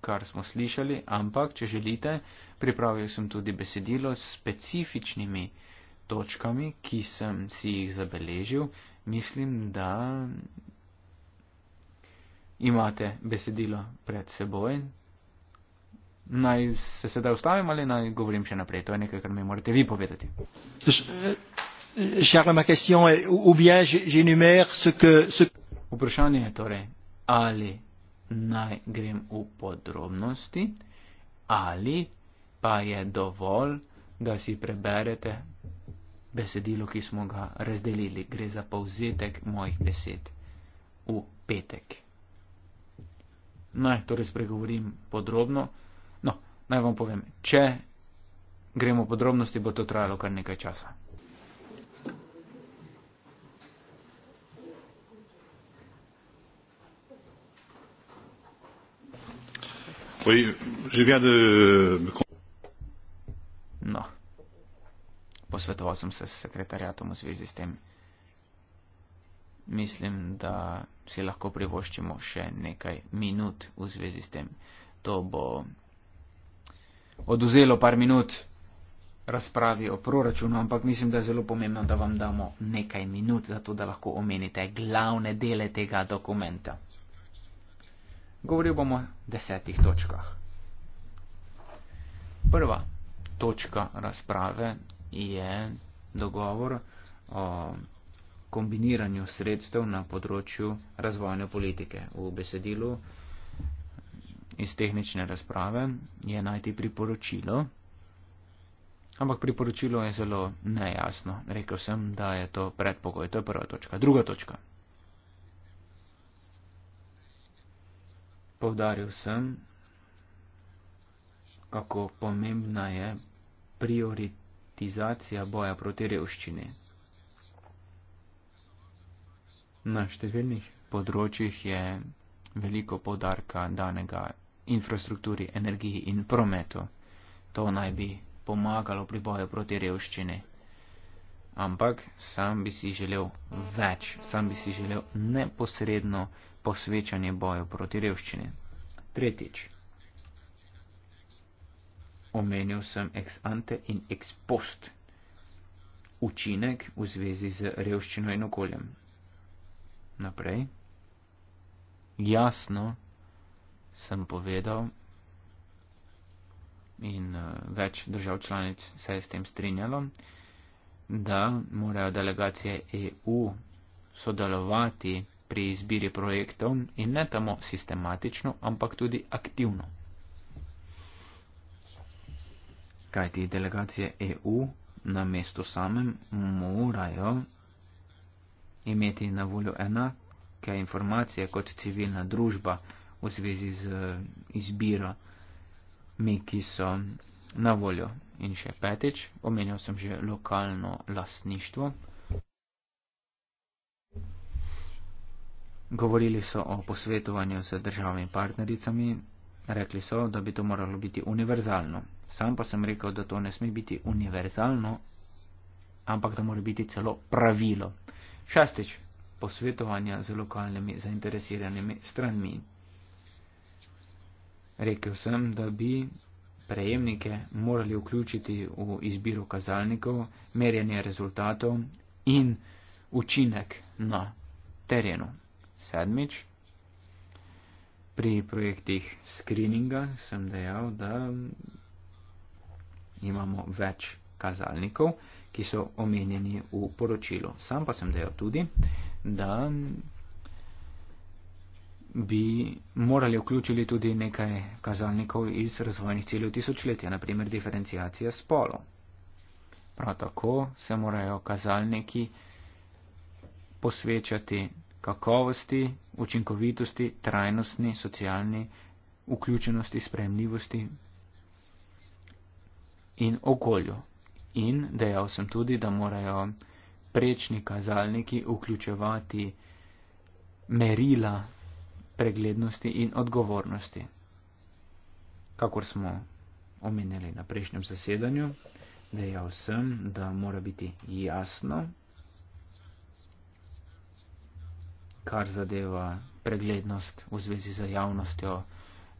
kar smo slišali, ampak, če želite, pripravil sem tudi besedilo s specifičnimi točkami, ki sem si jih zabeležil, mislim, da imate besedilo pred seboj. Naj se sedaj ustavim ali naj govorim še naprej. To je nekaj, kar mi morate vi povedati. Vprašanje je torej, ali naj grem v podrobnosti ali pa je dovolj, da si preberete besedilo, ki smo ga razdelili. Gre za povzetek mojih besed v petek. Naj torej spregovorim podrobno. No, naj vam povem, če gremo v podrobnosti, bo to trajalo kar nekaj časa. Oui, je viens de... No posvetoval sem se s sekretarjatom v zvezi s tem. Mislim, da si lahko privoščimo še nekaj minut v zvezi s tem. To bo oduzelo par minut razpravi o proračunu, ampak mislim, da je zelo pomembno, da vam damo nekaj minut, zato da lahko omenite glavne dele tega dokumenta. Govoril bomo o desetih točkah. Prva točka razprave je dogovor o kombiniranju sredstev na področju razvojne politike. V besedilu iz tehnične razprave je najti priporočilo, ampak priporočilo je zelo nejasno. Rekel sem, da je to predpogoj. To je prva točka. Druga točka. Povdaril sem, kako pomembna je prioritet prioritizacija boja proti revščini. Na številnih področjih je veliko podarka danega infrastrukturi, energiji in prometu. To naj bi pomagalo pri boju proti revščini. Ampak sam bi si želel več, sam bi si želel neposredno posvečanje boju proti revščini. Tretjič omenil sem ex ante in ex post učinek v zvezi z revščino in okoljem. Naprej. Jasno sem povedal in eh, več držav članic se je s tem strinjalo, da morajo delegacije EU sodelovati pri izbiri projektov in ne samo sistematično, ampak tudi aktivno. kajti delegacije EU na mestu samem morajo imeti na voljo enake informacije kot civilna družba v zvezi z eh, izbiro mi, ki so na voljo. In še petič, omenjal sem že lokalno lastništvo. Govorili so o posvetovanju z državami partnericami, rekli so, da bi to moralo biti univerzalno, Sam pa sem rekel, da to ne sme biti univerzalno, ampak da mora biti celo pravilo. Šestič, posvetovanja z lokalnimi zainteresiranimi stranmi. Rekel sem, da bi prejemnike morali vključiti v izbiro kazalnikov, merjanje rezultatov in učinek na terenu. Sedmič, pri projektih screeninga sem dejal, da imamo več kazalnikov, ki so omenjeni v poročilu. Sam pa sem dejal tudi, da bi morali vključiti tudi nekaj kazalnikov iz razvojnih ciljev tisočletja, naprimer diferencijacija spolov. Prav tako se morajo kazalniki posvečati kakovosti, učinkovitosti, trajnostni, socialni vključenosti, spremljivosti, in okolju. In dejal sem tudi, da morajo prečni kazalniki vključevati merila preglednosti in odgovornosti. Kakor smo omenjali na prejšnjem zasedanju, dejal sem, da mora biti jasno, kar zadeva preglednost v zvezi z javnostjo,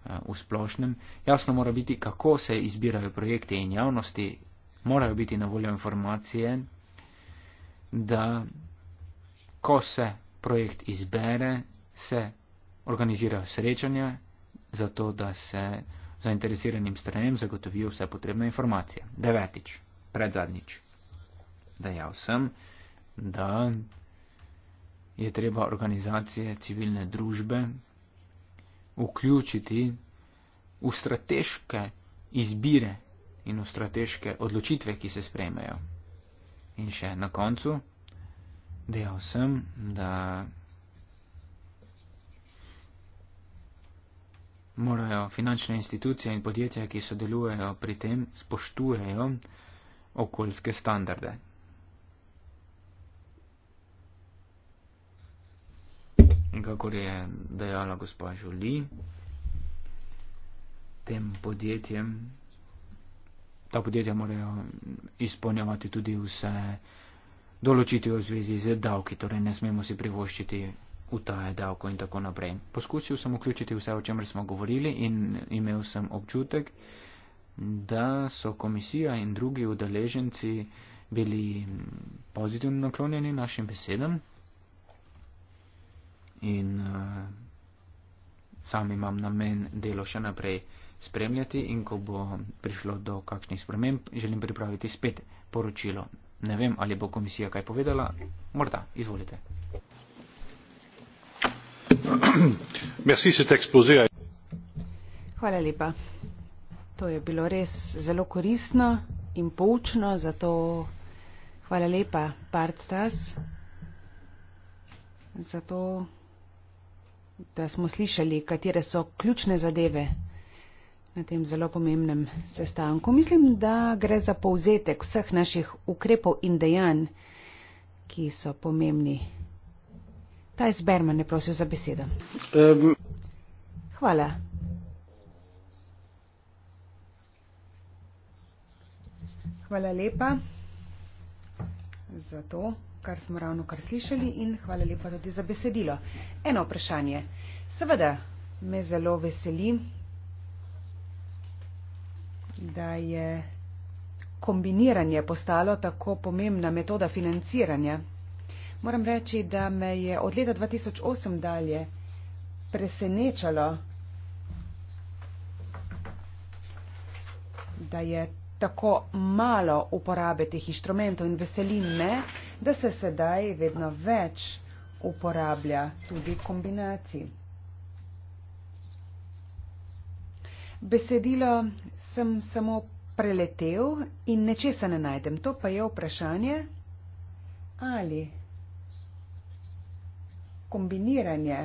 Eh, v splošnem. Jasno mora biti, kako se izbirajo projekte in javnosti, morajo biti na voljo informacije, da ko se projekt izbere, se organizirajo srečanja, zato da se zainteresiranim stranem zagotovijo vse potrebne informacije. Devetič, predzadnjič, dejal sem, da je treba organizacije civilne družbe vključiti v strateške izbire in v strateške odločitve, ki se sprejmejo. In še na koncu dejal sem, da morajo finančne institucije in podjetja, ki sodelujejo pri tem, spoštujejo okoljske standarde. In kakor je dejala gospa Žuli, tem podjetjem, ta podjetja morajo izpolnjevati tudi vse določitev v zvezi z davki, torej ne smemo si privoščiti utaje davko in tako naprej. Poskusil sem vključiti vse, o čemer smo govorili in imel sem občutek, da so komisija in drugi udeleženci bili pozitivno naklonjeni našim besedam, in uh, sam imam namen delo še naprej spremljati in ko bo prišlo do kakšnih sprememb, želim pripraviti spet poročilo. Ne vem, ali bo komisija kaj povedala, morda, izvolite. Hvala lepa. To je bilo res zelo korisno in poučno, zato hvala lepa, Bart Stas, za to da smo slišali, katere so ključne zadeve na tem zelo pomembnem sestanku. Mislim, da gre za povzetek vseh naših ukrepov in dejanj, ki so pomembni. Taj Zberman je prosil za besedo. Hvala. Hvala lepa za to kar smo ravno kar slišali in hvala lepa tudi za besedilo. Eno vprašanje. Seveda me zelo veseli, da je kombiniranje postalo tako pomembna metoda financiranja. Moram reči, da me je od leta 2008 dalje presenečalo, da je tako malo uporabe teh inštrumentov in veselim me, da se sedaj vedno več uporablja tudi kombinacij. Besedilo sem samo preletel in nečesa ne najdem. To pa je vprašanje, ali kombiniranje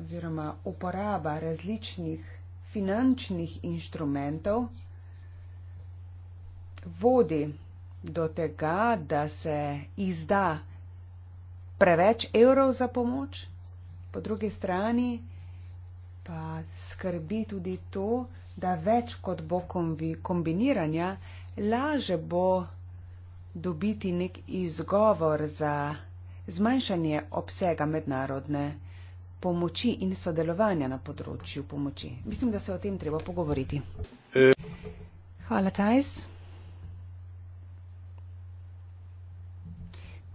oziroma uporaba različnih finančnih inštrumentov vodi do tega, da se izda preveč evrov za pomoč, po drugi strani pa skrbi tudi to, da več kot bo kombiniranja, laže bo dobiti nek izgovor za zmanjšanje obsega mednarodne pomoči in sodelovanja na področju pomoči. Mislim, da se o tem treba pogovoriti. E- Hvala, Tajs.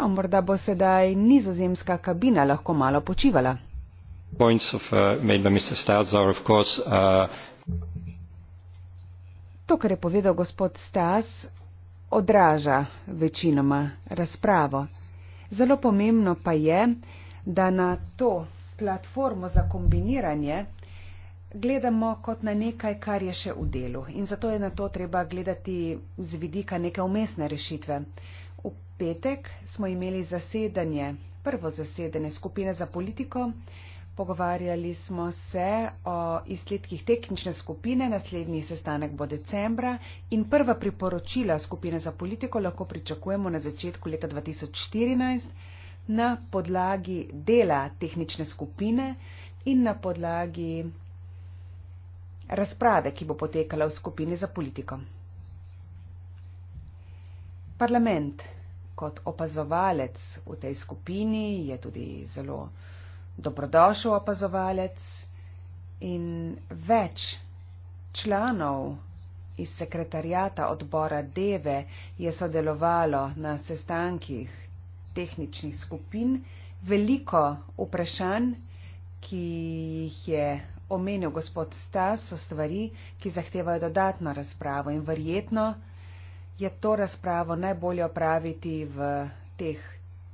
pa morda bo sedaj nizozemska kabina lahko malo počivala. Uh, uh, to, kar je povedal gospod Stas, odraža večinoma razpravo. Zelo pomembno pa je, da na to platformo za kombiniranje gledamo kot na nekaj, kar je še v delu. In zato je na to treba gledati z vidika neke umestne rešitve petek smo imeli zasedanje, prvo zasedanje skupine za politiko. Pogovarjali smo se o izsledkih tehnične skupine, naslednji sestanek bo decembra in prva priporočila skupine za politiko lahko pričakujemo na začetku leta 2014 na podlagi dela tehnične skupine in na podlagi razprave, ki bo potekala v skupini za politiko. Parlament kot opazovalec v tej skupini, je tudi zelo dobrodošel opazovalec in več članov iz sekretarjata odbora Deve je sodelovalo na sestankih tehničnih skupin, veliko vprašanj, ki jih je omenil gospod Stas, so stvari, ki zahtevajo dodatno razpravo in verjetno, je to razpravo najbolje opraviti v teh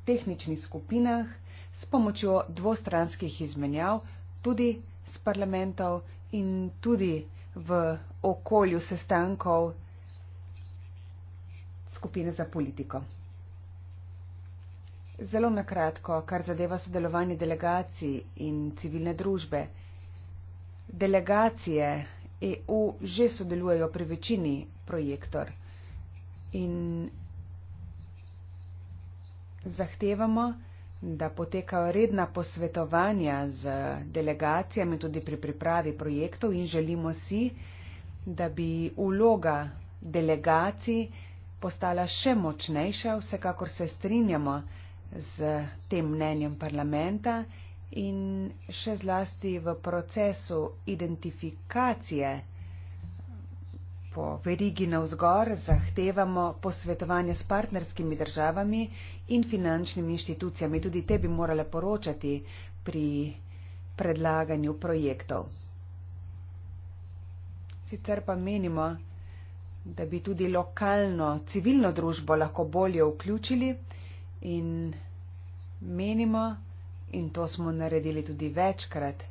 tehničnih skupinah s pomočjo dvostranskih izmenjav, tudi s parlamentov in tudi v okolju sestankov skupine za politiko. Zelo nakratko, kar zadeva sodelovanje delegacij in civilne družbe. Delegacije EU že sodelujejo pri večini projektor in zahtevamo, da potekajo redna posvetovanja z delegacijami tudi pri pripravi projektov in želimo si, da bi vloga delegacij postala še močnejša. Vsekakor se strinjamo z tem mnenjem parlamenta in še zlasti v procesu identifikacije po verigi navzgor zahtevamo posvetovanje s partnerskimi državami in finančnimi inštitucijami. Tudi te bi morale poročati pri predlaganju projektov. Sicer pa menimo, da bi tudi lokalno civilno družbo lahko bolje vključili in menimo, in to smo naredili tudi večkrat,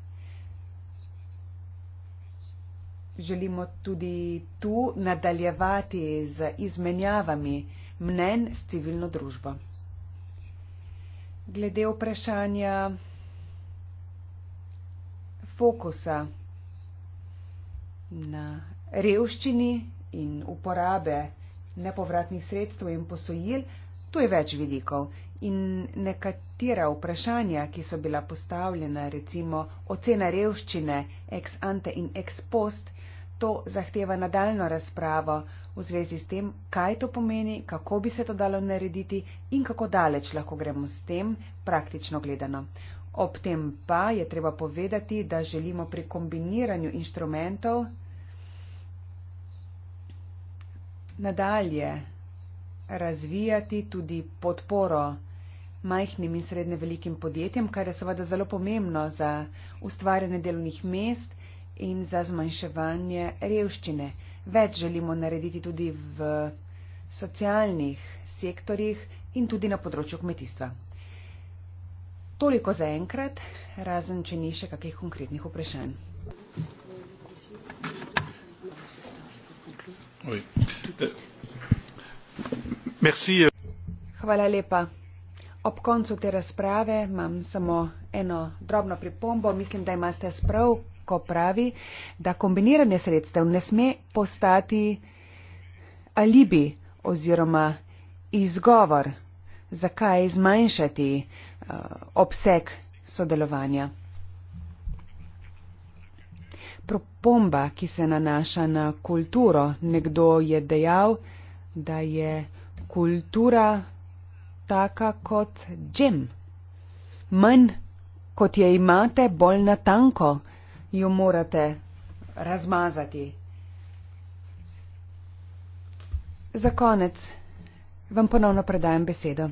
Želimo tudi tu nadaljevati z izmenjavami mnen s civilno družbo. Glede vprašanja fokusa na revščini in uporabe nepovratnih sredstev in posojil, tu je več vidikov in nekatera vprašanja, ki so bila postavljena, recimo ocena revščine ex ante in ex post, To zahteva nadaljno razpravo v zvezi s tem, kaj to pomeni, kako bi se to dalo narediti in kako daleč lahko gremo s tem, praktično gledano. Ob tem pa je treba povedati, da želimo pri kombiniranju inštrumentov nadalje razvijati tudi podporo majhnim in srednje velikim podjetjem, kar je seveda zelo pomembno za ustvarjanje delovnih mest in za zmanjševanje revščine. Več želimo narediti tudi v socialnih sektorjih in tudi na področju kmetijstva. Toliko za enkrat, razen če ni še kakih konkretnih vprašanj. Hvala lepa. Ob koncu te razprave imam samo eno drobno pripombo. Mislim, da imate sprav ko pravi, da kombiniranje sredstev ne sme postati alibi oziroma izgovor, zakaj zmanjšati uh, obseg sodelovanja. Propomba, ki se nanaša na kulturo, nekdo je dejal, da je kultura taka kot džem. Manj, kot je imate, bolj natanko jo morate razmazati. Za konec vam ponovno predajam besedo.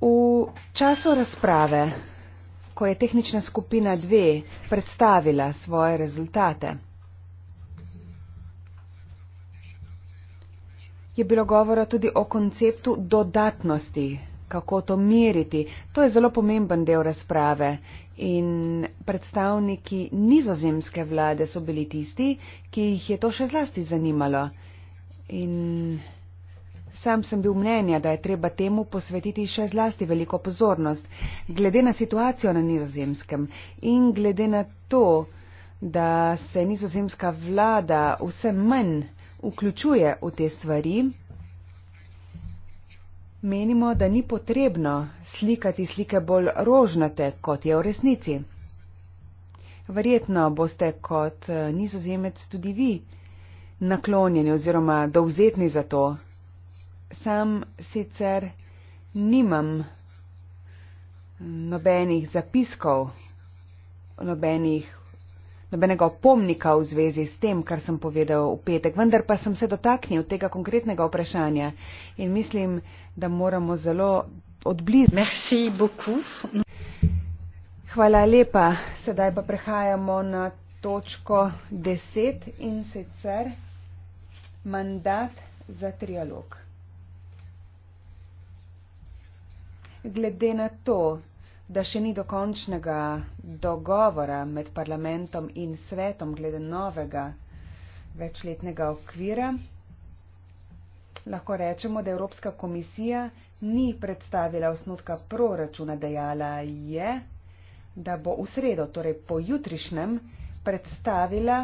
V času razprave, ko je tehnična skupina 2 predstavila svoje rezultate, je bilo govora tudi o konceptu dodatnosti kako to meriti. To je zelo pomemben del razprave. In predstavniki nizozemske vlade so bili tisti, ki jih je to še zlasti zanimalo. In sam sem bil mnenja, da je treba temu posvetiti še zlasti veliko pozornost, glede na situacijo na nizozemskem in glede na to, da se nizozemska vlada vse manj vključuje v te stvari. Menimo, da ni potrebno slikati slike bolj rožnate, kot je v resnici. Verjetno boste kot eh, nizozemec tudi vi naklonjeni oziroma dovzetni za to. Sam sicer nimam mm, nobenih zapiskov, nobenih, nobenega opomnika v zvezi s tem, kar sem povedal v petek, vendar pa sem se dotaknil tega konkretnega vprašanja in mislim, da moramo zelo odblizu. Hvala lepa. Sedaj pa prehajamo na točko 10 in sicer mandat za trialog. Glede na to, da še ni dokončnega dogovora med parlamentom in svetom glede novega večletnega okvira, lahko rečemo, da Evropska komisija ni predstavila osnutka proračuna, dejala je, da bo v sredo, torej pojutrišnjem, predstavila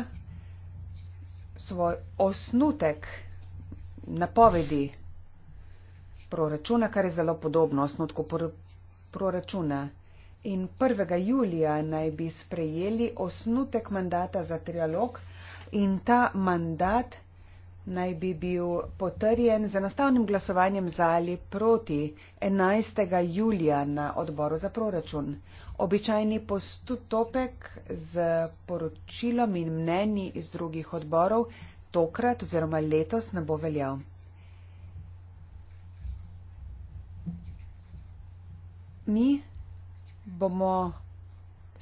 svoj osnutek napovedi proračuna, kar je zelo podobno osnutku pr proračuna. In 1. julija naj bi sprejeli osnutek mandata za trialog in ta mandat naj bi bil potrjen z enostavnim glasovanjem za ali proti 11. julija na odboru za proračun. Običajni postopek z poročilom in mnenji iz drugih odborov tokrat oziroma letos ne bo veljal. Mi bomo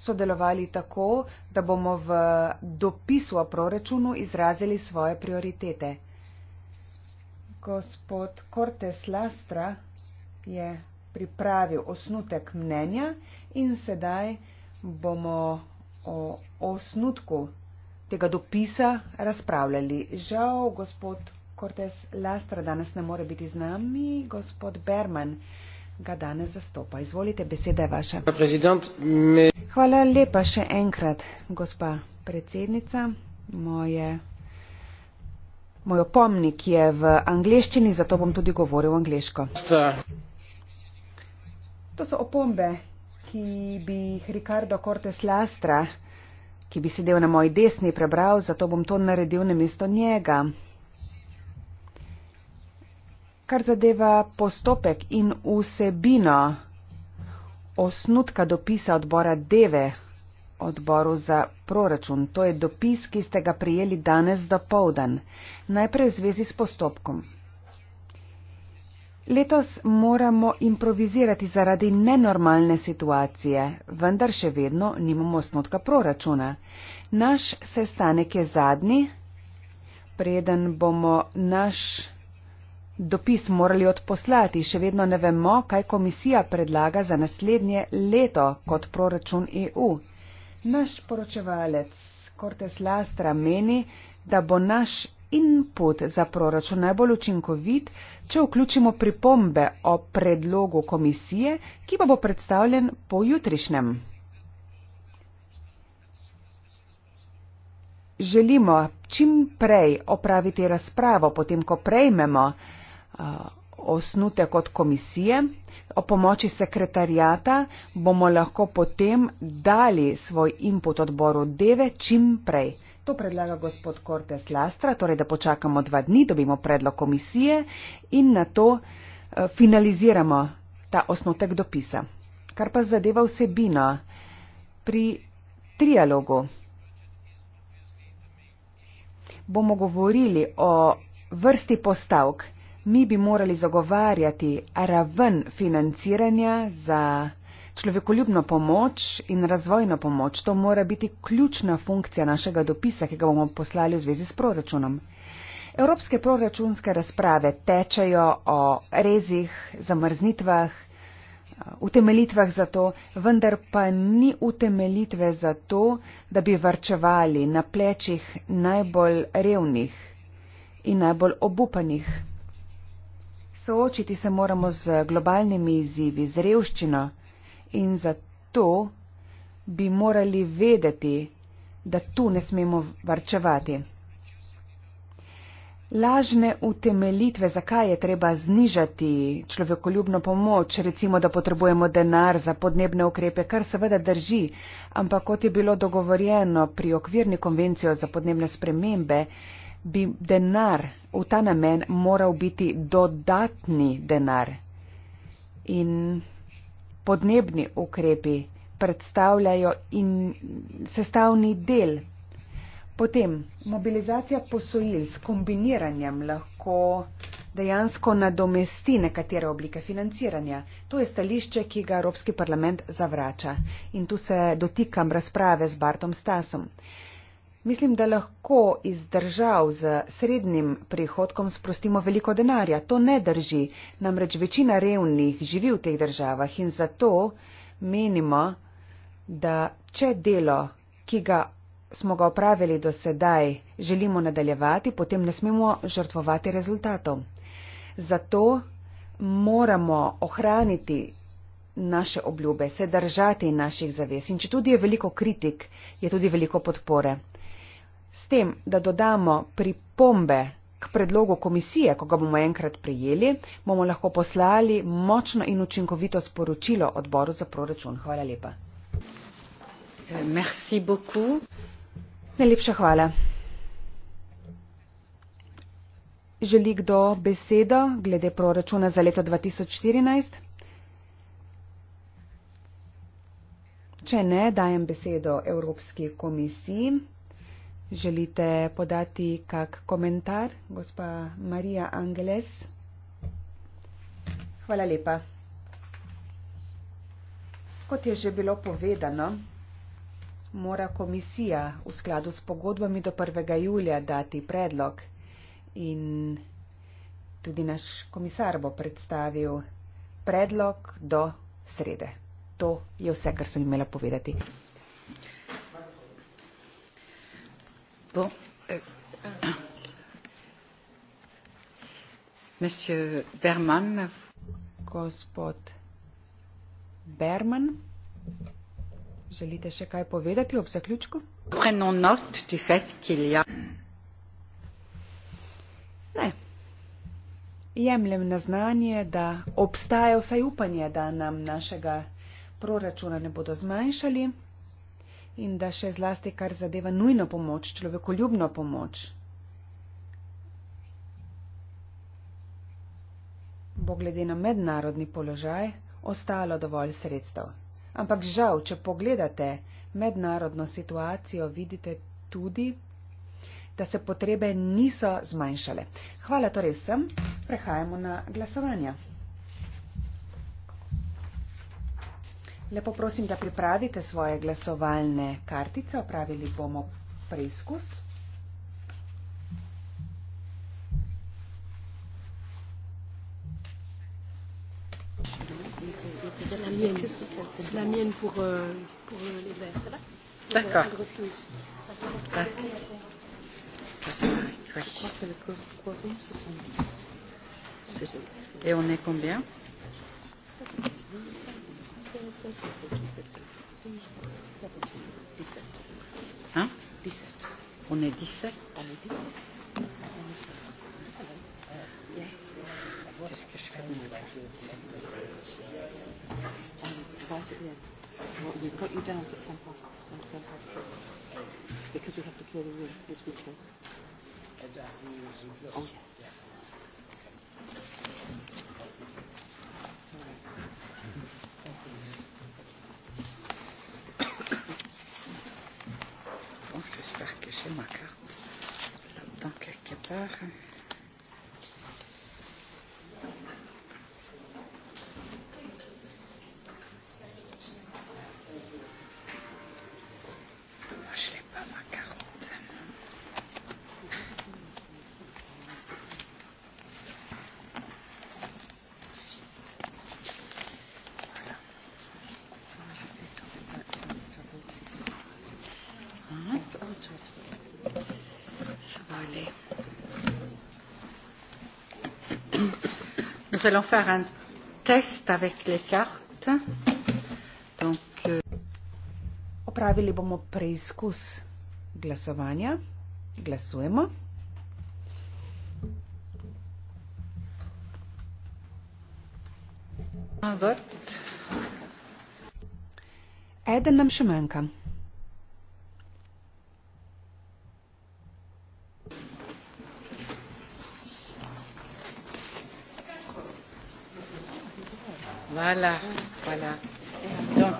sodelovali tako, da bomo v dopisu o proračunu izrazili svoje prioritete. Gospod Cortes Lastra je pripravil osnutek mnenja in sedaj bomo o osnutku tega dopisa razpravljali. Žal, gospod Cortes Lastra danes ne more biti z nami, gospod Berman ga danes zastopa. Izvolite, beseda je vaša. Predsednik, me... Hvala lepa še enkrat, gospa predsednica. Moje, moj opomnik je v angleščini, zato bom tudi govoril angliško. To so opombe, ki bi jih Ricardo Cortes Lastra, ki bi sedel na moji desni, prebral, zato bom to naredil na mesto njega. Kar zadeva postopek in vsebino osnutka dopisa odbora Deve, odboru za proračun. To je dopis, ki ste ga prijeli danes do povdan. Najprej v zvezi s postopkom. Letos moramo improvizirati zaradi nenormalne situacije, vendar še vedno nimamo osnutka proračuna. Naš sestanek je zadnji, preden bomo naš Dopis morali odposlati, še vedno ne vemo, kaj komisija predlaga za naslednje leto kot proračun EU. Naš poročevalec Kortes Lastra meni, da bo naš input za proračun najbolj učinkovit, če vključimo pripombe o predlogu komisije, ki pa bo predstavljen po jutrišnjem. Želimo čim prej opraviti razpravo, potem ko prejmemo osnutek od komisije. O pomoči sekretarjata bomo lahko potem dali svoj input odboru Deve čim prej. To predlaga gospod Kortes Lastra, torej da počakamo dva dni, dobimo predlog komisije in na to e, finaliziramo ta osnutek dopisa. Kar pa zadeva vsebino pri trialogu. Bomo govorili o vrsti postavk mi bi morali zagovarjati raven financiranja za človekoljubno pomoč in razvojno pomoč. To mora biti ključna funkcija našega dopisa, ki ga bomo poslali v zvezi s proračunom. Evropske proračunske razprave tečejo o rezih, zamrznitvah, utemelitvah za to, vendar pa ni utemelitve za to, da bi varčevali na plečih najbolj revnih in najbolj obupanih. Soočiti se moramo z globalnimi izzivi, z revščino in zato bi morali vedeti, da tu ne smemo varčevati. Lažne utemelitve, zakaj je treba znižati človekoljubno pomoč, recimo, da potrebujemo denar za podnebne ukrepe, kar seveda drži, ampak kot je bilo dogovorjeno pri okvirni konvencijo za podnebne spremembe, bi denar v ta namen moral biti dodatni denar. In podnebni ukrepi predstavljajo in sestavni del. Potem mobilizacija posojil s kombiniranjem lahko dejansko nadomesti nekatere oblike financiranja. To je stališče, ki ga Evropski parlament zavrača. In tu se dotikam razprave z Bartom Stasom. Mislim, da lahko iz držav z srednjim prihodkom sprostimo veliko denarja. To ne drži. Namreč večina revnih živi v teh državah in zato menimo, da če delo, ki ga smo ga opravili do sedaj, želimo nadaljevati, potem ne smemo žrtvovati rezultatov. Zato moramo ohraniti naše obljube, se držati naših zaves. In če tudi je veliko kritik, je tudi veliko podpore. S tem, da dodamo pripombe k predlogu komisije, ko ga bomo enkrat prijeli, bomo lahko poslali močno in učinkovito sporočilo odboru za proračun. Hvala lepa. Eh, merci beaucoup. Najlepša hvala. Želi kdo besedo glede proračuna za leto 2014? Če ne, dajem besedo Evropski komisiji. Želite podati kak komentar, gospa Marija Angeles? Hvala lepa. Kot je že bilo povedano, mora komisija v skladu s pogodbami do 1. julija dati predlog in tudi naš komisar bo predstavil predlog do srede. To je vse, kar sem imela povedati. Euh, Gospod Berman, želite še kaj povedati ob zaključku? Ne. Jemljem na znanje, da obstaja vsaj upanje, da nam našega proračuna ne bodo zmanjšali in da še zlasti, kar zadeva nujno pomoč, človekoljubno pomoč. Bo glede na mednarodni položaj ostalo dovolj sredstev. Ampak žal, če pogledate mednarodno situacijo, vidite tudi, da se potrebe niso zmanjšale. Hvala torej vsem, prehajamo na glasovanje. Lepo prosim, da pripravite svoje glasovalne kartice. Opravili bomo preizkus. Euh, euh, D'accord. Et on est combien 17. Hein 17. On est 17 On est 17. Qu'est-ce que je fais de Well, we've got you down for 10 past, 10, 10 past 6 because we have to clear the room this weekend. And as we Oh, yes. Yeah. Okay. Sorry. gemakkelijk. Dan kijk ik je buigen. Nous allons faire un test avec les cartes. Donc, euh, opravili bomo preizkus glasovanja. Glasujemo. Vrt. Eden nam še manjka. Hvala. Hvala. Donc,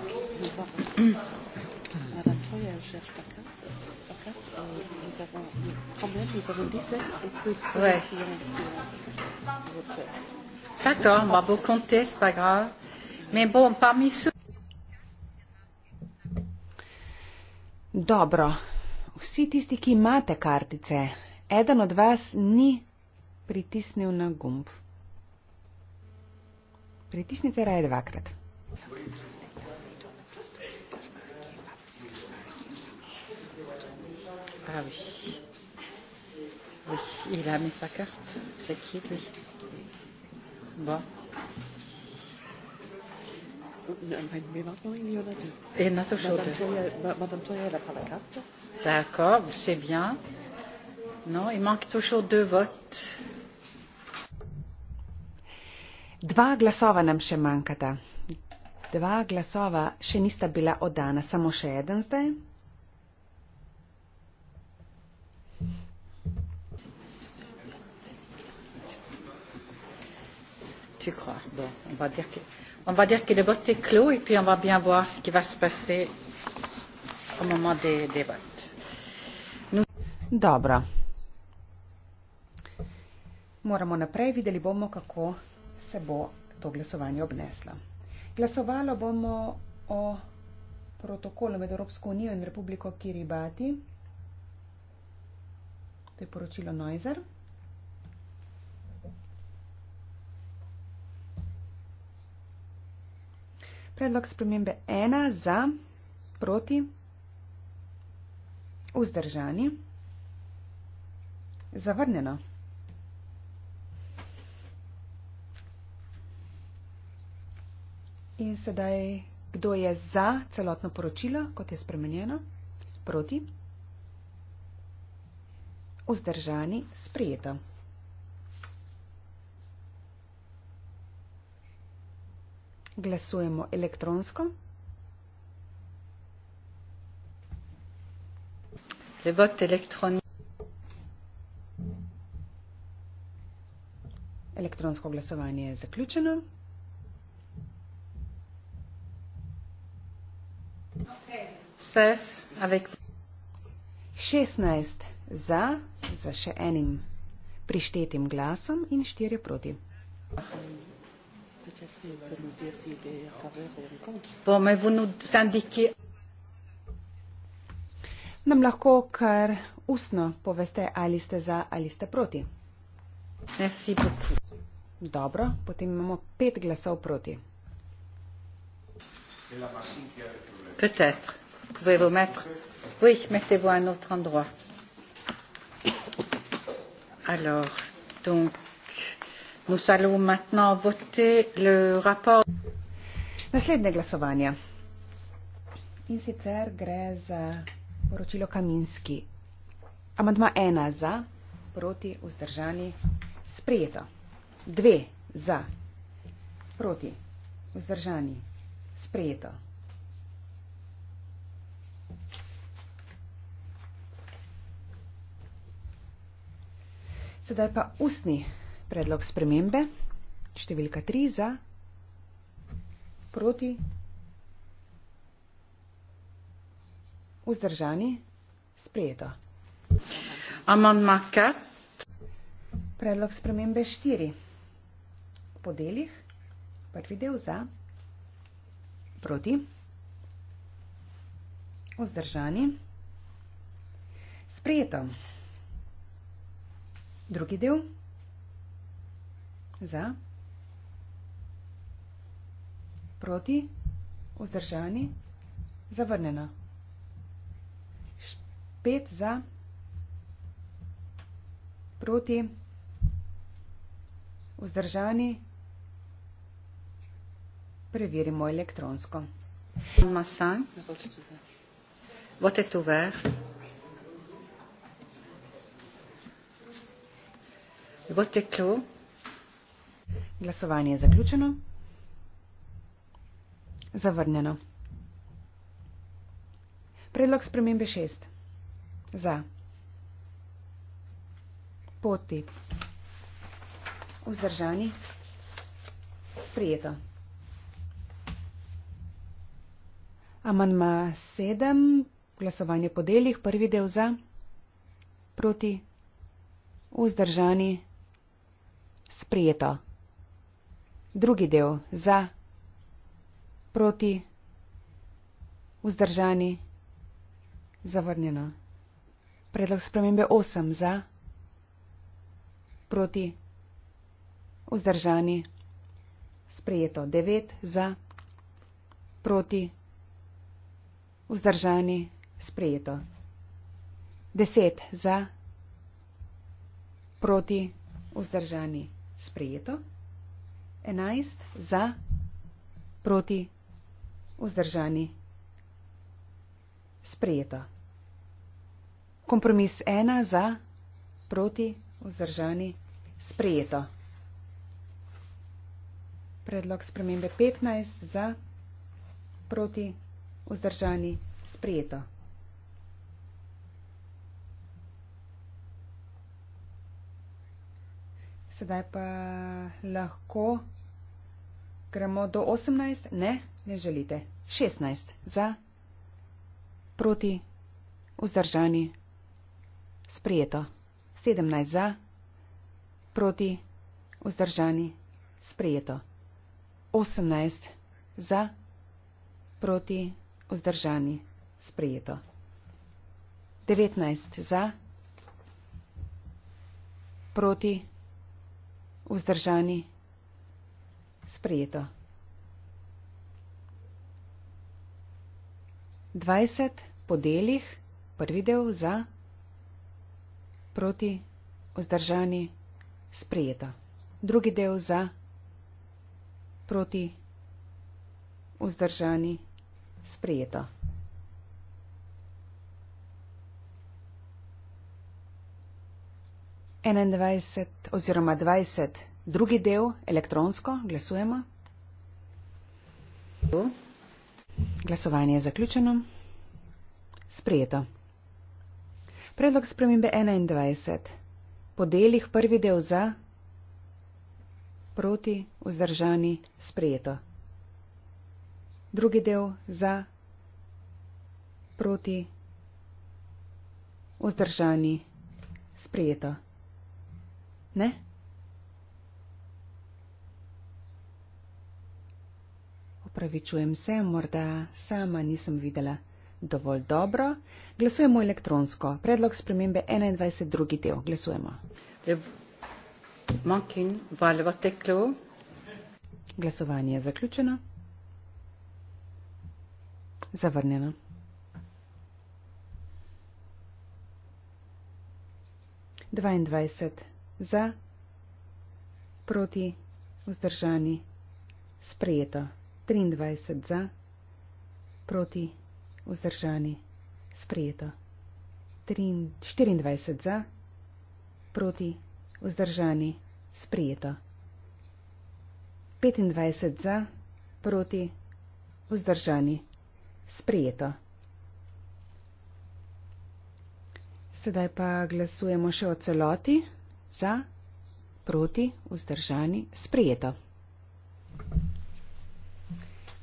D'accord, on va vous compter, c'est pas grave. Mais bon, parmi ceux. Dobro, vsi tisti, ki imate kartice, eden od vas ni pritisnil na gumb. Pritisnite raje dvakrat. Ah oui. oui. Il a mis sa carte. C'est qui lui Bon. Mais maintenant, il y en a deux. Et il y en a toujours deux. Madame Toyer, elle n'a pas la carte. D'accord, c'est bien. Non, il manque toujours deux votes. Dva glasova nam še manjkata. Dva glasova še nista bila oddana, samo še eden zdaj. On va dire que le vote est clos et puis on va bien voir ce qui va se passer au moment des, des votes. Nous... Dobra. Moramo naprej, videli bomo kako se bo to glasovanje obneslo. Glasovalo bomo o protokolu med Evropsko unijo in Republiko Kiribati. To je poročilo Neuser. Predlog spremembe ena za, proti, vzdržani, zavrnjeno. In sedaj, kdo je za celotno poročilo, kot je spremenjeno? Proti? Vzdržani, sprijeto. Glasujemo elektronsko. Le vot elektronik. Elektronsko glasovanje je zaključeno. 6 avec 16 za za še enim prištetim glasom in 4 proti. Bo me sindiki. Nam lahko kar ustno poveste, ali ste za ali ste proti. Merci beaucoup. Dobro, potem imamo pet glasov proti. Peut-être pouvez vous mettre. Oui, mettez-vous à un autre endroit. Alors, donc, nous allons maintenant voter le rapport. Naslednje glasovanje. In sicer gre za poročilo Kaminski. Amandma ena za, proti, vzdržani, sprejeto. Dve za, proti, vzdržani, sprejeto. Sedaj pa ustni predlog spremembe, številka 3 za proti vzdržani sprejeto. Amandma 4. Predlog spremembe 4. Po delih, prvi del za proti vzdržani sprejeto. Други дел за проти уздържани завърнена. Пет за проти уздържани Preverimo elektronsko. Masan, votet uver. Glasovanje je zaključeno. Zavrnjeno. Predlog spremembe šest. Za. Poti. Vzdržani. Sprijeto. Amanma sedem. Glasovanje po delih. Prvi del za. Proti. Vzdržani. Sprijeto sprejeto. Drugi del za, proti, vzdržani, zavrnjeno. Predlog spremembe 8 za, proti, vzdržani, sprejeto. 9 za, proti, vzdržani, sprejeto. 10 za, proti, vzdržani sprejeto, 11 za, proti, vzdržani, sprejeto. Kompromis 1 za, proti, vzdržani, sprejeto. Predlog spremembe 15 za, proti, vzdržani, sprejeto. sedaj pa lahko gremo do 18. Ne, ne želite. 16 za, proti, vzdržani, sprijeto. 17 za, proti, vzdržani, sprijeto. 18 za, proti, vzdržani, sprijeto. 19 za, proti, vzdržani vzdržani. Sprijeto. 20 podeljih, prvi del za, proti, vzdržani, sprijeto. Drugi del za, proti, vzdržani, sprijeto. 21 oziroma 20, drugi del elektronsko, glasujemo. Glasovanje je zaključeno. Sprijeto. Predlog spremembe 21. Podelih prvi del za, proti, vzdržani, sprijeto. Drugi del za, proti, vzdržani, sprijeto. Ne? Opravičujem se, morda sama nisem videla dovolj dobro. Glasujemo elektronsko. Predlog spremembe 21. drugi del. Glasujemo. Eh, Glasovanje je zaključeno. Zavrnjeno. Dvaindvajset za, proti, vzdržani, sprejeto. 23 za, proti, vzdržani, sprejeto. 24 za, proti, vzdržani, sprejeto. 25 za, proti, vzdržani, sprejeto. Sedaj pa glasujemo še o celoti za, proti, vzdržani, sprejeto.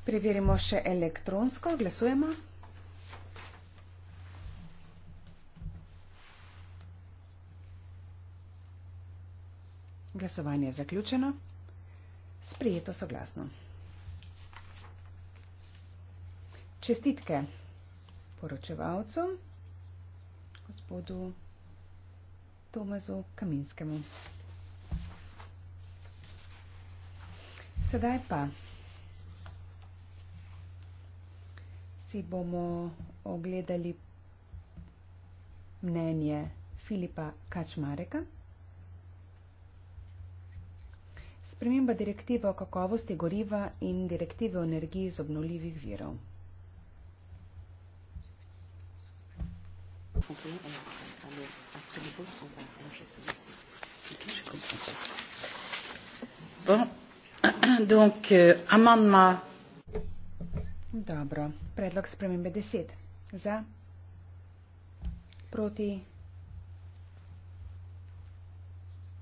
Preverimo še elektronsko, glasujemo. Glasovanje je zaključeno. Sprijeto soglasno. Čestitke poročevalcu, gospodu Hrvatskoj. Tomazu Kaminskemu. Sedaj pa si bomo ogledali mnenje Filipa Kačmareka. Sprememba direktive o kakovosti goriva in direktive o energiji iz obnovljivih virov. 31 et après. Alors, après le vote, on va ranger celui-ci. Okay, je comprends. Bon. Donc, euh, amendement. Dobro. Predlog spremembe 10. Za. Proti.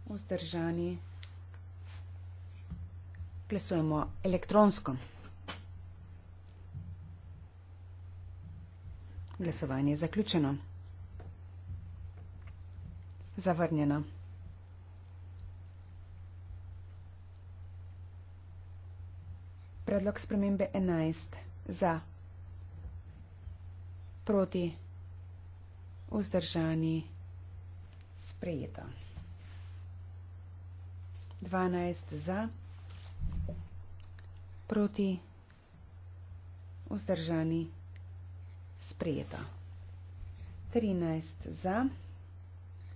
Vzdržani. Glasujemo elektronsko. Glasovanje je zaključeno zavrnjena. Predlog spremembe 11 za proti vzdržani sprejeta. 12 za proti vzdržani sprejeta. 13 za proti vzdržani sprejeta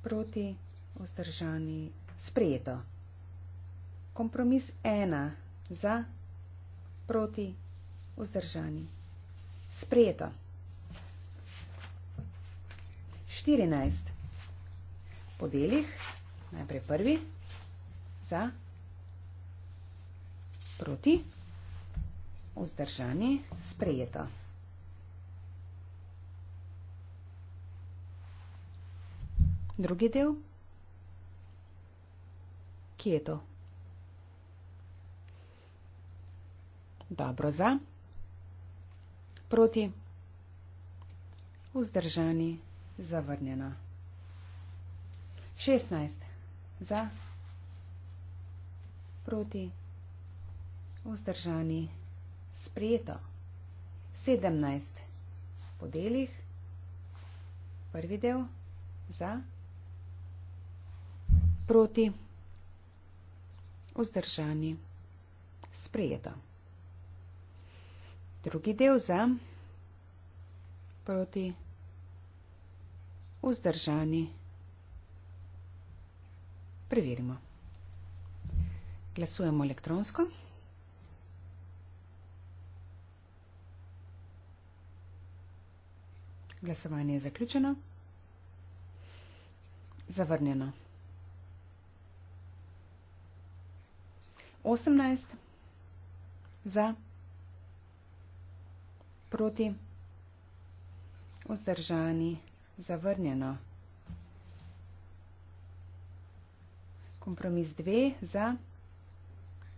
proti vzdržani sprejeto. Kompromis ena za proti vzdržani sprejeto. 14. Po delih, najprej prvi, za, proti, vzdržani, sprejeto. 15. Drugi del? Kje je to? Dobro za, proti, vzdržani, zavrnjena. 16. Za, proti, vzdržani, sprijeto. 17. Po delih, prvi del, za, proti nasproti, vzdržani, sprejeto. Drugi del za, proti, vzdržani, preverimo. Glasujemo elektronsko. Glasovanje je zaključeno. Zavrnjeno. 18 za, proti, vzdržani, zavrnjeno. Kompromis 2 za,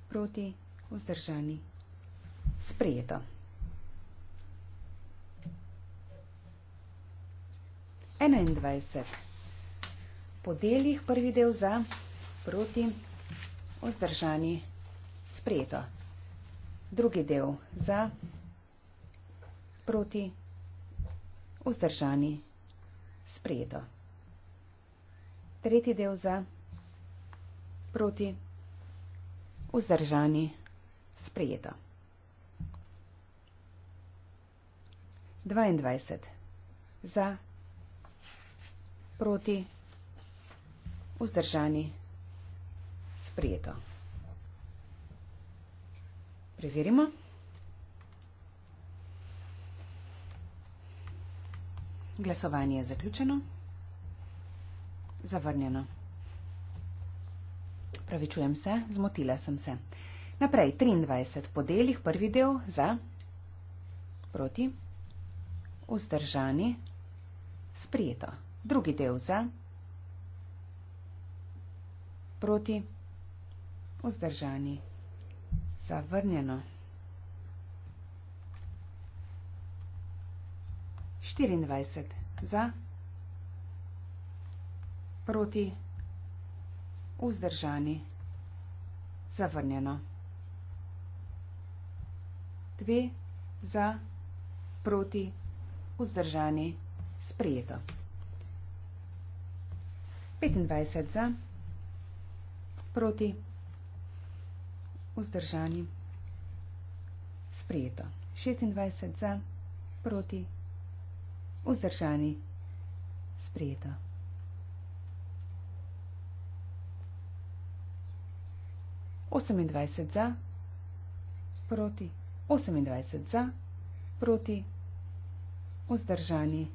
proti, vzdržani, sprejeto. 21. Podeljih prvi del za, proti, vzdržani, sprejeto sprejeto. Drugi del za, proti, vzdržani, sprejeto. Tretji del za, proti, vzdržani, sprejeto. 22. Za, proti, vzdržani, sprejeto. Preverimo. Glasovanje je zaključeno. Zavrnjeno. Pravičujem se, zmotila sem se. Naprej, 23 podeljih, prvi del za, proti, vzdržani, sprijeto. Drugi del za, proti, vzdržani, sprijeto zavrnjeno. 24 za, proti, vzdržani, zavrnjeno. 2 za, proti, vzdržani, sprijeto. 25 za, proti, vzdržani vzdržani. Sprijeto. 26 za, proti, vzdržani. Sprijeto. Osemindvajset za, proti, osemindvajset za, proti, vzdržani,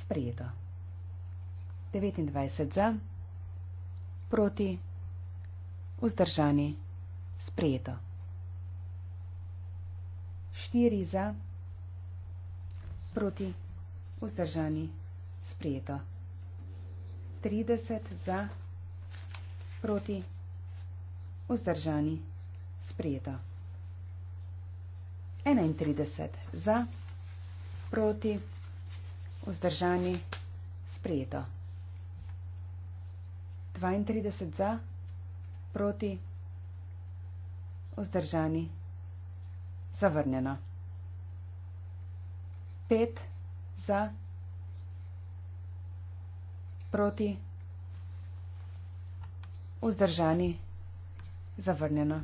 sprijeto. Devetindvajset za, proti, vzdržani, sprijeto sprejeto. Štiri za, proti, vzdržani, sprejeto. 30 za, proti, vzdržani, sprejeto. 31 za, proti, vzdržani, sprejeto. 32 za, proti, vzdržani, sprejeto vzdržani. Zavrnjeno. Pet za, proti, vzdržani, zavrnjeno.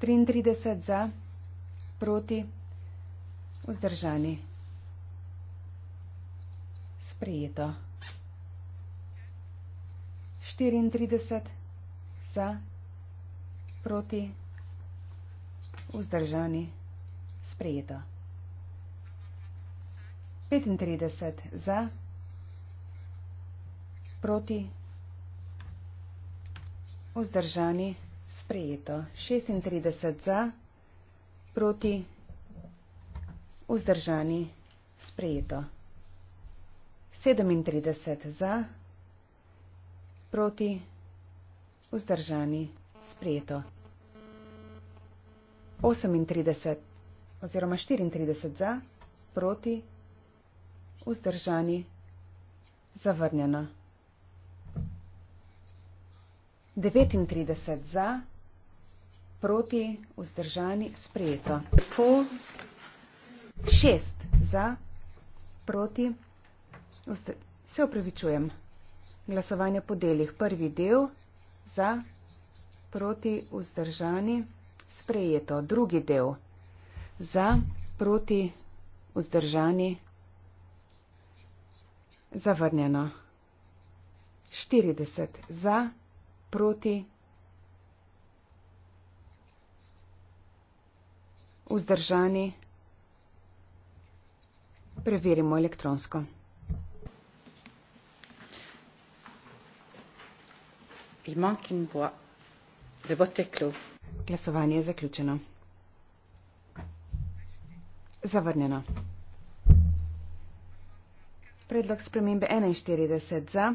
33 za, proti, vzdržani, sprejeto. 34 za, proti, vzdržani proti, vzdržani, sprejeto. 35 za, proti, vzdržani, sprejeto. 36 za, proti, vzdržani, sprejeto. 37 za, proti, vzdržani, sprejeto. 38 oziroma 34 za, proti, vzdržani, zavrnjeno. 39 za, proti, vzdržani, sprejeto. 6 za, proti, vzdržani. Se upravičujem. Glasovanje po delih. Prvi del za, proti, vzdržani, sprejeto sprejeto. Drugi del za, proti, vzdržani, zavrnjeno. 40 za, proti, vzdržani. Preverimo elektronsko. Il manque une voix. Le vote est clos. Glasovanje je zaključeno. Zavrnjeno. Predlog spremembe 41 za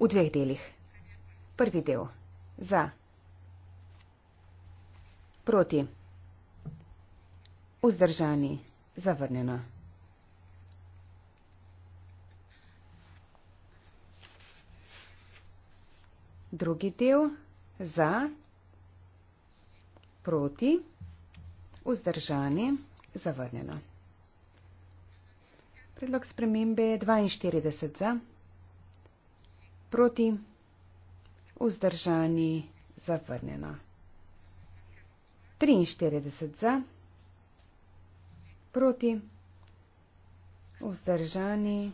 v dveh delih. Prvi del za proti vzdržani zavrnjeno. Drugi del za proti, vzdržani, zavrnjeno. Predlog spremembe je 42 za, proti, vzdržani, zavrnjeno. 43 za, proti, vzdržani,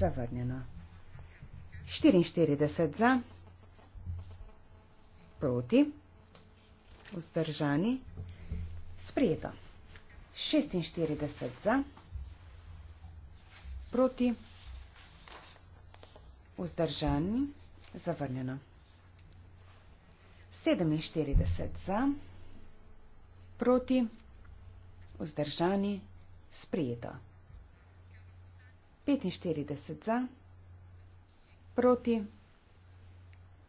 zavrnjeno. 44 za, proti, vzdržani, zavrnjeno vzdržani. Sprejeto. 46 za, proti, vzdržani, zavrnjeno. 47 za, proti, vzdržani, sprejeto. 45 za, proti,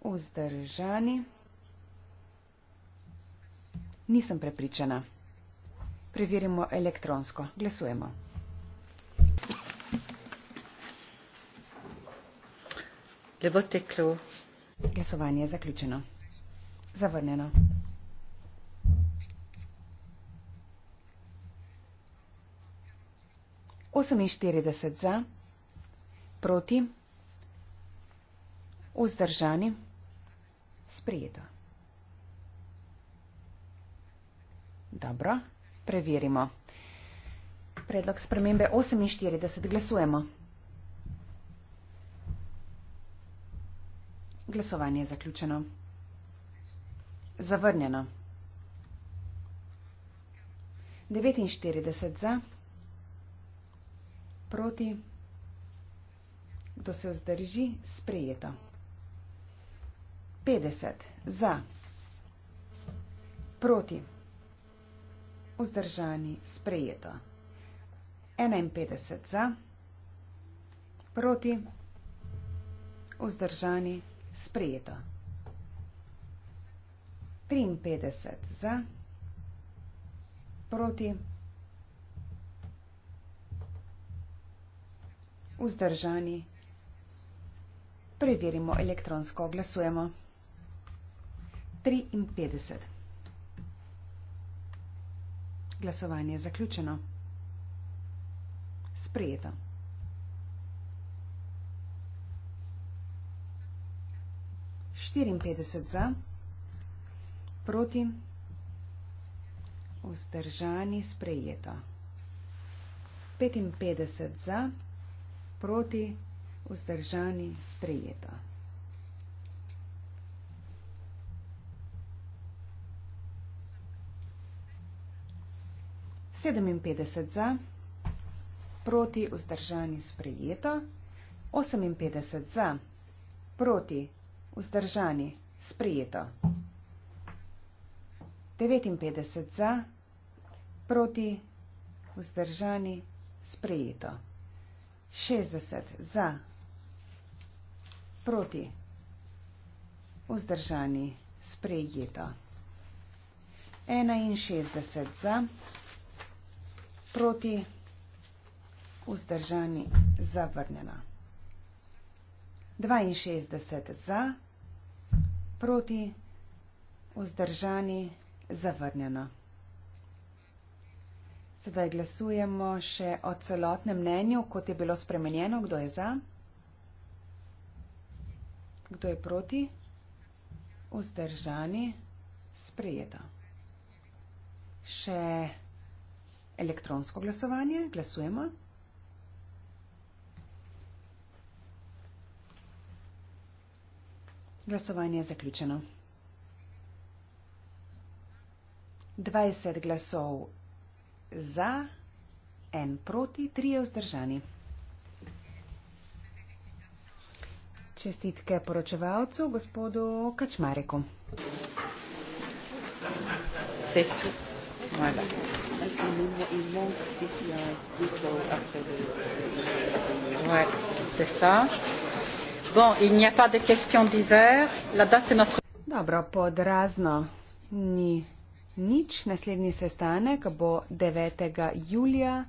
vzdržani, zavrnjeno. Nisem prepričana. Preverimo elektronsko. Glasujemo. Lepo teklo. Glasovanje je zaključeno. Zavrnjeno. Oseminštirideset za, proti, vzdržani, sprijeto. Dobro, preverimo. Predlog spremembe 48. Glasujemo. Glasovanje je zaključeno. Zavrnjeno. 49 za, proti, kdo se vzdrži, sprejeto. 50 za, proti, kdo se vzdrži, sprejeto vzdržani, sprejeto. 51 za, proti, vzdržani, sprejeto. 53 za, proti, vzdržani, preverimo elektronsko, glasujemo. 53. Glasovanje je zaključeno. Sprejeto. Štiriinpetdeset za, proti, vzdržani, sprejeto. Petinpetdeset za, proti, vzdržani, sprejeto. 57 za, proti vzdržani sprejeto, 58 za, proti vzdržani sprejeto, 59 za, proti vzdržani sprejeto, 60 za, proti vzdržani sprejeto, 61 za, proti vzdržani sprejeto, proti vzdržani zavrnjena. 62 za, proti vzdržani zavrnjena. Sedaj glasujemo še o celotnem mnenju, kot je bilo spremenjeno, kdo je za, kdo je proti, vzdržani, sprejeta. Še elektronsko glasovanje. Glasujemo. Glasovanje je zaključeno. 20 glasov za, en proti, tri je vzdržani. Čestitke poročevalcu, gospodu Kačmareku. C'est tout. Voilà il nous il manque d'ici un week ou après le, le... Ouais, c'est ça. Bon, il n'y a pas de questions d'hiver. La date est notre. Dobro, podrazno ni nič. Naslednji sestanek bo 9. julija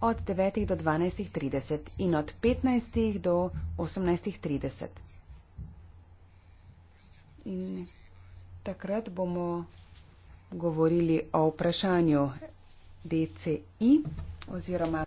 od 9. do 12.30 in od 15. do 18.30. In takrat bomo govorili o vprašanju DCI oziroma